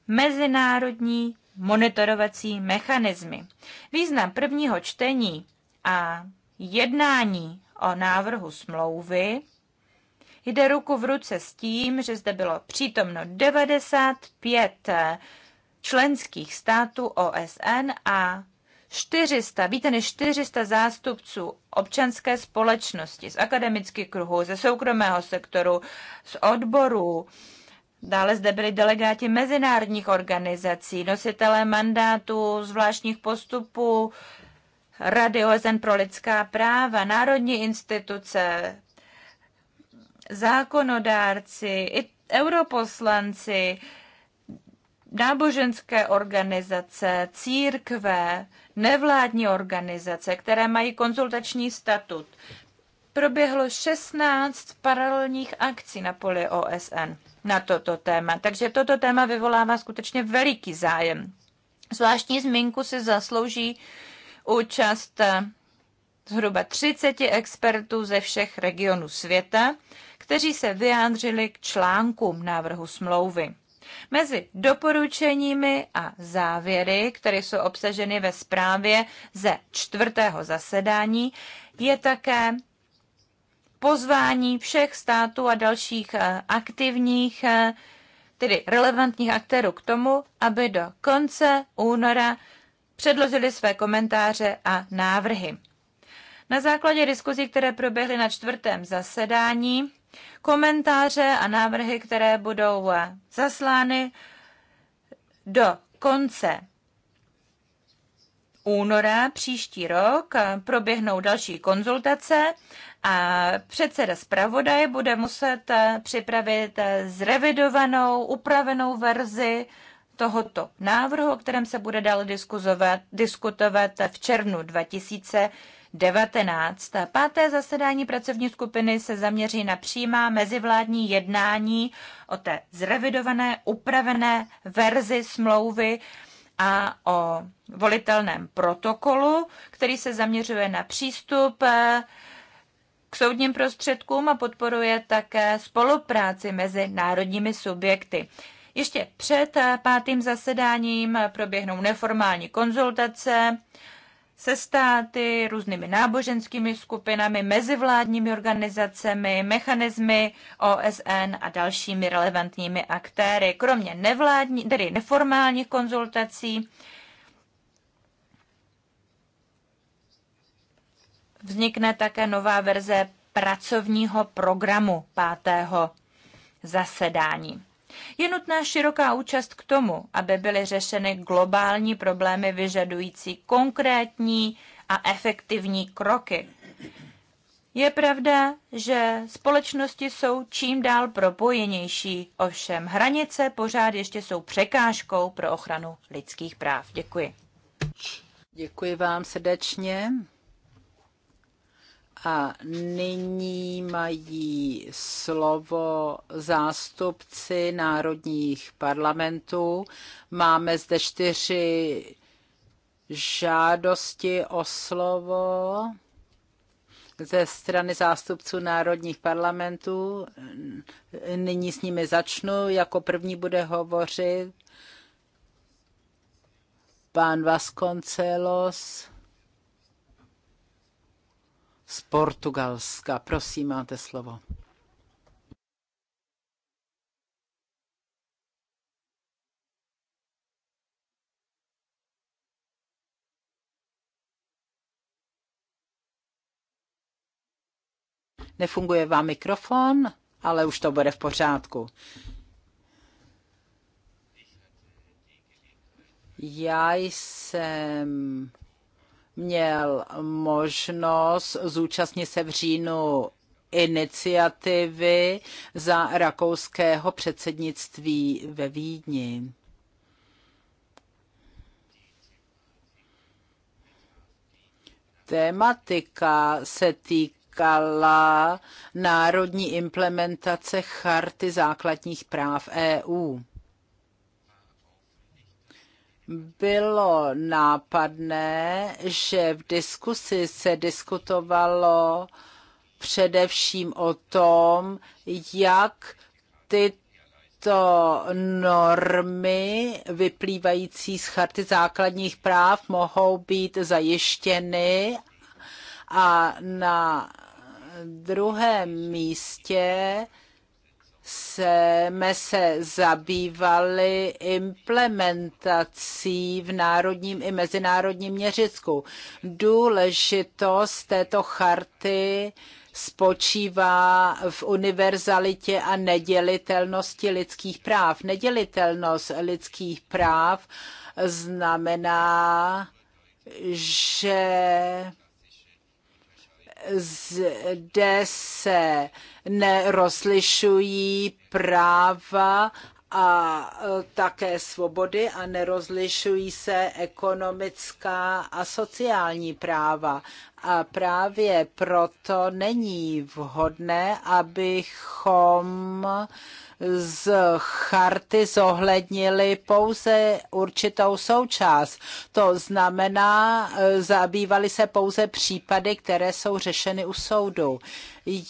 mezinárodní monitorovací mechanismy. Význam prvního čtení a jednání o návrhu smlouvy jde ruku v ruce s tím, že zde bylo přítomno 95 členských států OSN a 400, více než 400 zástupců občanské společnosti, z akademických kruhů, ze soukromého sektoru, z odborů. Dále zde byli delegáti mezinárodních organizací, nositelé mandátů, zvláštních postupů, Rady OSN pro lidská práva, národní instituce, zákonodárci, i europoslanci, náboženské organizace, církve, nevládní organizace, které mají konzultační statut. Proběhlo 16 paralelních akcí na poli OSN na toto téma. Takže toto téma vyvolává skutečně veliký zájem. Zvláštní zmínku si zaslouží účast eh, zhruba 30 expertů ze všech regionů světa, kteří se vyjádřili k článkům návrhu smlouvy. Mezi doporučeními a závěry, které jsou obsaženy ve zprávě ze čtvrtého zasedání, je také pozvání všech států a dalších eh, aktivních, eh, tedy relevantních aktérů k tomu, aby do konce února předložili své komentáře a návrhy. Na základě diskuzí, které proběhly na čtvrtém zasedání, komentáře a návrhy, které budou eh, zaslány do konce února příští rok proběhnou další konzultace a předseda zpravodaje bude muset eh, připravit eh, zrevidovanou, upravenou verzi tohoto návrhu, o kterém se bude dále diskutovat v červnu 2020. 19. Páté zasedání pracovní skupiny se zaměří na přímá mezivládní jednání o té zrevidované, upravené verzi smlouvy a o volitelném protokolu, který se zaměřuje na přístup eh, k soudním prostředkům a podporuje také spolupráci mezi národními subjekty. Ještě před eh, pátým zasedáním proběhnou neformální konzultace se státy, různými náboženskými skupinami, mezivládními organizacemi, mechanismy OSN a dalšími relevantními aktéry. Kromě nevládní, tedy neformálních konzultací vznikne také nová verze pracovního programu pátého zasedání. Je nutná široká účast k tomu, aby byly řešeny globální problémy vyžadující konkrétní a efektivní kroky. Je pravda, že společnosti jsou čím dál propojenější, ovšem hranice pořád ještě jsou překážkou pro ochranu lidských práv. Děkuji. Děkuji vám srdečně. A nyní mají slovo zástupci národních parlamentů. Máme zde čtyři žádosti o slovo ze strany zástupců národních parlamentů. Nyní s nimi začnu. Jako první bude hovořit pan Vasconcelos z Portugalska. Prosím, máte slovo. Nefunguje vám mikrofon, ale už to bude v pořádku. Já jsem měl možnost zúčastnit se v říjnu iniciativy za rakouského předsednictví ve Vídni. Tématika se týkala národní implementace Charty základních práv EU bylo nápadné, že v diskusi se diskutovalo především o tom, jak tyto normy vyplývající z charty základních práv mohou být zajištěny a na druhém místě jsme se zabývali implementací v národním i mezinárodním měřicku. Důležitost této charty spočívá v univerzalitě a nedělitelnosti lidských práv. Nedělitelnost lidských práv znamená, že zde se nerozlišují práva a také svobody a nerozlišují se ekonomická a sociální práva. A právě proto není vhodné, abychom z charty zohlednili pouze určitou součást. To znamená, e, zabývali se pouze případy, které jsou řešeny u soudu.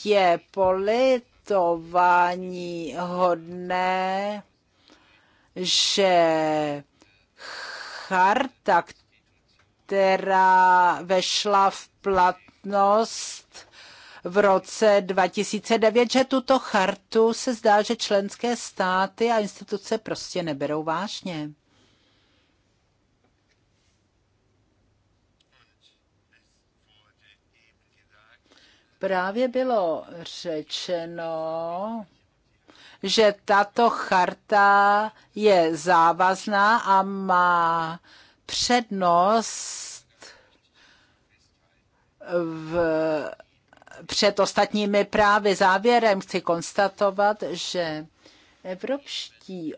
Je politování hodné, že charta, která vešla v platnost, v roce 2009, že tuto chartu se zdá, že členské státy a instituce prostě neberou vážně. Právě bylo řečeno, že tato charta je závazná a má přednost v před ostatními právy. Závěrem chci konstatovat, že evropští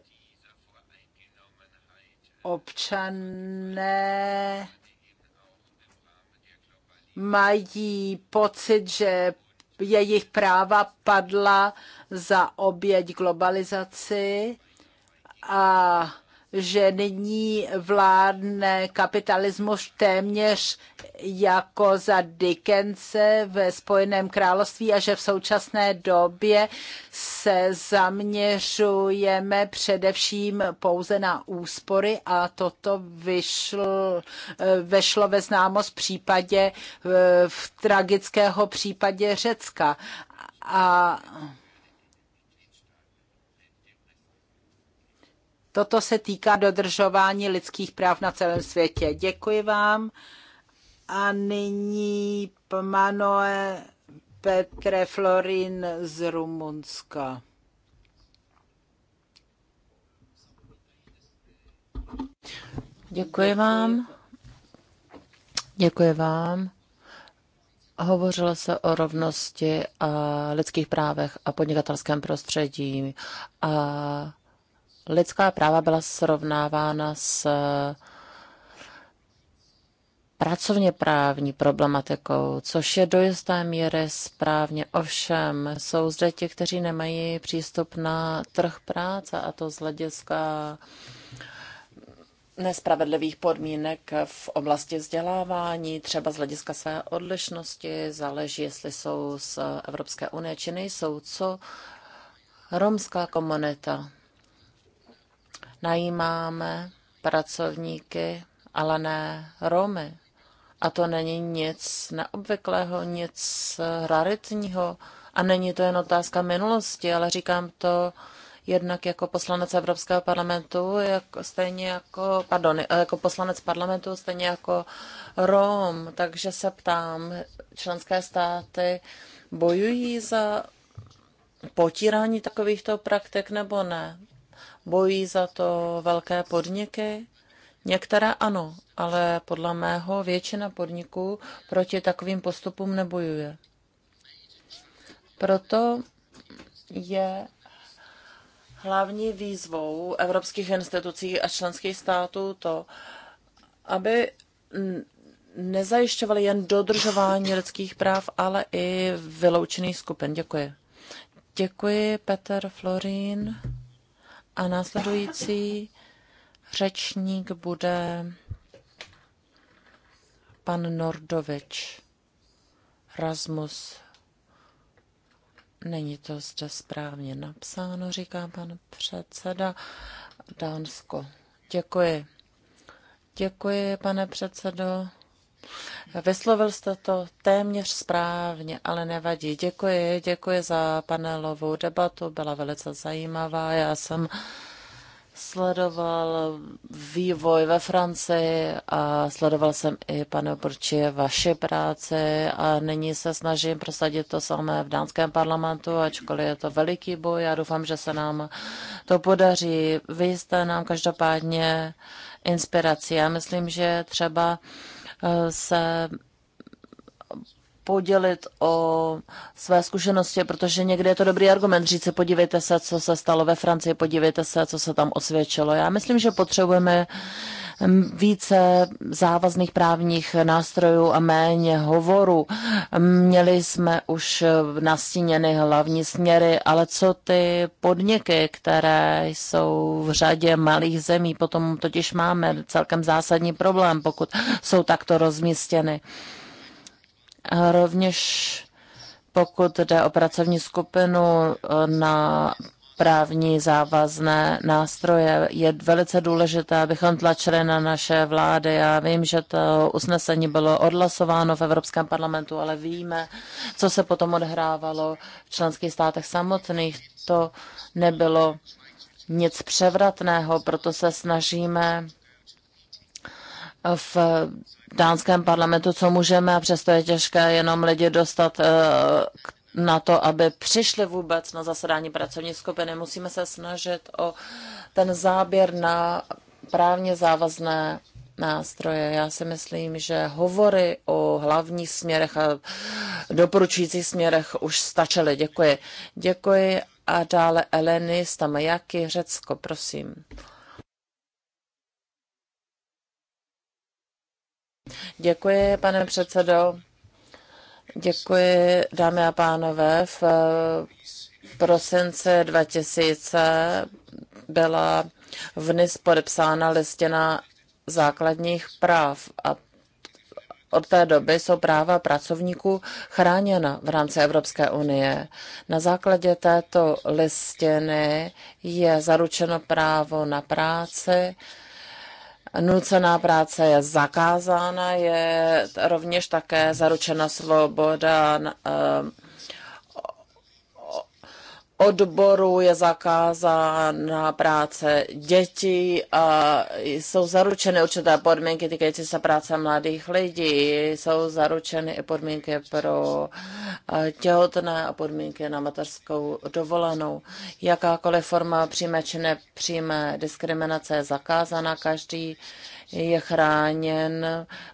občané mají pocit, že jejich práva padla za oběť globalizaci a že nyní vládne kapitalismus téměř jako za Dickense ve Spojeném království a že v současné době se zaměřujeme především pouze na úspory a toto vyšlo, vešlo ve známost v případě v tragického případě Řecka. A Toto se týká dodržování lidských práv na celém světě. Děkuji vám. A nyní Manoe Petre Florin z Rumunska. Děkuji vám. Děkuji vám. Hovořilo se o rovnosti a lidských právech a podnikatelském prostředí a lidská práva byla srovnávána s eh, pracovně právní problematikou, což je do jisté míry správně. Ovšem, jsou zde ti, kteří nemají přístup na trh práce a to z hlediska nespravedlivých podmínek v oblasti vzdělávání, třeba z hlediska své odlišnosti, záleží, jestli jsou z Evropské unie či nejsou, co romská komunita najímáme pracovníky, ale ne Romy. A to není nic neobvyklého, nic raritního. A není to jen otázka minulosti, ale říkám to jednak jako poslanec Evropského parlamentu, jako, stejně jako, pardon, jako poslanec parlamentu, stejně jako Rom. Takže se ptám, členské státy bojují za potírání takovýchto praktik nebo ne? Bojí za to velké podniky? Některé ano, ale podle mého většina podniků proti takovým postupům nebojuje. Proto je hlavní výzvou evropských institucí a členských států to, aby nezajišťovali jen dodržování lidských práv, ale i vyloučených skupin. Děkuji. Děkuji, Petr Florín a následující řečník bude pan Nordovič. Rasmus. Není to zde správně napsáno, říká pan předseda. Dánsko. Děkuji. Děkuji, pane předsedo. Vyslovil jste to téměř správně, ale nevadí. Děkuji, děkuji za panelovou debatu, byla velice zajímavá. Já jsem sledoval vývoj ve Francii a sledoval jsem i, pane Burči, vaši práci a nyní se snažím prosadit to samé v dánském parlamentu, ačkoliv je to veliký boj. Já doufám, že se nám to podaří. Vy jste nám každopádně inspirací. Já myslím, že třeba se podělit o své zkušenosti, protože někdy je to dobrý argument říct se, podívejte se, co se stalo ve Francii, podívejte se, co se tam osvědčilo. Já myslím, že potřebujeme více závazných právních nástrojů a méně hovoru Měli jsme už e, nastíněny hlavní směry, ale co ty podniky, které jsou v řadě malých zemí, potom totiž máme celkem zásadní problém, pokud jsou takto rozmístěny. A rovněž pokud jde o pracovní skupinu e, na právní závazné nástroje. Je velice důležité, abychom tlačili na naše vlády. Já vím, že to usnesení bylo odhlasováno v Evropském parlamentu, ale víme, co se potom odhrávalo v členských státech samotných. To nebylo nic převratného, proto se snažíme v dánském parlamentu, co můžeme, a přesto je těžké jenom lidi dostat eh, k na to, aby přišli vůbec na zasedání pracovní skupiny. Musíme se snažit o ten záběr na právně závazné nástroje. Já si myslím, že hovory o hlavních směrech a doporučujících směrech už stačily. Děkuji. Děkuji a dále Eleny Stamajaky, Řecko, prosím. Děkuji, pane předsedo. Děkuji, dámy a pánové. V eh, prosince 2000 byla v NIS podepsána listina základních práv a od té doby jsou práva pracovníků chráněna v rámci Evropské unie. Na základě této listiny je zaručeno právo na práci, Nucená práce je zakázána, je rovněž také zaručena svoboda eh, odboru je zakázána práce dětí a jsou zaručeny určité podmínky týkající se práce mladých lidí, jsou zaručeny i podmínky pro eh, těhotné a podmínky na mateřskou dovolenou. Jakákoliv forma přímé či nepřímé diskriminace je zakázána, každý je chráněn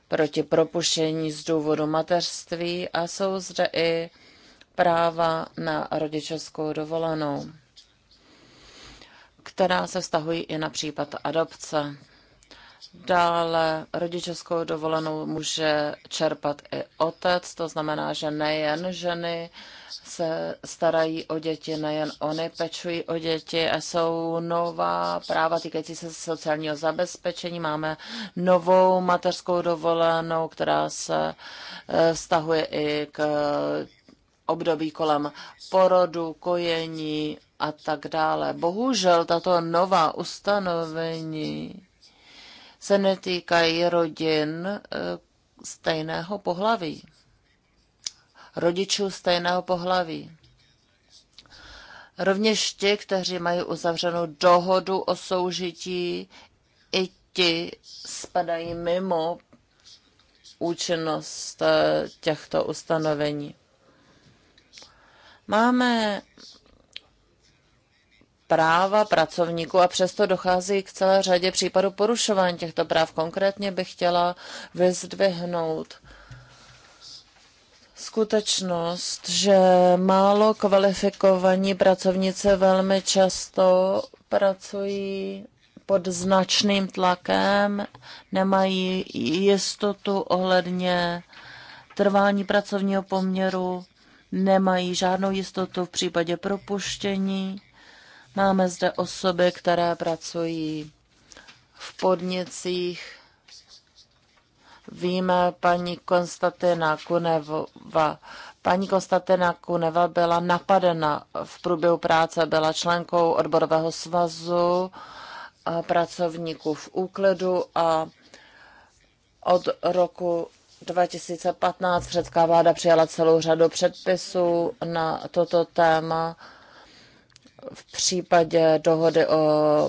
proti propuštění z důvodu mateřství a jsou zde i práva na rodičovskou dovolenou, která se vztahují i na případ adopce. Dále rodičovskou dovolenou může čerpat i otec, to znamená, že nejen ženy se starají o děti, nejen oni pečují o děti a jsou nová práva týkající se sociálního zabezpečení. Máme novou mateřskou dovolenou, která se eh, vztahuje i k období kolem porodu, kojení a tak dále. Bohužel tato nová ustanovení se netýkají rodin eh, stejného pohlaví. Rodičů stejného pohlaví. Rovněž ti, kteří mají uzavřenou dohodu o soužití, i ti spadají mimo účinnost eh, těchto ustanovení. Máme práva pracovníků a přesto dochází k celé řadě případů porušování těchto práv. Konkrétně bych chtěla vyzdvihnout skutečnost, že málo kvalifikovaní pracovnice velmi často pracují pod značným tlakem, nemají jistotu ohledně trvání pracovního poměru, nemají žádnou jistotu v případě propuštění. Máme zde osoby, které pracují v podnicích. Víme, paní Konstantina Kuneva, paní Konstantina Kuneva byla napadena v průběhu práce, byla členkou odborového svazu pracovníků v úklidu a od roku 2015 řecká vláda přijala celou řadu předpisů na toto téma v případě dohody o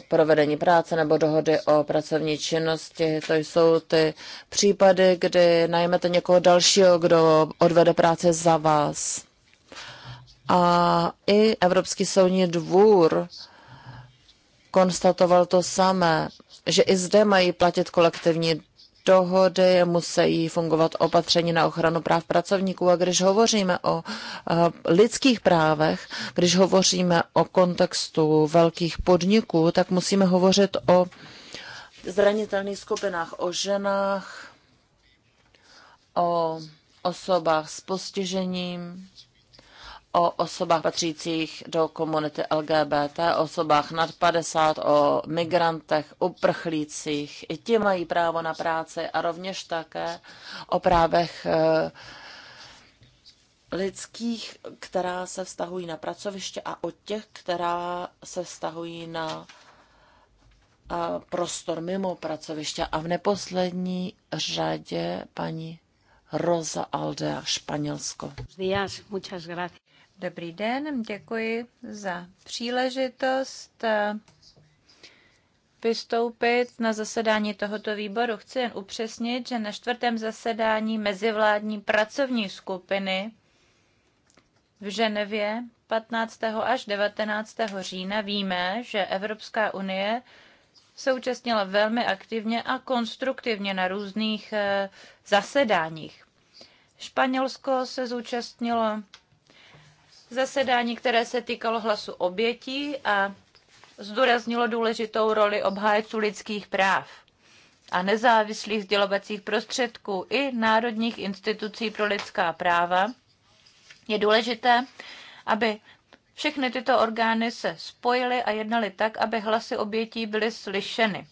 provedení práce nebo dohody o pracovní činnosti. To jsou ty případy, kdy najmete někoho dalšího, kdo odvede práci za vás. A i Evropský soudní dvůr konstatoval to samé, že i zde mají platit kolektivní dohody, musí fungovat opatření na ochranu práv pracovníků. A když hovoříme o eh, lidských právech, když hovoříme o kontextu velkých podniků, tak musíme hovořit o zranitelných skupinách, o ženách, o osobách s postižením, o osobách patřících do komunity LGBT, o osobách nad 50, o migrantech, uprchlících. I ti mají právo na práci a rovněž také o právech eh, lidských, která se vztahují na pracoviště a o těch, která se vztahují na eh, prostor mimo pracoviště a v neposlední řadě paní Rosa Aldea, Španělsko. Dobrý den, děkuji za příležitost eh, vystoupit na zasedání tohoto výboru. Chci jen upřesnit, že na čtvrtém zasedání mezivládní pracovní skupiny v Ženevě 15. až 19. října víme, že Evropská unie se účastnila velmi aktivně a konstruktivně na různých eh, zasedáních. Španělsko se zúčastnilo zasedání, které se týkalo hlasu obětí a zdůraznilo důležitou roli obhájců lidských práv a nezávislých sdělovacích prostředků i národních institucí pro lidská práva. Je důležité, aby všechny tyto orgány se spojily a jednaly tak, aby hlasy obětí byly slyšeny.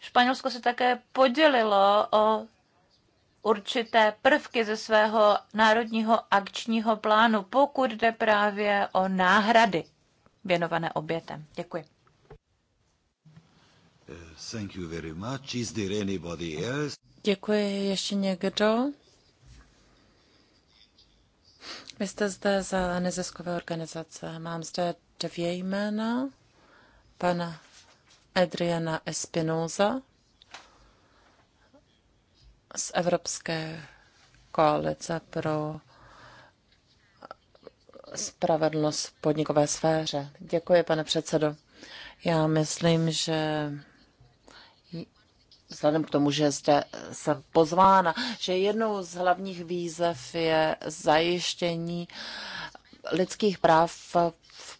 Španělsko se také podělilo o určité prvky ze svého národního akčního plánu, pokud jde právě o náhrady věnované obětem. Děkuji. Thank you very much. Is there anybody else? Děkuji. Ještě někdo? Vy jste zde za neziskové organizace. Mám zde dvě jména. Pana Adriana Espinoza, z Evropské koalice pro spravedlnost v podnikové sféře. Děkuji, pane předsedo. Já myslím, že vzhledem k tomu, že zde jsem pozvána, že jednou z hlavních výzev je zajištění lidských práv v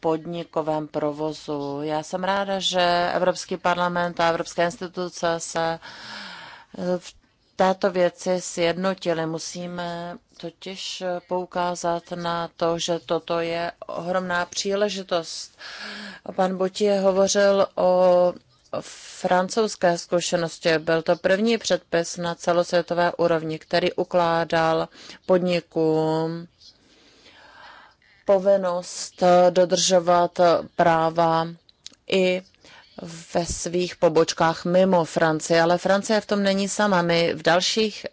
podnikovém provozu. Já jsem ráda, že Evropský parlament a Evropské instituce se v této věci sjednotili. Musíme totiž poukázat na to, že toto je ohromná příležitost. Pan Botie hovořil o francouzské zkušenosti. Byl to první předpis na celosvětové úrovni, který ukládal podnikům povinnost dodržovat práva i ve svých pobočkách mimo Francii, ale Francie v tom není sama. My v dalších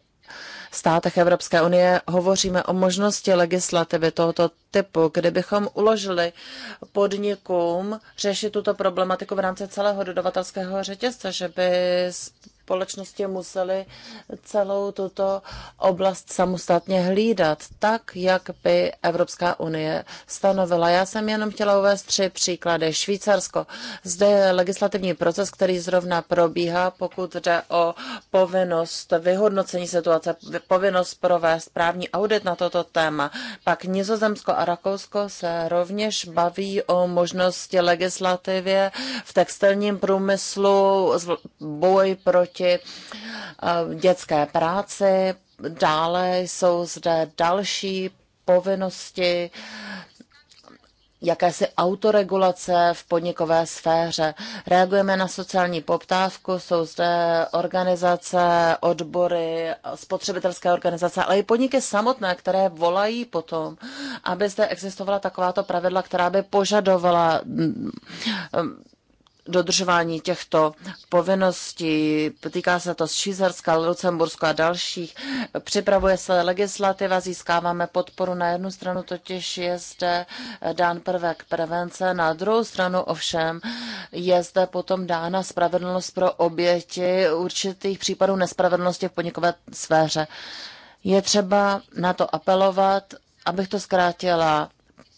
státech Evropské unie hovoříme o možnosti legislativy tohoto typu, kde bychom uložili podnikům řešit tuto problematiku v rámci celého dodavatelského řetězce, že by společnosti museli celou tuto oblast samostatně hlídat, tak, jak by Evropská unie stanovila. Já jsem jenom chtěla uvést tři příklady. Švýcarsko. Zde je legislativní proces, který zrovna probíhá, pokud jde o povinnost vyhodnocení situace, povinnost provést právní audit na toto téma. Pak Nizozemsko a Rakousko se rovněž baví o možnosti legislativě v textilním průmyslu boj proti proti eh, dětské práci. Dále jsou zde další povinnosti, jakési autoregulace v podnikové sféře. Reagujeme na sociální poptávku, jsou zde organizace, odbory, spotřebitelské organizace, ale i podniky samotné, které volají potom, aby zde existovala takováto pravidla, která by požadovala mm, mm, dodržování těchto povinností. Týká se to z Švýcarska, Lucemburska a dalších. Připravuje se legislativa, získáváme podporu. Na jednu stranu totiž je zde dán prvek prevence, na druhou stranu ovšem je zde potom dána spravedlnost pro oběti určitých případů nespravedlnosti v podnikové sféře. Je třeba na to apelovat, abych to zkrátila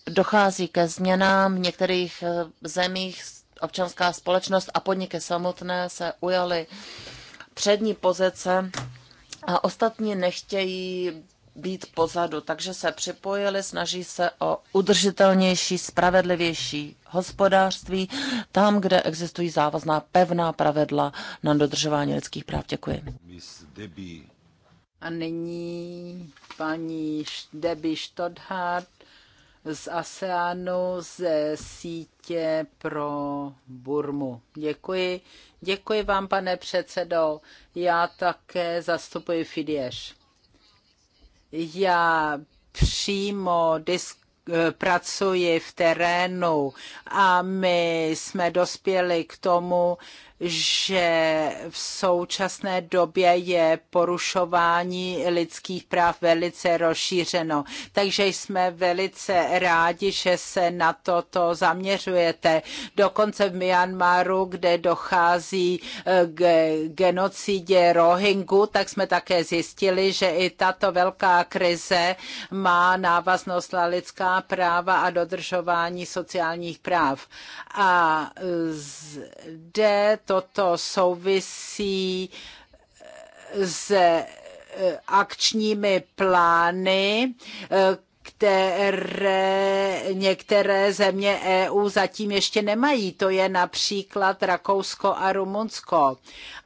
dochází ke změnám v některých eh, zemích občanská společnost a podniky samotné se ujaly přední pozice a ostatní nechtějí být pozadu, takže se připojili, snaží se o udržitelnější, spravedlivější hospodářství, tam, kde existují závazná pevná pravidla na dodržování lidských práv. Děkuji. A nyní paní Debbie Stodhardt z ASEANu, ze sítě pro Burmu. Děkuji. Děkuji vám, pane předsedo. Já také zastupuji Fidieš. Já přímo disk pracuji v terénu a my jsme dospěli k tomu, že v současné době je porušování lidských práv velice rozšířeno. Takže jsme velice rádi, že se na toto zaměřujete. Dokonce v Myanmaru, kde dochází k eh, genocidě Rohingu, tak jsme také zjistili, že i tato velká krize má návaznost na lidská práva a dodržování sociálních práv. A zde toto souvisí eh, s eh, akčními plány, eh, které některé země EU zatím ještě nemají. To je například Rakousko a Rumunsko.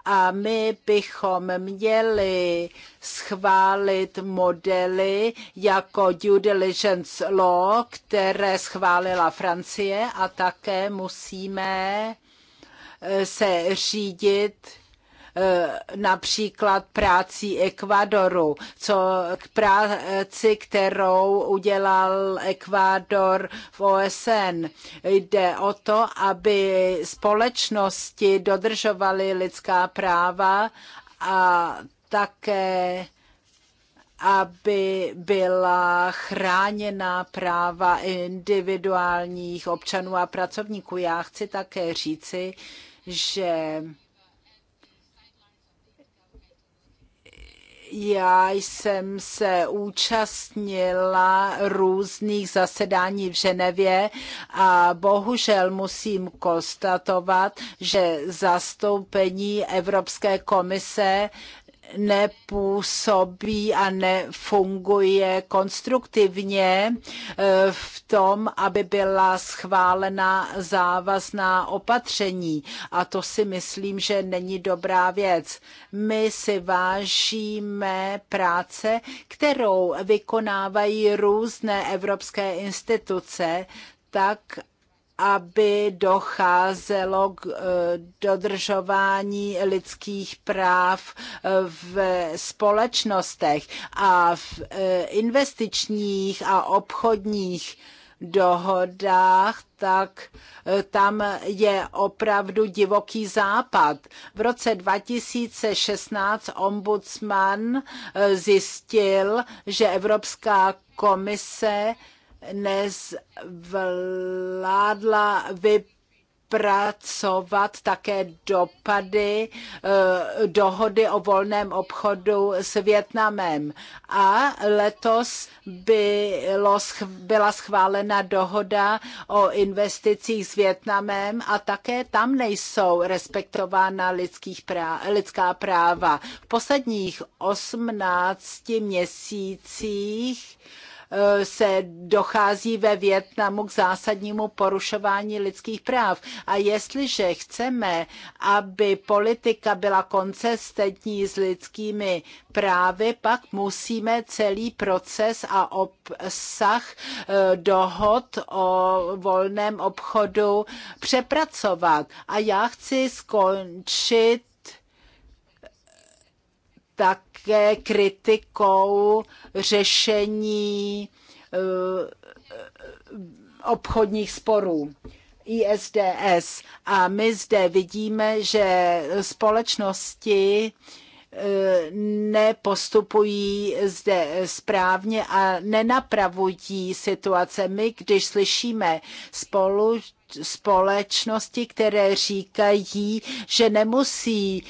A my bychom měli schválit modely jako due diligence law, které schválila Francie a také musíme se řídit eh, například práci Ekvadoru, co k práci, kterou udělal Ekvador v OSN. Jde o to, aby společnosti dodržovaly lidská práva a také aby byla chráněna práva individuálních občanů a pracovníků. Já chci také říci, že já jsem se účastnila různých zasedání v Ženevě a bohužel musím konstatovat, že zastoupení Evropské komise nepůsobí a nefunguje konstruktivně eh, v tom, aby byla schválena závazná opatření. A to si myslím, že není dobrá věc. My si vážíme práce, kterou vykonávají různé evropské instituce, tak, aby docházelo k eh, dodržování lidských práv eh, v společnostech a v eh, investičních a obchodních dohodách, tak tam je opravdu divoký západ. V roce 2016 ombudsman zjistil, že Evropská komise nezvládla vypracovat také dopady eh, dohody o volném obchodu s Větnamem. A letos bylo, byla schválena dohoda o investicích s Větnamem a také tam nejsou respektována lidských práv, lidská práva. V posledních 18 měsících Eh, se dochází ve Větnamu k zásadnímu porušování lidských práv. A jestliže chceme, aby politika byla koncestentní s lidskými právy, pak musíme celý proces a obsah eh, dohod o volném obchodu přepracovat. A já chci skončit také kritikou řešení eh, obchodních sporů. ISDS. A my zde vidíme, že společnosti eh, nepostupují zde správně a nenapravují situace. My, když slyšíme spolu, společnosti, které říkají, že nemusí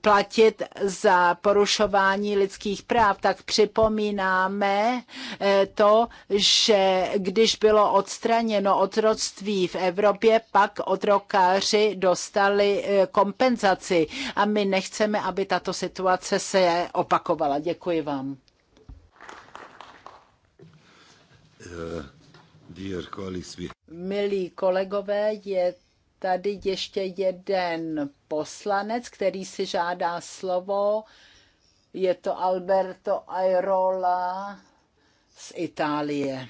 platit za porušování lidských práv, tak připomínáme eh, to, že když bylo odstraněno otroctví v Evropě, pak otrokáři dostali eh, kompenzaci a my nechceme, aby tato situace se opakovala. Děkuji vám. Uh. Milí kolegové, je tady ještě jeden poslanec, který si žádá slovo. Je to Alberto Airola z Itálie.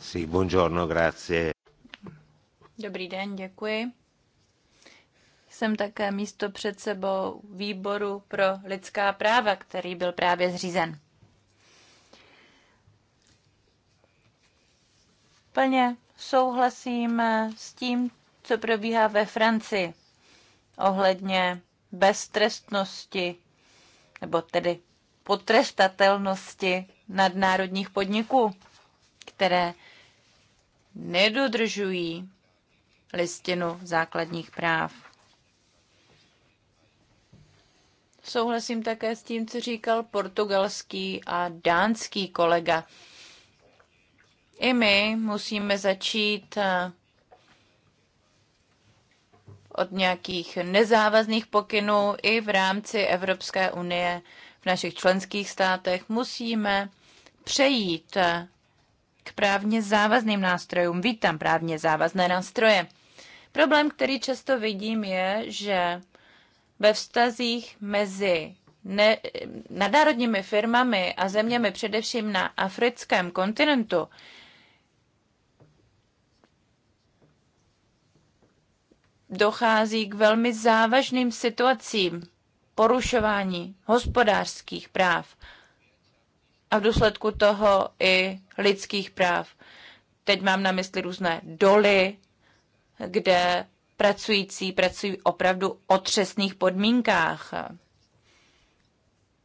Sí, buongiorno, grazie. Dobrý den, děkuji. Jsem také místo před sebou výboru pro lidská práva, který byl právě zřízen. Plně souhlasím s tím, co probíhá ve Francii ohledně beztrestnosti, nebo tedy potrestatelnosti nadnárodních podniků, které nedodržují listinu základních práv. Souhlasím také s tím, co říkal portugalský a dánský kolega. I my musíme začít eh, od nějakých nezávazných pokynů i v rámci Evropské unie v našich členských státech musíme přejít eh, k právně závazným nástrojům. Vítám právně závazné nástroje. Problém, který často vidím, je, že ve vztazích mezi ne, eh, nadárodními firmami a zeměmi především na africkém kontinentu dochází k velmi závažným situacím porušování hospodářských práv a v důsledku toho i lidských práv. Teď mám na mysli různé doly, kde pracující pracují opravdu o třesných podmínkách.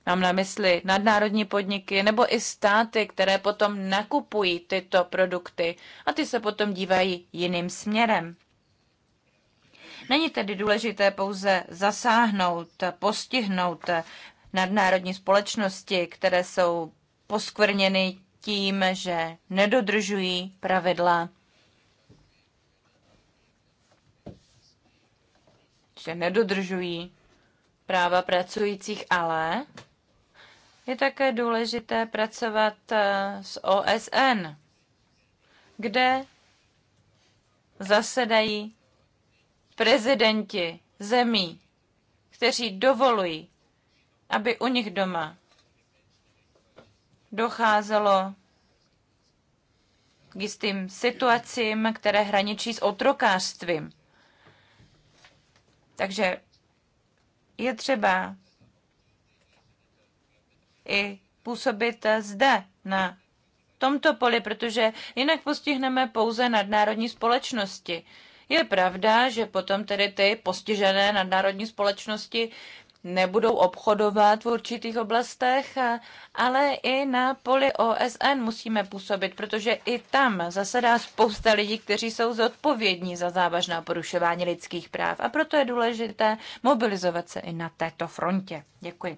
Mám na mysli nadnárodní podniky nebo i státy, které potom nakupují tyto produkty a ty se potom dívají jiným směrem. Není tedy důležité pouze zasáhnout, postihnout nadnárodní společnosti, které jsou poskvrněny tím, že nedodržují pravidla, že nedodržují práva pracujících, ale je také důležité pracovat eh, s OSN, kde zasedají prezidenti zemí, kteří dovolují, aby u nich doma docházelo k jistým situacím, které hraničí s otrokářstvím. Takže je třeba i působit zde, na tomto poli, protože jinak postihneme pouze nadnárodní společnosti. Je pravda, že potom tedy ty postižené nadnárodní společnosti nebudou obchodovat v určitých oblastech, ale i na poli OSN musíme působit, protože i tam zasedá spousta lidí, kteří jsou zodpovědní za závažná porušování lidských práv. A proto je důležité mobilizovat se i na této frontě. Děkuji.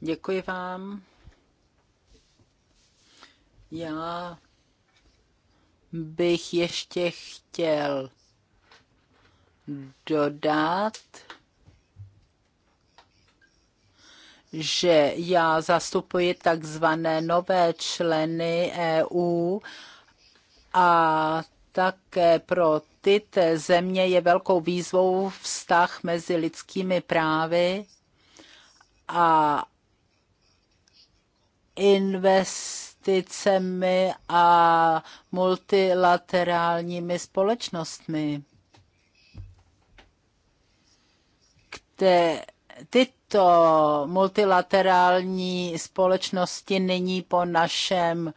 Děkuji vám. Já bych ještě chtěl dodat, že já zastupuji takzvané nové členy EU a také pro tyto země je velkou výzvou vztah mezi lidskými právy a invest investicemi a multilaterálními společnostmi. Kte, tyto multilaterální společnosti nyní po našem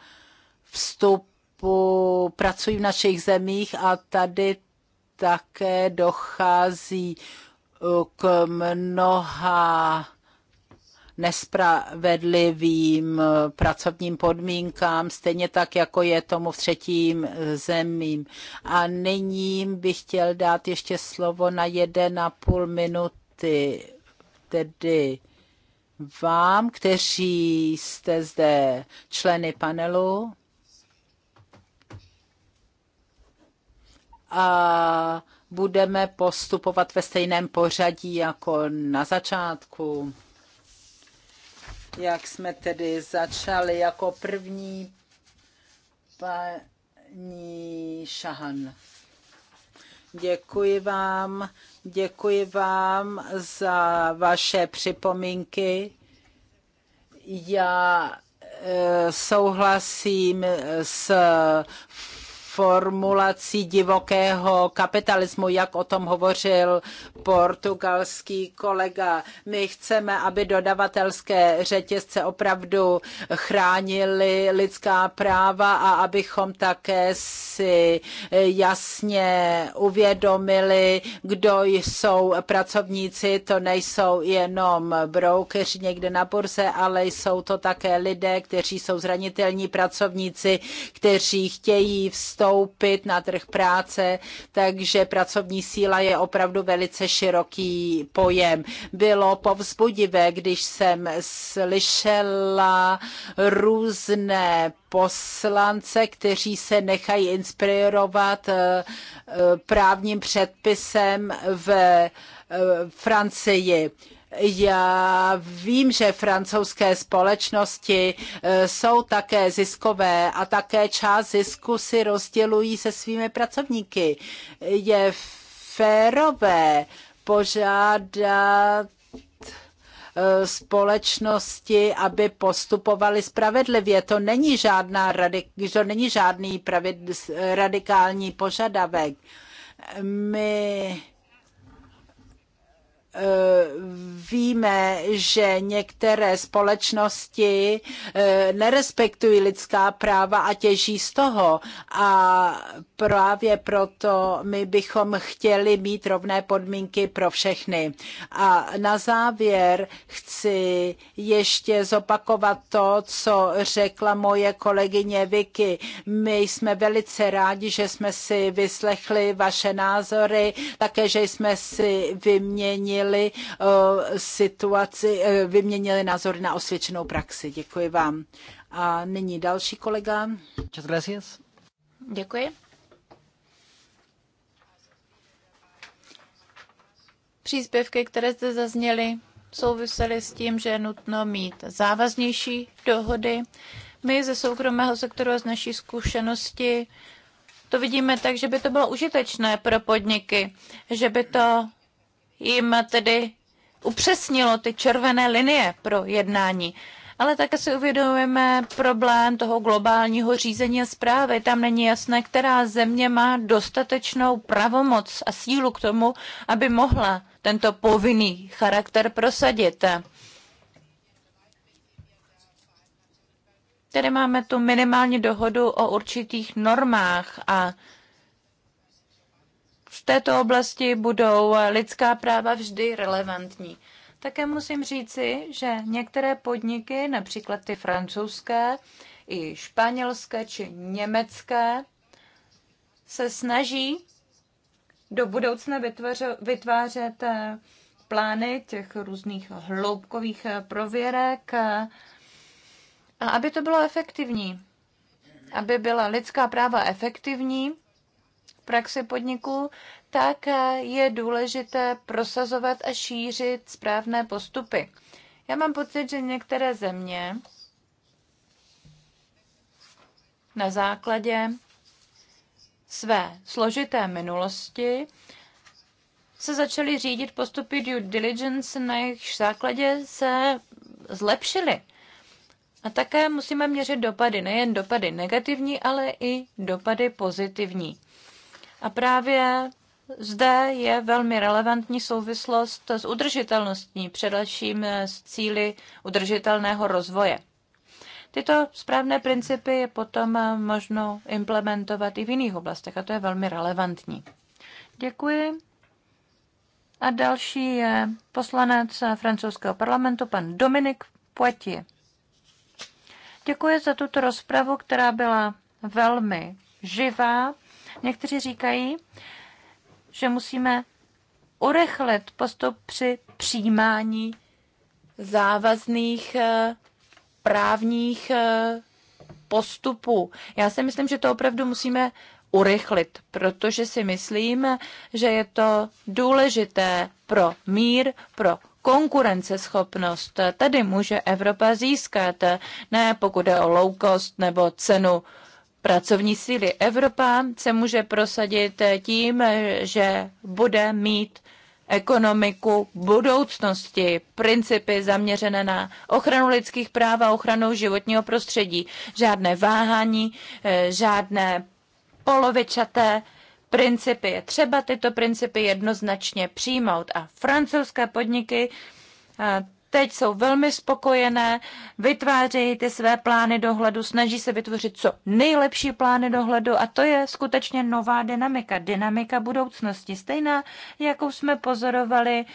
vstupu pracují v našich zemích a tady také dochází k mnoha nespravedlivým eh, pracovním podmínkám, stejně tak, jako je tomu v třetím eh, zemím. A nyní bych chtěl dát ještě slovo na jeden a půl minuty, tedy vám, kteří jste zde členy panelu. A budeme postupovat ve stejném pořadí jako na začátku jak jsme tedy začali jako první paní Šahan. Děkuji vám, děkuji vám za vaše připomínky. Já eh, souhlasím s formulací divokého kapitalismu, jak o tom hovořil portugalský kolega. My chceme, aby dodavatelské řetězce opravdu chránili lidská práva a abychom také si jasně uvědomili, kdo jsou pracovníci. To nejsou jenom broukeři někde na burze, ale jsou to také lidé, kteří jsou zranitelní pracovníci, kteří chtějí vstoupit vstoupit na trh práce, takže pracovní síla je opravdu velice široký pojem. Bylo povzbudivé, když jsem slyšela různé poslance, kteří se nechají inspirovat eh, eh, právním předpisem v eh, Francii já vím, že francouzské společnosti eh, jsou také ziskové a také část zisku si rozdělují se svými pracovníky. Je férové požádat eh, společnosti, aby postupovali spravedlivě. To není, žádná, to není žádný pravid, eh, radikální požadavek. My Eh, víme, že některé společnosti eh, nerespektují lidská práva a těží z toho. A právě proto my bychom chtěli mít rovné podmínky pro všechny. A na závěr chci ještě zopakovat to, co řekla moje kolegyně Vicky. My jsme velice rádi, že jsme si vyslechli vaše názory, také, že jsme si vyměnili vyměnili eh, situaci, eh, vyměnili názory na osvědčenou praxi. Děkuji vám. A nyní další kolega. Děkuji. Příspěvky, které zde zazněly, souvisely s tím, že je nutno mít závaznější dohody. My ze soukromého sektoru a z naší zkušenosti to vidíme tak, že by to bylo užitečné pro podniky, že by to jim tedy upřesnilo ty červené linie pro jednání. Ale také si uvědomujeme problém toho globálního řízení a zprávy. Tam není jasné, která země má dostatečnou pravomoc a sílu k tomu, aby mohla tento povinný charakter prosadit. Tady máme tu minimální dohodu o určitých normách a v této oblasti budou lidská práva vždy relevantní. Také musím říci, že některé podniky, například ty francouzské, i španělské či německé, se snaží do budoucna vytvářet, eh, plány těch různých hloubkových eh, prověrek, eh, a aby to bylo efektivní, aby byla lidská práva efektivní, praxi podniků, tak eh, je důležité prosazovat a šířit správné postupy. Já mám pocit, že některé země na základě své složité minulosti se začaly řídit postupy due diligence, na jejich základě se zlepšily. A také musíme měřit dopady, nejen dopady negativní, ale i dopady pozitivní. A právě zde je velmi relevantní souvislost s udržitelností, především s cíly udržitelného rozvoje. Tyto správné principy je potom možno implementovat i v jiných oblastech a to je velmi relevantní. Děkuji. A další je poslanec francouzského parlamentu, pan Dominik Poitier. Děkuji za tuto rozpravu, která byla velmi živá Někteří říkají, že musíme urychlit postup při přijímání závazných eh, právních eh, postupů. Já si myslím, že to opravdu musíme urychlit, protože si myslím, že je to důležité pro mír, pro konkurenceschopnost. Tady může Evropa získat, ne pokud je o loukost nebo cenu pracovní síly. Evropa se může prosadit tím, že bude mít ekonomiku budoucnosti, principy zaměřené na ochranu lidských práv a ochranu životního prostředí. Žádné váhání, eh, žádné polovičaté principy. Je třeba tyto principy jednoznačně přijmout. A francouzské podniky eh, teď jsou velmi spokojené, vytvářejí ty své plány dohledu, snaží se vytvořit co nejlepší plány dohledu a to je skutečně nová dynamika, dynamika budoucnosti, stejná, jakou jsme pozorovali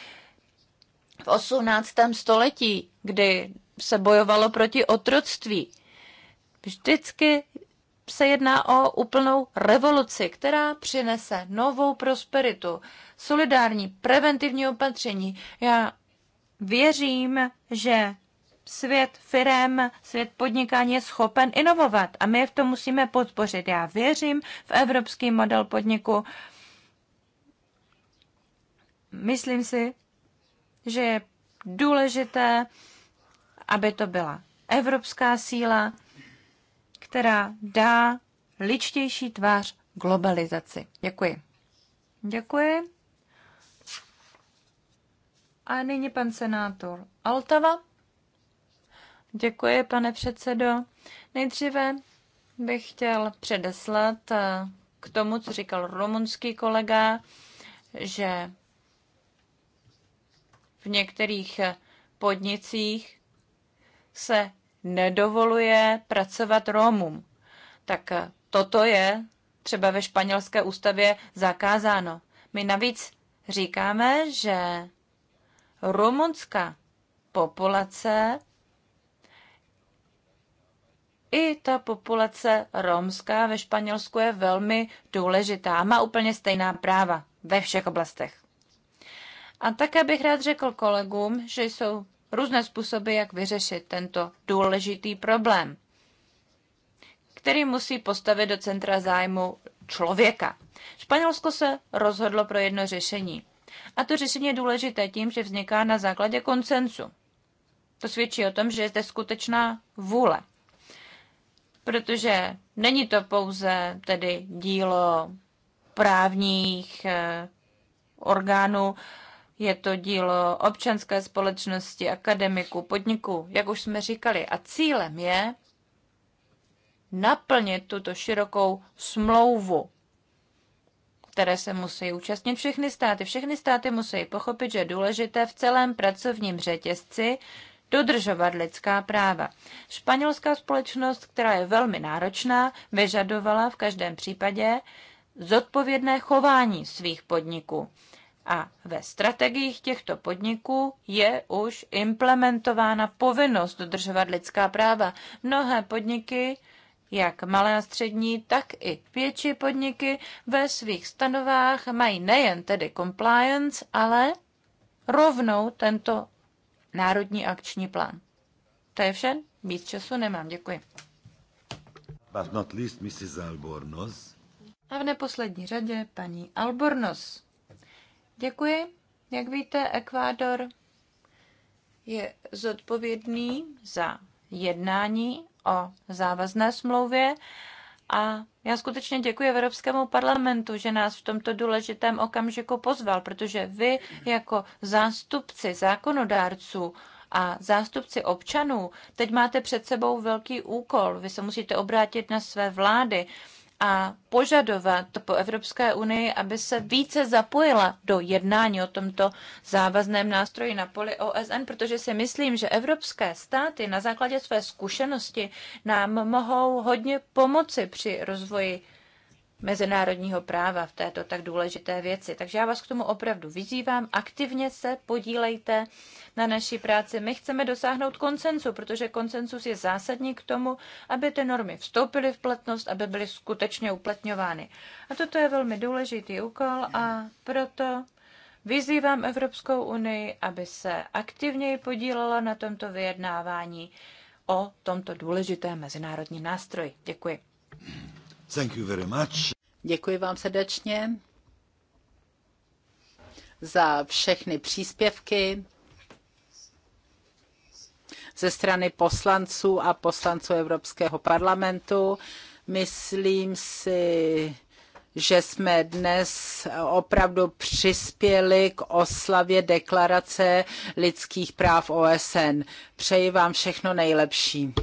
v 18. století, kdy se bojovalo proti otroctví. Vždycky se jedná o úplnou revoluci, která přinese novou prosperitu, solidární preventivní opatření. Já věřím, že svět firem, svět podnikání je schopen inovovat a my v tom musíme podpořit. Já věřím v evropský model podniku. Myslím si, že je důležité, aby to byla evropská síla, která dá ličtější tvář globalizaci. Děkuji. Děkuji. A nyní pan senátor Altava. Děkuji, pane předsedo. Nejdříve bych chtěl předeslat eh, k tomu, co říkal rumunský kolega, že v některých eh, podnicích se nedovoluje pracovat Romům. Tak eh, toto je třeba ve španělské ústavě zakázáno. My navíc říkáme, že rumunská populace i ta populace romská ve Španělsku je velmi důležitá a má úplně stejná práva ve všech oblastech. A také bych rád řekl kolegům, že jsou různé způsoby, jak vyřešit tento důležitý problém, který musí postavit do centra zájmu člověka. Španělsko se rozhodlo pro jedno řešení. A to řešení je důležité tím, že vzniká na základě koncensu. To svědčí o tom, že je zde skutečná vůle. Protože není to pouze tedy dílo právních eh, orgánů, je to dílo občanské společnosti, akademiků, podniků, jak už jsme říkali. A cílem je naplnit tuto širokou smlouvu které se musí účastnit všechny státy. Všechny státy musí pochopit, že je důležité v celém pracovním řetězci dodržovat lidská práva. Španělská společnost, která je velmi náročná, vyžadovala v každém případě zodpovědné chování svých podniků. A ve strategiích těchto podniků je už implementována povinnost dodržovat lidská práva. Mnohé podniky jak malé a střední, tak i větší podniky ve svých stanovách mají nejen tedy compliance, ale rovnou tento národní akční plán. To je vše, víc času nemám, děkuji. But not least Mrs. Albornoz. A v neposlední řadě paní Albornoz. Děkuji. Jak víte, Ekvádor je zodpovědný za jednání o závazné smlouvě. A já skutečně děkuji Evropskému parlamentu, že nás v tomto důležitém okamžiku pozval, protože vy jako zástupci zákonodárců a zástupci občanů teď máte před sebou velký úkol. Vy se musíte obrátit na své vlády a požadovat po Evropské unii, aby se více zapojila do jednání o tomto závazném nástroji na poli OSN, protože si myslím, že evropské státy na základě své zkušenosti nám mohou hodně pomoci při rozvoji mezinárodního práva v této tak důležité věci. Takže já vás k tomu opravdu vyzývám, aktivně se podílejte na naší práci. My chceme dosáhnout koncensu, protože konsensus je zásadní k tomu, aby ty normy vstoupily v platnost, aby byly skutečně uplatňovány. A toto je velmi důležitý úkol a proto vyzývám Evropskou unii, aby se aktivněji podílela na tomto vyjednávání o tomto důležitém mezinárodním nástroji. Děkuji. Thank you very much. Děkuji vám srdečně za všechny příspěvky ze strany poslanců a poslanců Evropského parlamentu. Myslím si, že jsme dnes opravdu přispěli k oslavě deklarace lidských práv OSN. Přeji vám všechno nejlepší.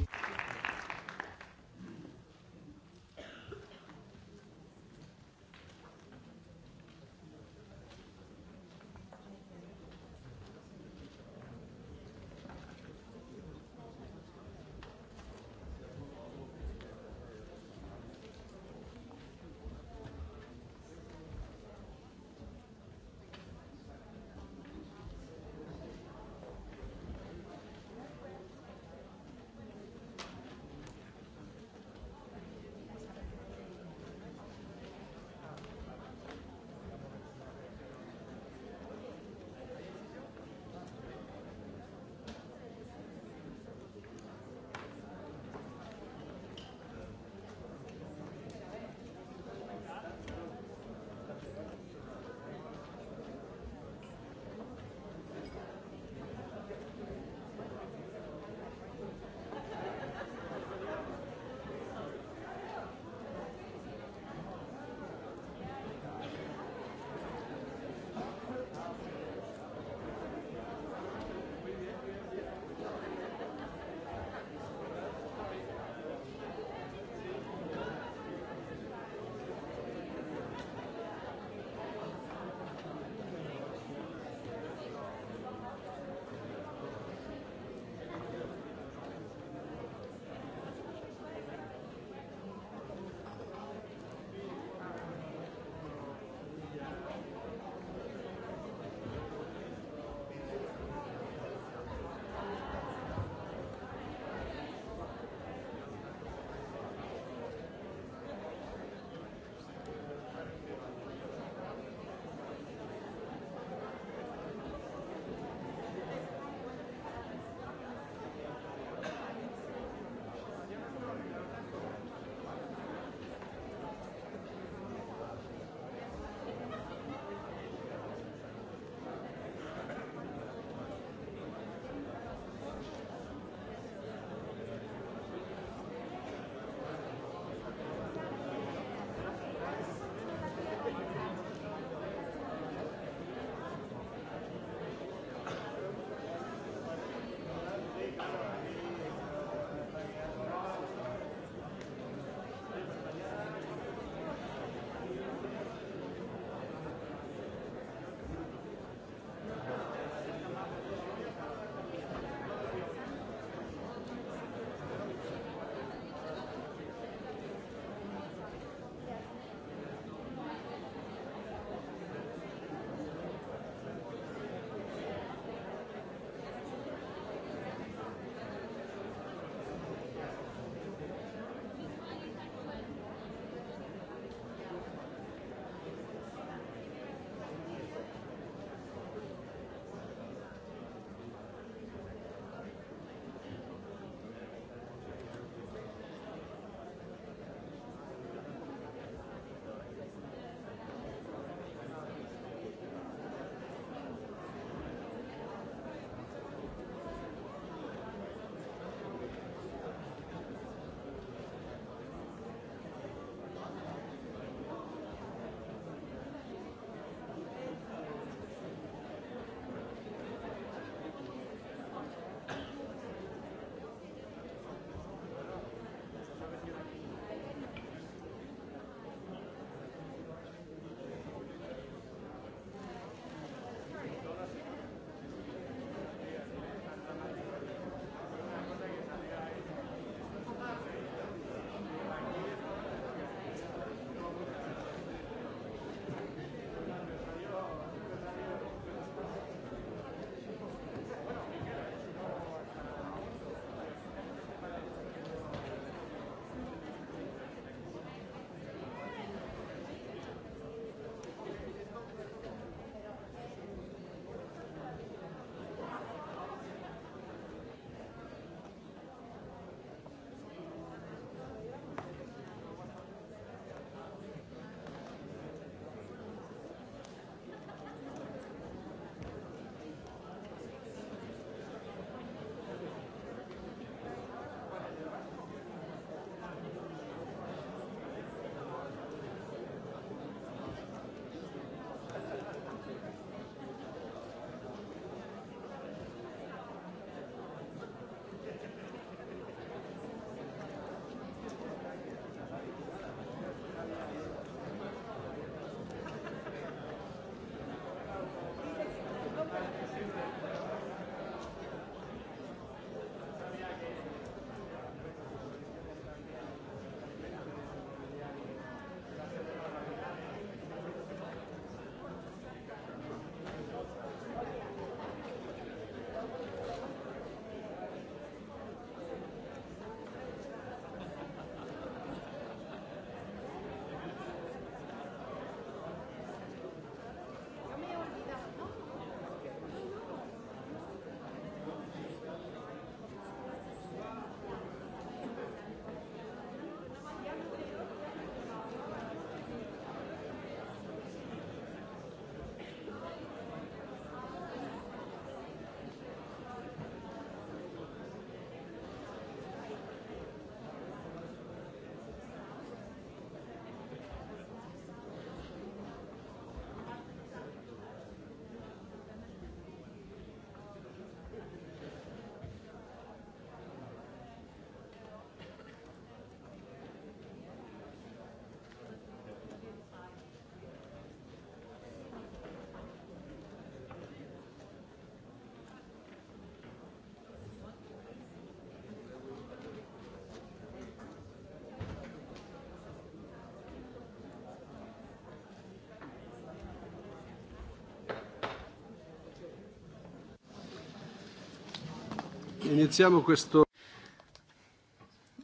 Iniziamo questo...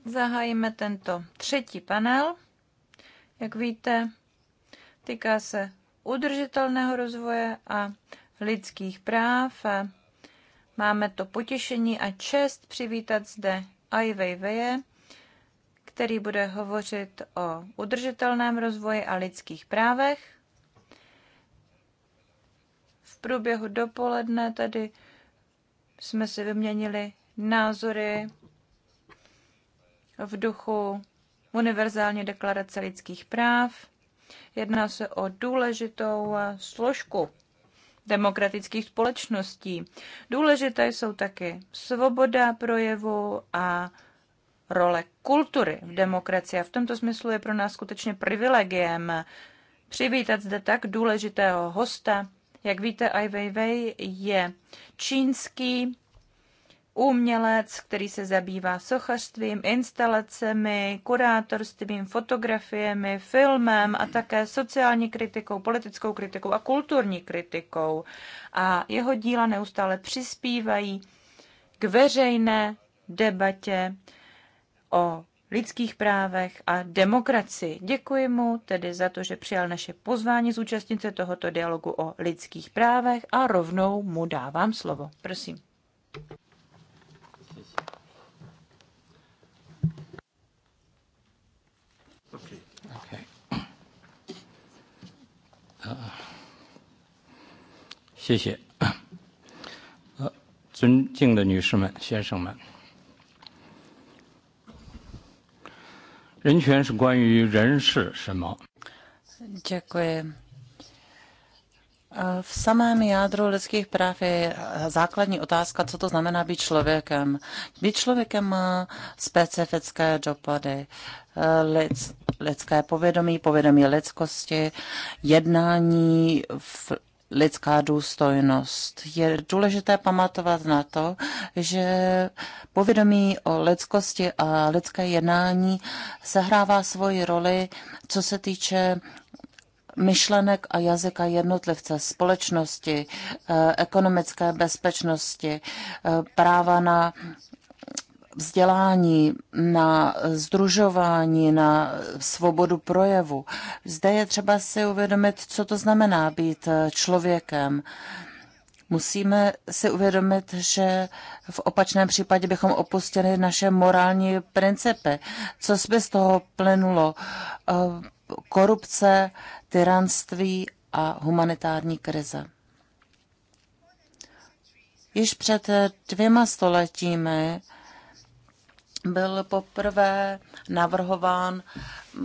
Zahájíme tento třetí panel. Jak víte, týká se udržitelného rozvoje a lidských práv. Máme to potěšení a čest přivítat zde Ai Weiwei, který bude hovořit o udržitelném rozvoji a lidských právech. V průběhu dopoledne tedy jsme si vyměnili názory v duchu Univerzální deklarace lidských práv. Jedná se o důležitou složku demokratických společností. Důležité jsou taky svoboda projevu a role kultury v demokracii. A v tomto smyslu je pro nás skutečně privilegiem přivítat zde tak důležitého hosta. Jak víte, Ai Weiwei je čínský umělec, který se zabývá sochařstvím, instalacemi, kurátorstvím, fotografiemi, filmem a také sociální kritikou, politickou kritikou a kulturní kritikou. A jeho díla neustále přispívají k veřejné debatě o lidských právech a demokracii. Děkuji mu tedy za to, že přijal naše pozvání zúčastnit se tohoto dialogu o lidských právech a rovnou mu dávám slovo. Prosím. 谢谢，呃，尊敬的女士们、先生们，人权是关于人是什么？Děkuji. Э, samém jádru lidských práv je eh, základní otázka, co to znamená být člověkem. Být člověkem má specifické dopady lid, lidské povědomí, povědomí lidskosti, jednání v lidská důstojnost. Je důležité pamatovat na to, že povědomí o lidskosti a lidské jednání sehrává svoji roli, co se týče myšlenek a jazyka jednotlivce, společnosti, eh, ekonomické bezpečnosti, eh, práva na vzdělání, na združování, na svobodu projevu. Zde je třeba si uvědomit, co to znamená být člověkem. Musíme si uvědomit, že v opačném případě bychom opustili naše morální principy. Co by z toho plynulo? Eh, korupce, tyranství a humanitární krize. Již před dvěma stoletími byl poprvé navrhován eh,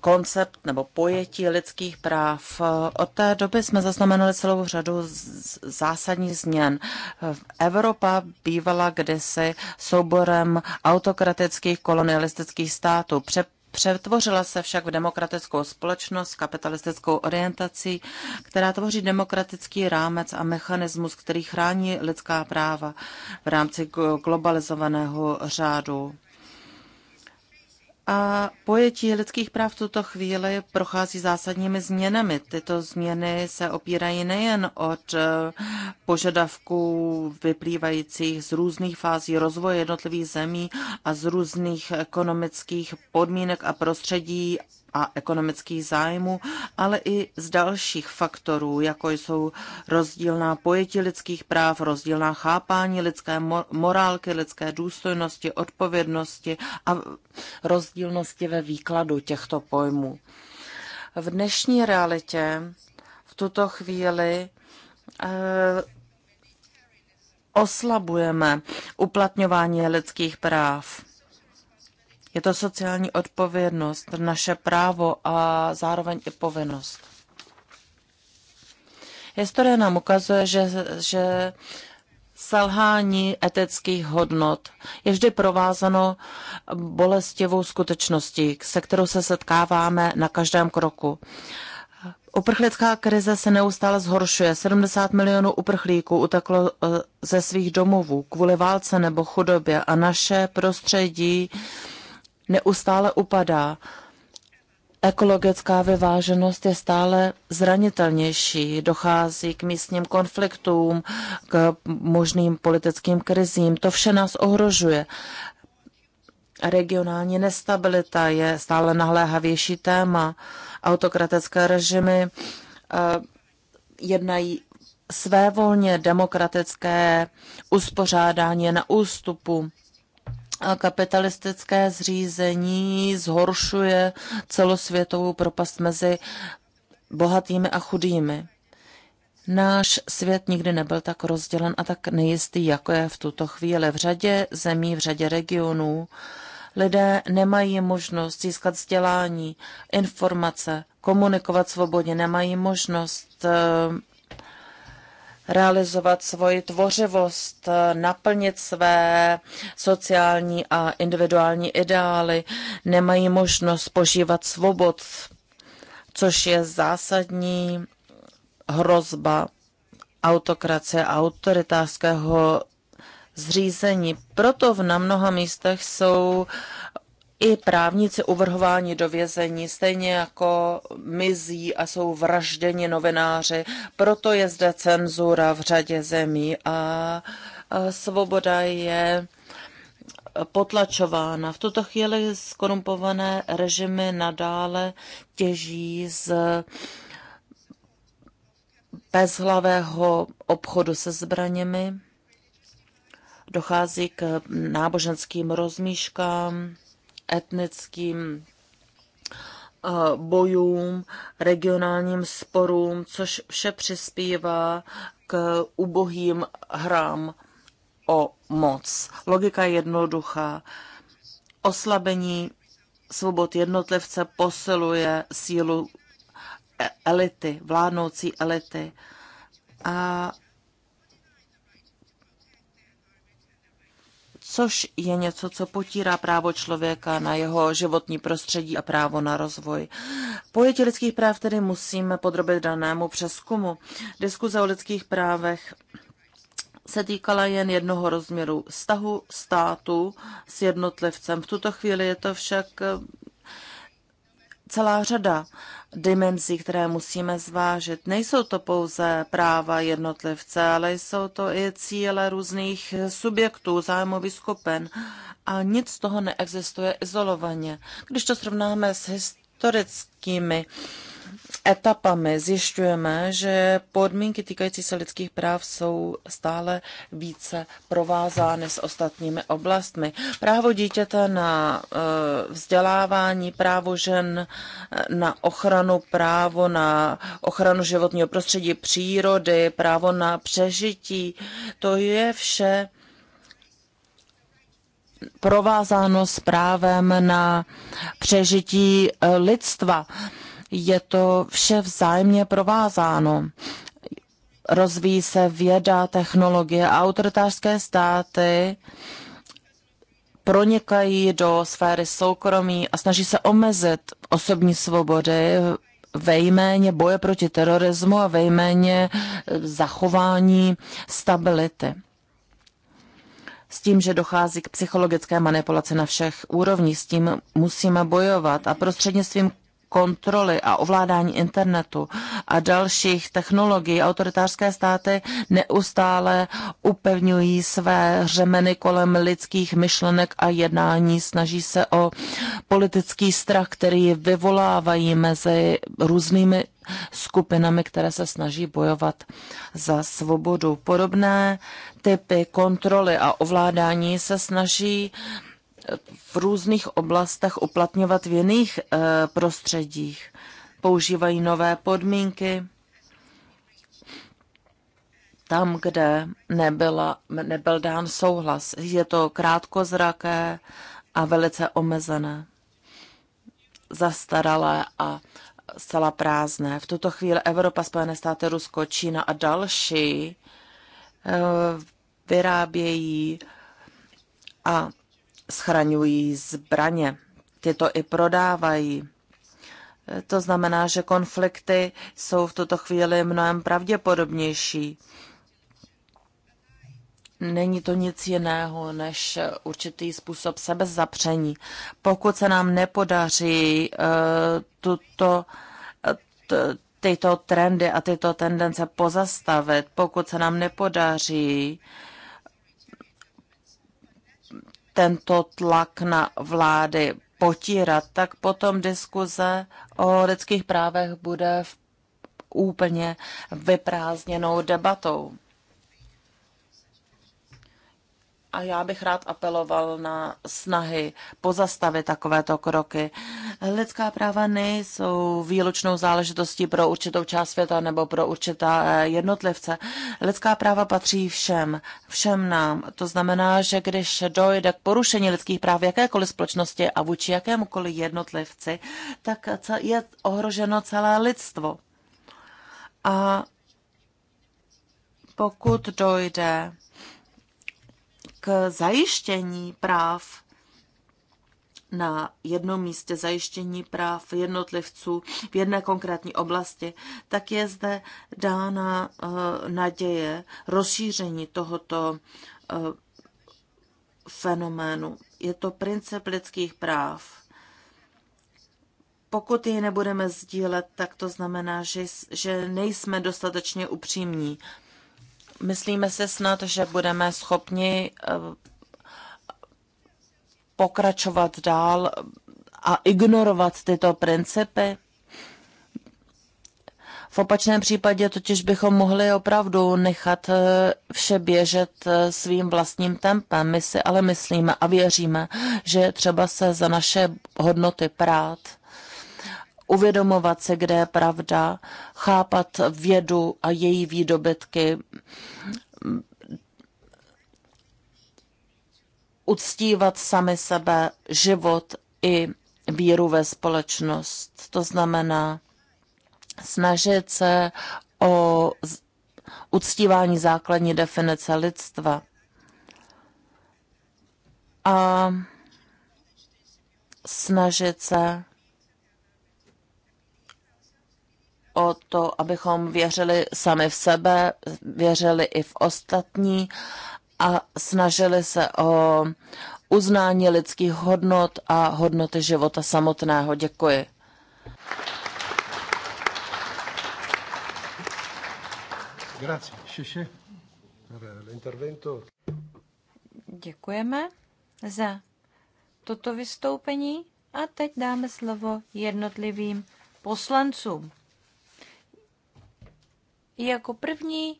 koncept nebo pojetí lidských práv. Od té doby jsme zaznamenali celou řadu zásadních změn. Evropa bývala kdysi souborem autokratických kolonialistických států. Přep Přetvořila se však v demokratickou společnost s kapitalistickou orientací, která tvoří demokratický rámec a mechanismus, který chrání lidská práva v rámci globalizovaného řádu. A pojetí lidských práv v tuto chvíli prochází zásadními změnami. Tyto změny se opírají nejen od eh, požadavků vyplývajících z různých fází rozvoje jednotlivých zemí a z různých ekonomických podmínek a prostředí a ekonomických zájmů, ale i z dalších faktorů, jako jsou rozdílná pojetí lidských práv, rozdílná chápání lidské morálky, lidské důstojnosti, odpovědnosti a rozdílnosti ve výkladu těchto pojmů. V dnešní realitě v tuto chvíli eh, oslabujeme uplatňování lidských práv je to sociální odpovědnost, naše právo a zároveň i povinnost. Historie nám ukazuje, že, že selhání etických hodnot je vždy provázano bolestivou skutečností, se kterou se setkáváme na každém kroku. Uprchlická krize se neustále zhoršuje. 70 milionů uprchlíků uteklo eh, ze svých domovů kvůli válce nebo chudobě a naše prostředí neustále upadá. Ekologická vyváženost je stále zranitelnější, dochází k místním konfliktům, k možným politickým krizím. To vše nás ohrožuje. Regionální nestabilita je stále nahléhavější téma. Autokratické režimy eh, jednají volně demokratické uspořádání na ústupu a kapitalistické zřízení zhoršuje celosvětovou propast mezi bohatými a chudými. Náš svět nikdy nebyl tak rozdělen a tak nejistý, jako je v tuto chvíli. V řadě zemí, v řadě regionů lidé nemají možnost získat vzdělání, informace, komunikovat svobodně, nemají možnost eh, realizovat svoji tvořivost, eh, naplnit své sociální a individuální ideály, nemají možnost požívat svobod, což je zásadní hrozba autokracie a autoritářského zřízení. Proto v na mnoha místech jsou i právníci uvrhováni do vězení, stejně jako mizí a jsou vražděni novináři. Proto je zde cenzura v řadě zemí a svoboda je potlačována. V tuto chvíli skorumpované režimy nadále těží z bezhlavého obchodu se zbraněmi, dochází k náboženským rozmíškám, etnickým eh, bojům, regionálním sporům, což vše přispívá k ubohým hrám o moc. Logika je jednoduchá. Oslabení svobod jednotlivce posiluje sílu e- elity, vládnoucí elity. A což je něco, co potírá právo člověka na jeho životní prostředí a právo na rozvoj. Pojetí lidských práv tedy musíme podrobit danému přeskumu. Diskuze o lidských právech se týkala jen jednoho rozměru vztahu státu s jednotlivcem. V tuto chvíli je to však celá řada dimenzí, které musíme zvážit. Nejsou to pouze práva jednotlivce, ale jsou to i cíle různých subjektů, zájmových skupin. A nic z toho neexistuje izolovaně. Když to srovnáme s historií, historickými etapami zjišťujeme, že podmínky týkající se lidských práv jsou stále více provázány s ostatními oblastmi. Právo dítěte na e, vzdělávání, právo žen e, na ochranu, právo na ochranu životního prostředí, přírody, právo na přežití, to je vše provázáno s právem na přežití eh, lidstva. Je to vše vzájemně provázáno. Rozvíjí se věda, technologie a autoritářské státy pronikají do sféry soukromí a snaží se omezit osobní svobody ve jméně boje proti terorismu a ve jméně eh, zachování stability s tím, že dochází k psychologické manipulaci na všech úrovních, s tím musíme bojovat a prostřednictvím kontroly a ovládání internetu a dalších technologií autoritářské státy neustále upevňují své řemeny kolem lidských myšlenek a jednání, snaží se o politický strach, který vyvolávají mezi různými skupinami, které se snaží bojovat za svobodu. Podobné typy kontroly a ovládání se snaží v různých oblastech uplatňovat v jiných eh, prostředích. Používají nové podmínky tam, kde nebyla, nebyl dán souhlas. Je to krátkozraké a velice omezené, zastaralé a zcela prázdné. V tuto chvíli Evropa, Spojené státy, Rusko, Čína a další eh, vyrábějí a schraňují zbraně. Ty to i prodávají. To znamená, že konflikty jsou v tuto chvíli mnohem pravděpodobnější. Není to nic jiného než určitý způsob sebezapření. Pokud se nám nepodaří eh, tuto, tyto trendy a tyto tendence pozastavit, pokud se nám nepodaří uh, tento tlak na vlády potírat, tak potom diskuze o lidských právech bude úplně vyprázdněnou debatou a já bych rád apeloval na snahy pozastavit takovéto kroky. Lidská práva nejsou výlučnou záležitostí pro určitou část světa nebo pro určitá eh, jednotlivce. Lidská práva patří všem, všem nám. To znamená, že když dojde k porušení lidských práv jakékoliv společnosti a vůči jakémukoliv jednotlivci, tak je ohroženo celé lidstvo. A pokud dojde k zajištění práv na jednom místě zajištění práv jednotlivců v jedné konkrétní oblasti, tak je zde dána eh, naděje rozšíření tohoto eh, fenoménu. Je to princip lidských práv. Pokud ji nebudeme sdílet, tak to znamená, že, že nejsme dostatečně upřímní. Myslíme si snad, že budeme schopni eh, pokračovat dál a ignorovat tyto principy? V opačném případě totiž bychom mohli opravdu nechat eh, vše běžet eh, svým vlastním tempem. My si ale myslíme a věříme, že třeba se za naše hodnoty prát uvědomovat se, kde je pravda, chápat vědu a její výdobytky, uctívat sami sebe, život i víru ve společnost. To znamená snažit se o uctívání základní definice lidstva. A snažit se o to, abychom věřili sami v sebe, věřili i v ostatní a snažili se o uznání lidských hodnot a hodnoty života samotného. Děkuji. Děkujeme za toto vystoupení a teď dáme slovo jednotlivým poslancům jako první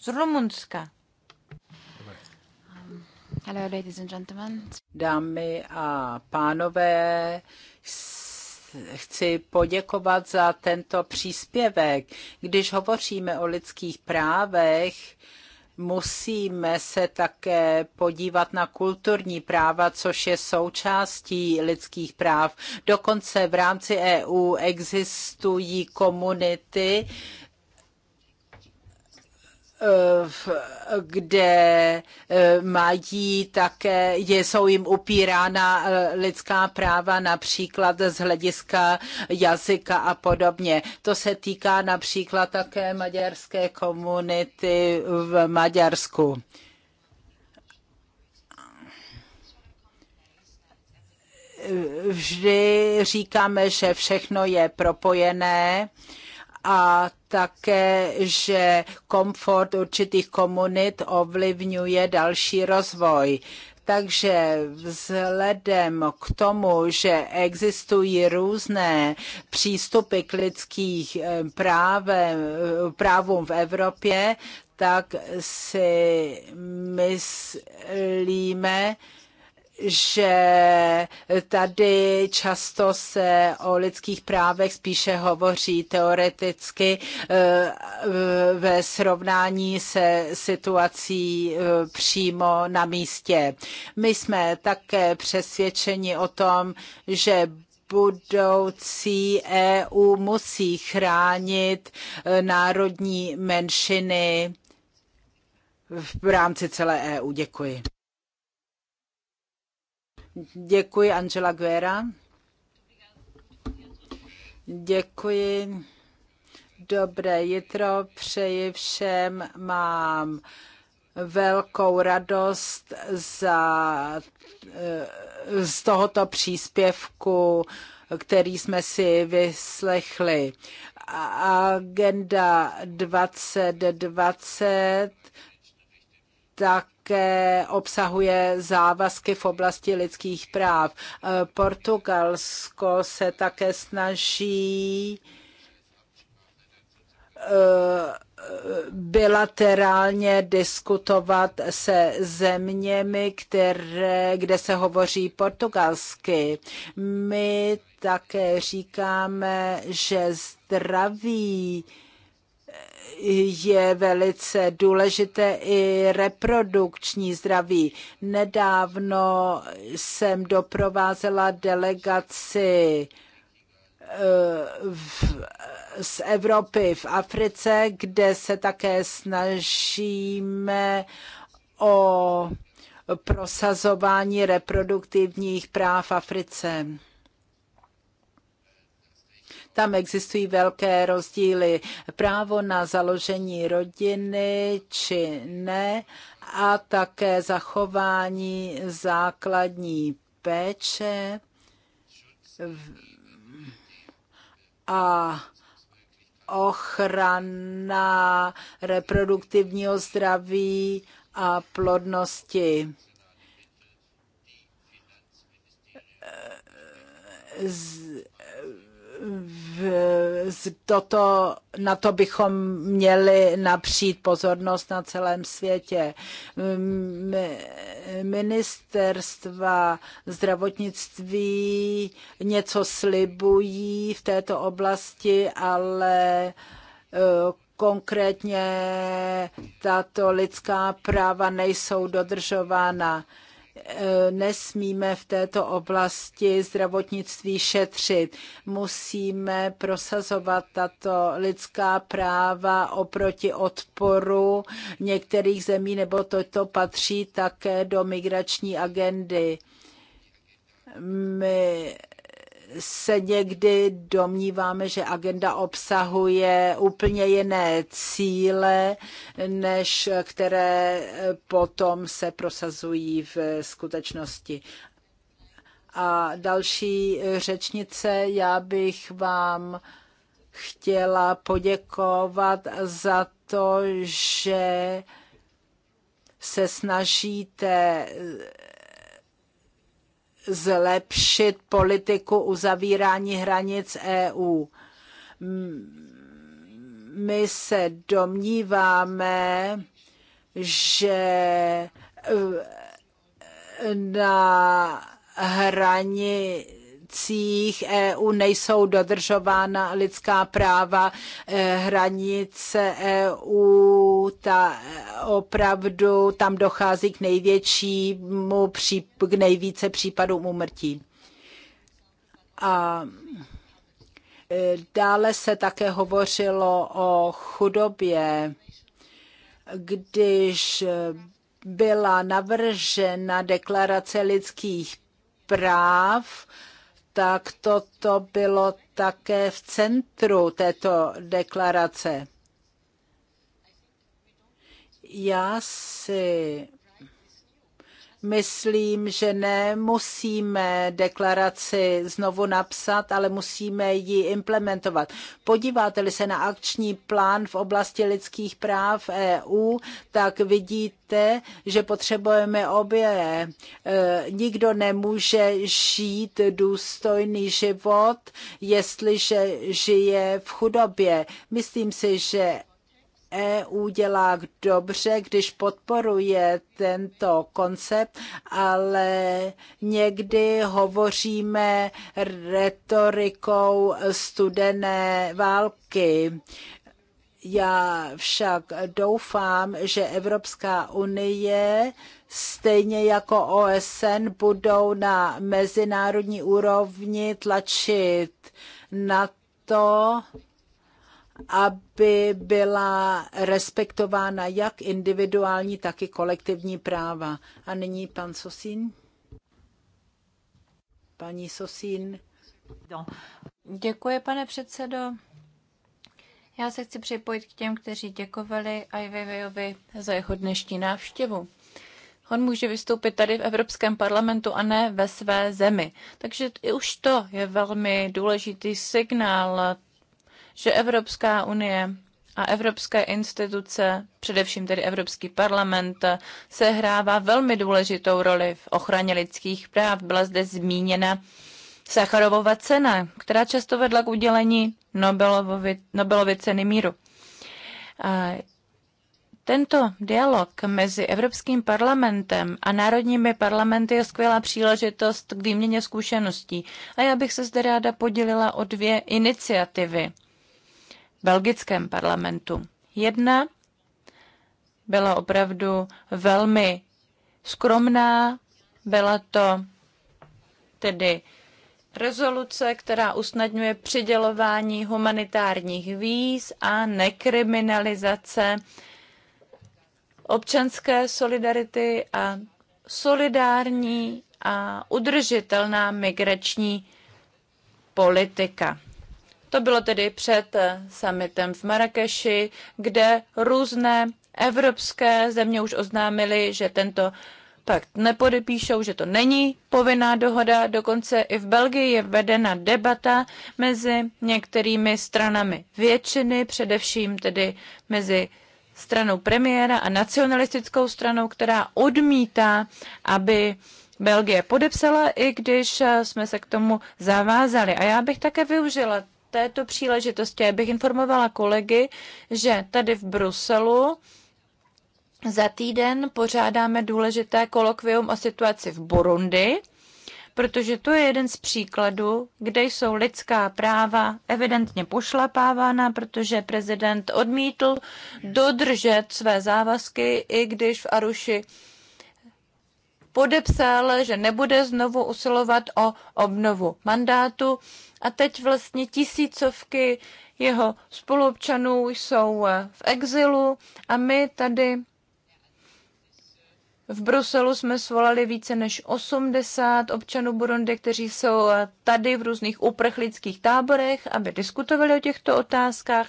z Rumunska. Hello, ladies and gentlemen. Dámy a pánové, chci poděkovat za tento příspěvek. Když hovoříme o lidských právech, musíme se také podívat na kulturní práva, což je součástí lidských práv. Dokonce v rámci EU existují komunity, kde eh, mají také, jsou jim upírána eh, lidská práva například z hlediska jazyka a podobně. To se týká například také maďarské komunity v Maďarsku. Vždy říkáme, že všechno je propojené. Uh, a také, že komfort určitých komunit ovlivňuje další rozvoj. Takže vzhledem k tomu, že existují různé přístupy k lidských eh, právem, eh, právům v Evropě, tak si myslíme, že tady často se o lidských právech spíše hovoří teoreticky eh, eh, ve srovnání se situací eh, přímo na místě. My jsme také přesvědčeni o tom, že budoucí EU musí chránit národní menšiny v rámci celé EU. Děkuji. Děkuji, Angela Guerra. Děkuji. Dobré jitro přeji všem. Mám velkou radost za, eh, z tohoto příspěvku, který jsme si vyslechli. Agenda 2020 také obsahuje závazky v oblasti lidských práv. E, Portugalsko se také snaží e, bilaterálně diskutovat se zeměmi, které, kde se hovoří portugalsky. My také říkáme, že zdraví je velice důležité i reprodukční zdraví. Nedávno jsem doprovázela delegaci eh, v, z Evropy v Africe, kde se také snažíme o prosazování reproduktivních práv v Africe tam existují velké rozdíly. Právo na založení rodiny či ne a také zachování základní péče a ochrana reproduktivního zdraví a plodnosti. Z toto, na to bychom měli napřít pozornost na celém světě. Ministerstva zdravotnictví něco slibují v této oblasti, ale e, konkrétně tato lidská práva nejsou dodržována Eh, nesmíme v této oblasti zdravotnictví šetřit. Musíme prosazovat tato lidská práva oproti odporu některých zemí, nebo toto patří také do migrační agendy. My se někdy domníváme, že agenda obsahuje úplně jiné cíle, než které potom se prosazují v skutečnosti. A další řečnice, já bych vám chtěla poděkovat za to, že se snažíte zlepšit politiku uzavírání hranic EU. My se domníváme, že eh, na hranici hranicích EU nejsou dodržována lidská práva, e, hranice EU, ta opravdu tam dochází k největšímu, k nejvíce případům úmrtí. A e, dále se také hovořilo o chudobě, když byla navržena deklarace lidských práv, tak toto bylo také v centru této deklarace. Já si Myslím, že nemusíme deklaraci znovu napsat, ale musíme ji implementovat. Podíváte-li se na akční plán v oblasti lidských práv EU, tak vidíte, že potřebujeme obě. E, nikdo nemůže žít důstojný život, jestliže žije v chudobě. Myslím si, že EU dělá dobře, když podporuje tento koncept, ale někdy hovoříme retorikou studené války. Já však doufám, že Evropská unie stejně jako OSN budou na mezinárodní úrovni tlačit na to, aby byla respektována jak individuální, tak i kolektivní práva. A nyní pan Sosín. Paní Sosín. Děkuji, pane předsedo. Já se chci připojit k těm, kteří děkovali Ajvejovi za jeho dnešní návštěvu. On může vystoupit tady v Evropském parlamentu a ne ve své zemi. Takže i už to je velmi důležitý signál že Evropská unie a evropské instituce, především tedy Evropský parlament, se hrává velmi důležitou roli v ochraně lidských práv. Byla zde zmíněna Sacharovova cena, která často vedla k udělení Nobelovy, Nobelovy ceny míru. A tento dialog mezi Evropským parlamentem a národními parlamenty je skvělá příležitost k výměně zkušeností. A já bych se zde ráda podělila o dvě iniciativy belgickém parlamentu. Jedna byla opravdu velmi skromná, byla to tedy rezoluce, která usnadňuje přidělování humanitárních víz a nekriminalizace občanské solidarity a solidární a udržitelná migrační politika. To bylo tedy před eh, summitem v Marrakeši, kde různé evropské země už oznámily, že tento pakt nepodepíšou, že to není povinná dohoda. Dokonce i v Belgii je vedena debata mezi některými stranami většiny, především tedy mezi stranou premiéra a nacionalistickou stranou, která odmítá, aby Belgie podepsala, i když eh, jsme se k tomu zavázali. A já bych také využila této příležitosti bych informovala kolegy, že tady v Bruselu za týden pořádáme důležité kolokvium o situaci v Burundi, protože to je jeden z příkladů, kde jsou lidská práva evidentně pošlapávána, protože prezident odmítl dodržet své závazky, i když v Aruši podepsal, že nebude znovu usilovat o obnovu mandátu a teď vlastně tisícovky jeho spoluobčanů jsou eh, v exilu a my tady v Bruselu jsme svolali více než 80 občanů Burundi, kteří jsou eh, tady v různých uprchlických táborech, aby diskutovali o těchto otázkách,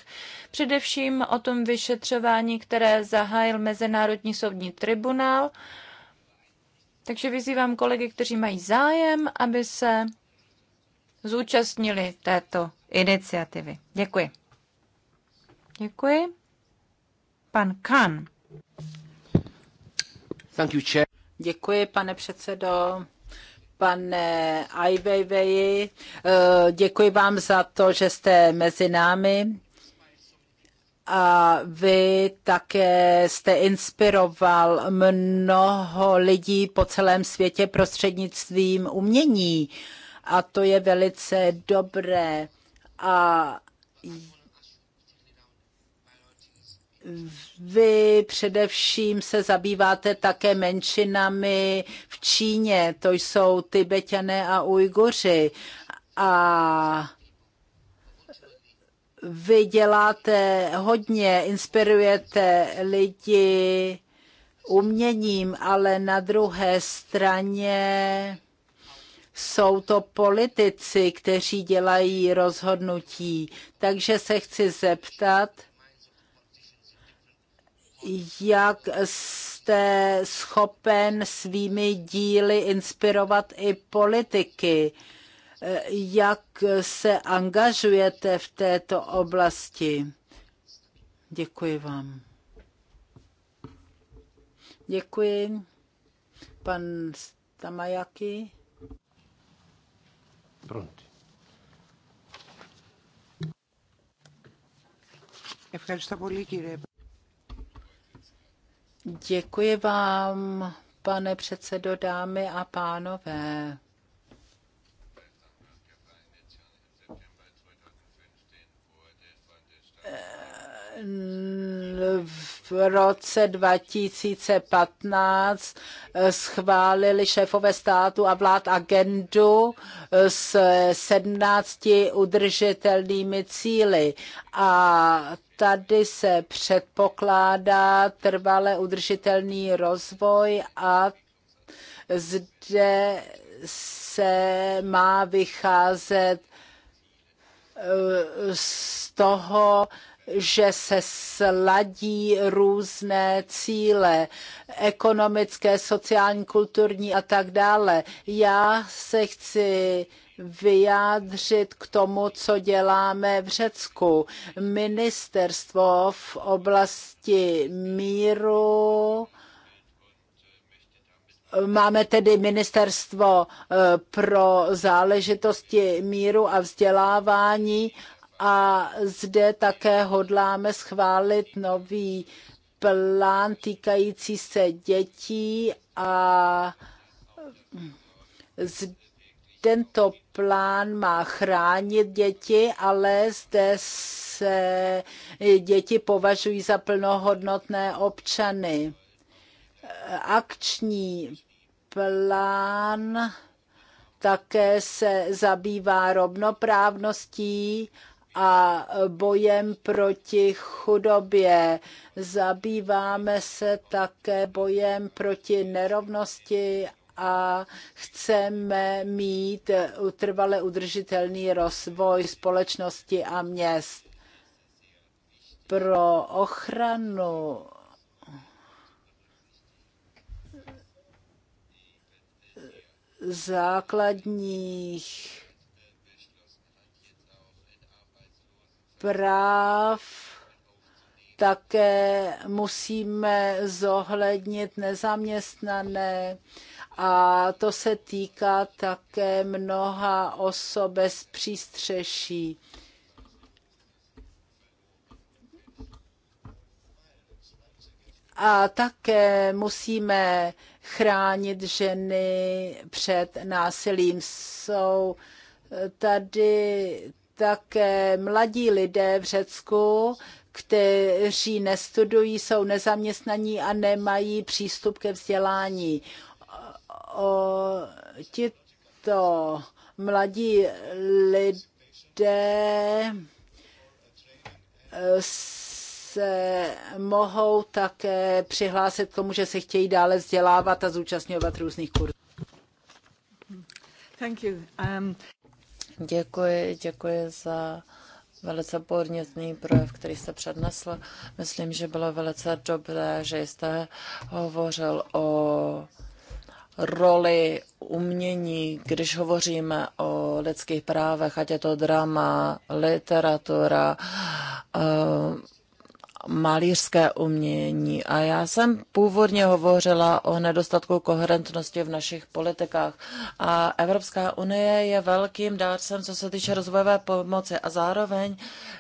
především o tom vyšetřování, které zahájil Mezinárodní soudní tribunál. Takže vyzývám kolegy, kteří mají zájem, aby se zúčastnili této iniciativy. Děkuji. Děkuji. Pan Khan. Thank you, chair. Děkuji, pane předsedo pane Ai Weiwei, eh, děkuji vám za to, že jste mezi námi. A vy také jste inspiroval mnoho lidí po celém světě prostřednictvím umění. Uh, a to je velice dobré a vy především se zabýváte také menšinami v Číně, to jsou Tibetané a Ujguři. A vy děláte hodně, inspirujete lidi uměním, ale na druhé straně jsou to politici, kteří dělají rozhodnutí. Takže se chci zeptat, jak jste schopen svými díly inspirovat i politiky, jak se angažujete v této oblasti. Děkuji vám. Děkuji. Pan Tamajaki. Pronti. Děkuji vám, pane předsedo, dámy a pánové. V v roce 2015 eh, schválili šéfové státu a vlád agendu eh, s 17 udržitelnými cíly. A tady se předpokládá trvale udržitelný rozvoj a zde se má vycházet eh, z toho, že se sladí různé cíle, ekonomické, sociální, kulturní a tak dále. Já se chci vyjádřit k tomu, co děláme v Řecku. Ministerstvo v oblasti míru Máme tedy ministerstvo eh, pro záležitosti míru a vzdělávání a zde také hodláme schválit nový plán týkající se dětí a tento plán má chránit děti, ale zde se děti považují za plnohodnotné občany. Akční plán také se zabývá rovnoprávností a bojem proti chudobě. Zabýváme se také bojem proti nerovnosti a chceme mít trvale udržitelný rozvoj společnosti a měst. Pro ochranu základních práv také musíme zohlednit nezaměstnané a to se týká také mnoha osob bez přístřeší. A také musíme chránit ženy před násilím. Jsou tady také mladí lidé v Řecku, kteří nestudují, jsou nezaměstnaní a nemají přístup ke vzdělání. O, tito mladí lidé eh, se mohou také přihlásit k tomu, že se chtějí dále vzdělávat a zúčastňovat různých kurzů. Thank you. Um... Děkuji, děkuji za velice podnětný projev, který jste přednesl. Myslím, že bylo velice dobré, že jste hovořil o roli umění, když hovoříme o lidských právech, ať je to drama, literatura, malířské umění. A já jsem původně hovořila o nedostatku koherentnosti v našich politikách. A Evropská unie je velkým dárcem, co se týče rozvojové pomoci. A zároveň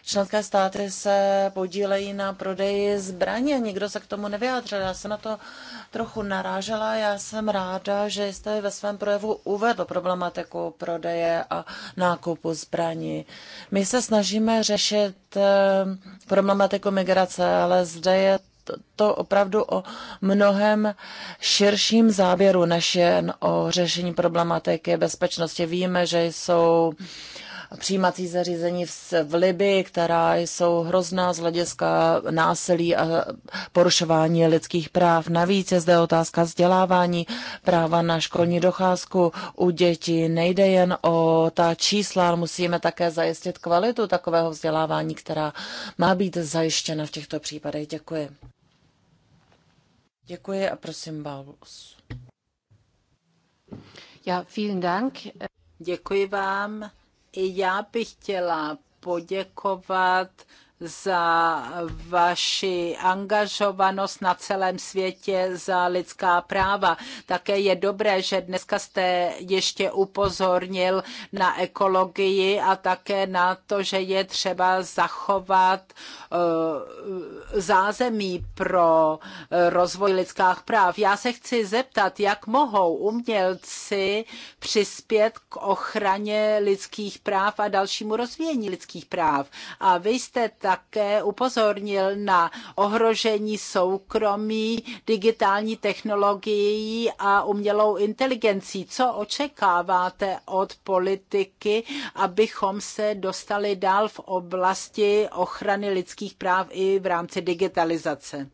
členské státy se podílejí na prodeji zbraní a nikdo se k tomu nevyjádřil. Já jsem na to trochu narážela. Já jsem ráda, že jste ve svém projevu uvedl problematiku prodeje a nákupu zbraní. My se snažíme řešit problematiku migrace, ale zde je to opravdu o mnohem širším záběru, než jen o řešení problematiky bezpečnosti. Víme, že jsou uh, přijímací zařízení v, v Libii, která jsou hrozná z hlediska násilí a porušování lidských práv. Navíc je zde otázka vzdělávání, práva na školní docházku u dětí. Nejde jen o ta čísla, ale musíme také zajistit kvalitu takového vzdělávání, která má být zajištěna v těchto případech. Děkuji. Děkuji a prosím, Paulus. Ja, vielen Dank. Děkuji vám. I já bych chtěla poděkovat za vaši angažovanost na celém světě za lidská práva. Také je dobré, že dneska jste ještě upozornil na ekologii a také na to, že je třeba zachovat eh, zázemí pro eh, rozvoj lidských práv. Já se chci zeptat, jak mohou umělci přispět k ochraně lidských práv a dalšímu rozvíjení lidských práv. A vy jste také upozornil na ohrožení soukromí digitální technologií a umělou inteligencí. Co očekáváte od politiky, abychom se dostali dál v oblasti ochrany lidských práv i v rámci digitalizace?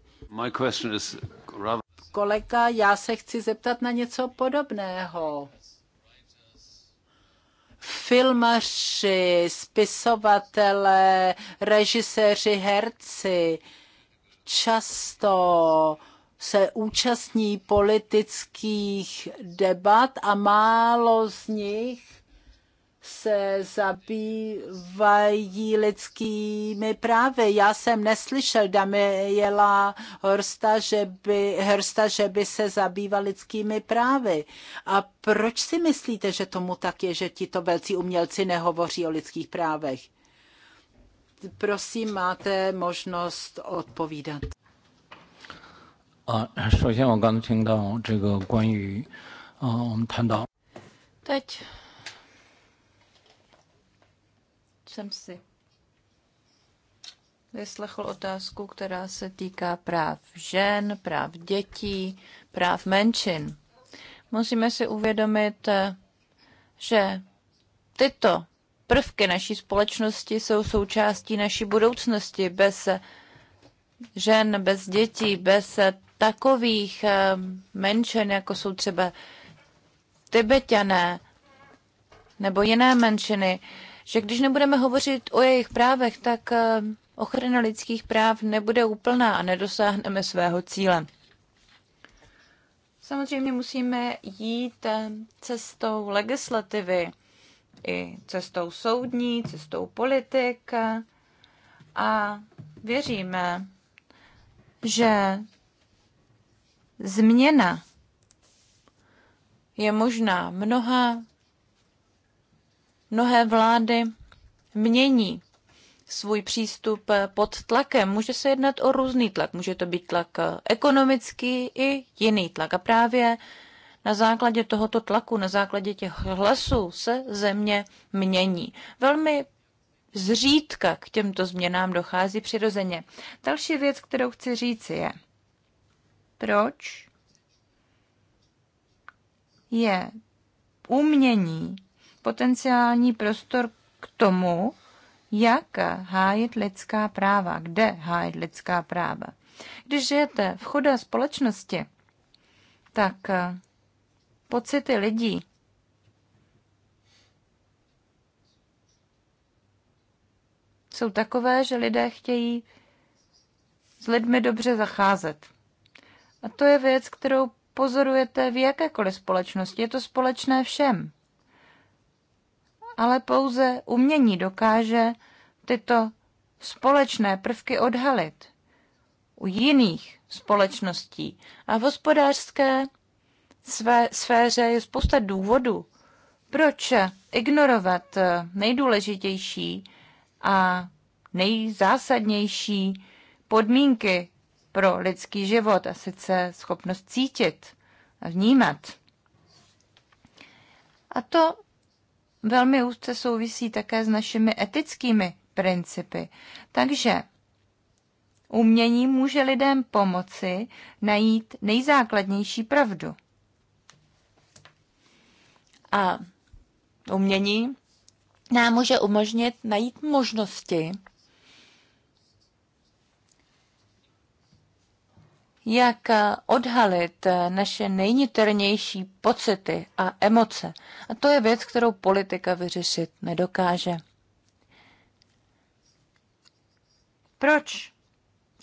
Kolega, já se chci zeptat na něco podobného filmaři, spisovatelé, režiséři, herci často se účastní politických debat a málo z nich se zabývají lidskými právy. Já jsem neslyšel Damiela Horsta, že by, Hrsta, že by se zabýval lidskými právy. A proč si myslíte, že tomu tak je, že tito velcí umělci nehovoří o lidských právech? Prosím, máte možnost odpovídat. Teď jsem si vyslechl otázku, která se týká práv žen, práv dětí, práv menšin. Musíme si uvědomit, že tyto prvky naší společnosti jsou součástí naší budoucnosti. Bez žen, bez dětí, bez takových eh, menšin, jako jsou třeba tibetané nebo jiné menšiny, že když nebudeme hovořit o jejich právech, tak eh, ochrana lidských práv nebude úplná a nedosáhneme svého cíle. Samozřejmě musíme jít eh, cestou legislativy, i cestou soudní, cestou politik eh, a věříme, že změna je možná mnoha Mnohé vlády mění svůj přístup pod tlakem. Může se jednat o různý tlak. Může to být tlak ekonomický i jiný tlak. A právě na základě tohoto tlaku, na základě těch hlasů se země mění. Velmi zřídka k těmto změnám dochází přirozeně. Další věc, kterou chci říci je, proč je umění potenciální prostor k tomu, jak hájit lidská práva, kde hájit lidská práva. Když žijete v chudé společnosti, tak eh, pocity lidí jsou takové, že lidé chtějí s lidmi dobře zacházet. A to je věc, kterou pozorujete v jakékoliv společnosti. Je to společné všem ale pouze umění dokáže tyto společné prvky odhalit u jiných společností. A v hospodářské své sféře je spousta důvodů, proč ignorovat eh, nejdůležitější a nejzásadnější podmínky pro lidský život, a sice schopnost cítit a vnímat. A to velmi úzce souvisí také s našimi etickými principy. Takže umění může lidem pomoci najít nejzákladnější pravdu. A umění nám může umožnit najít možnosti, jak eh, odhalit eh, naše nejniternější pocity a emoce. A to je věc, kterou politika vyřešit nedokáže. Proč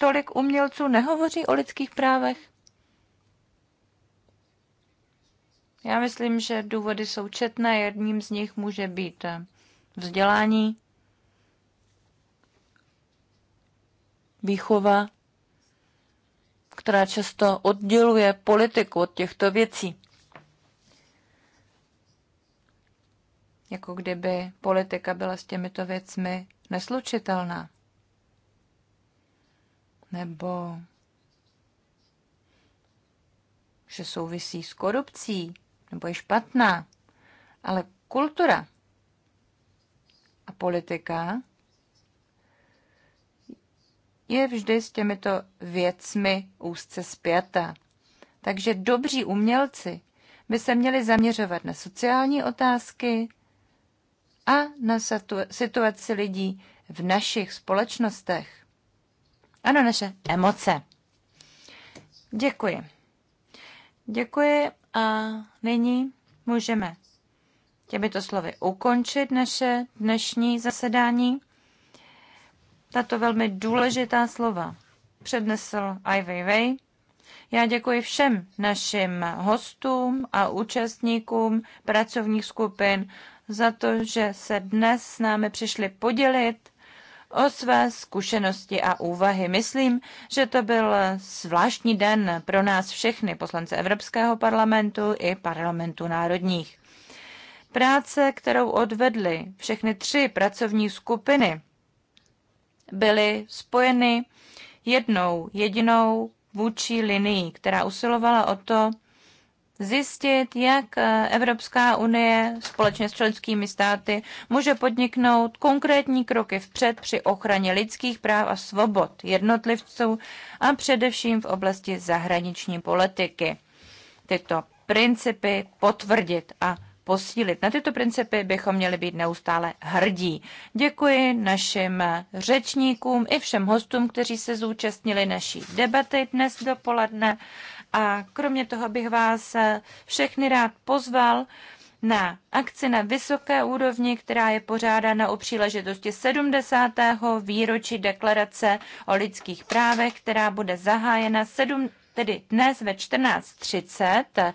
tolik umělců nehovoří o lidských právech? Já myslím, že důvody jsou četné, jedním z nich může být eh, vzdělání, výchova, která často odděluje politiku od těchto věcí. Jako kdyby politika byla s těmito věcmi neslučitelná. Nebo že souvisí s korupcí, nebo je špatná. Ale kultura a politika je vždy s těmito věcmi úzce spjata. Takže dobří umělci by se měli zaměřovat na sociální otázky a na situaci lidí v našich společnostech Ano, naše emoce. Děkuji. Děkuji a nyní můžeme těmito slovy ukončit naše dnešní zasedání tato velmi důležitá slova přednesl Ai Weiwei. Já děkuji všem našim hostům a účastníkům pracovních skupin za to, že se dnes s námi přišli podělit o své zkušenosti a úvahy. Myslím, že to byl zvláštní den pro nás všechny, poslance Evropského parlamentu i parlamentu národních. Práce, kterou odvedly všechny tři pracovní skupiny, byly spojeny jednou jedinou vůči linií, která usilovala o to zjistit, jak Evropská unie společně s členskými státy může podniknout konkrétní kroky vpřed při ochraně lidských práv a svobod jednotlivců a především v oblasti zahraniční politiky. Tyto principy potvrdit a posílit. Na tyto principy bychom měli být neustále hrdí. Děkuji našim řečníkům i všem hostům, kteří se zúčastnili naší debaty dnes dopoledne. A kromě toho bych vás všechny rád pozval na akci na vysoké úrovni, která je pořádána u příležitosti 70. výročí deklarace o lidských právech, která bude zahájena 7, tedy dnes ve 14.30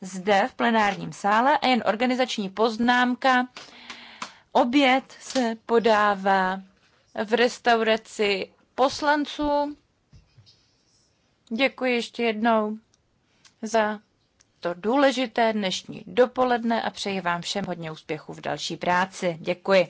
zde v plenárním sále a jen organizační poznámka. Oběd se podává v restauraci poslanců. Děkuji ještě jednou za to důležité dnešní dopoledne a přeji vám všem hodně úspěchů v další práci. Děkuji.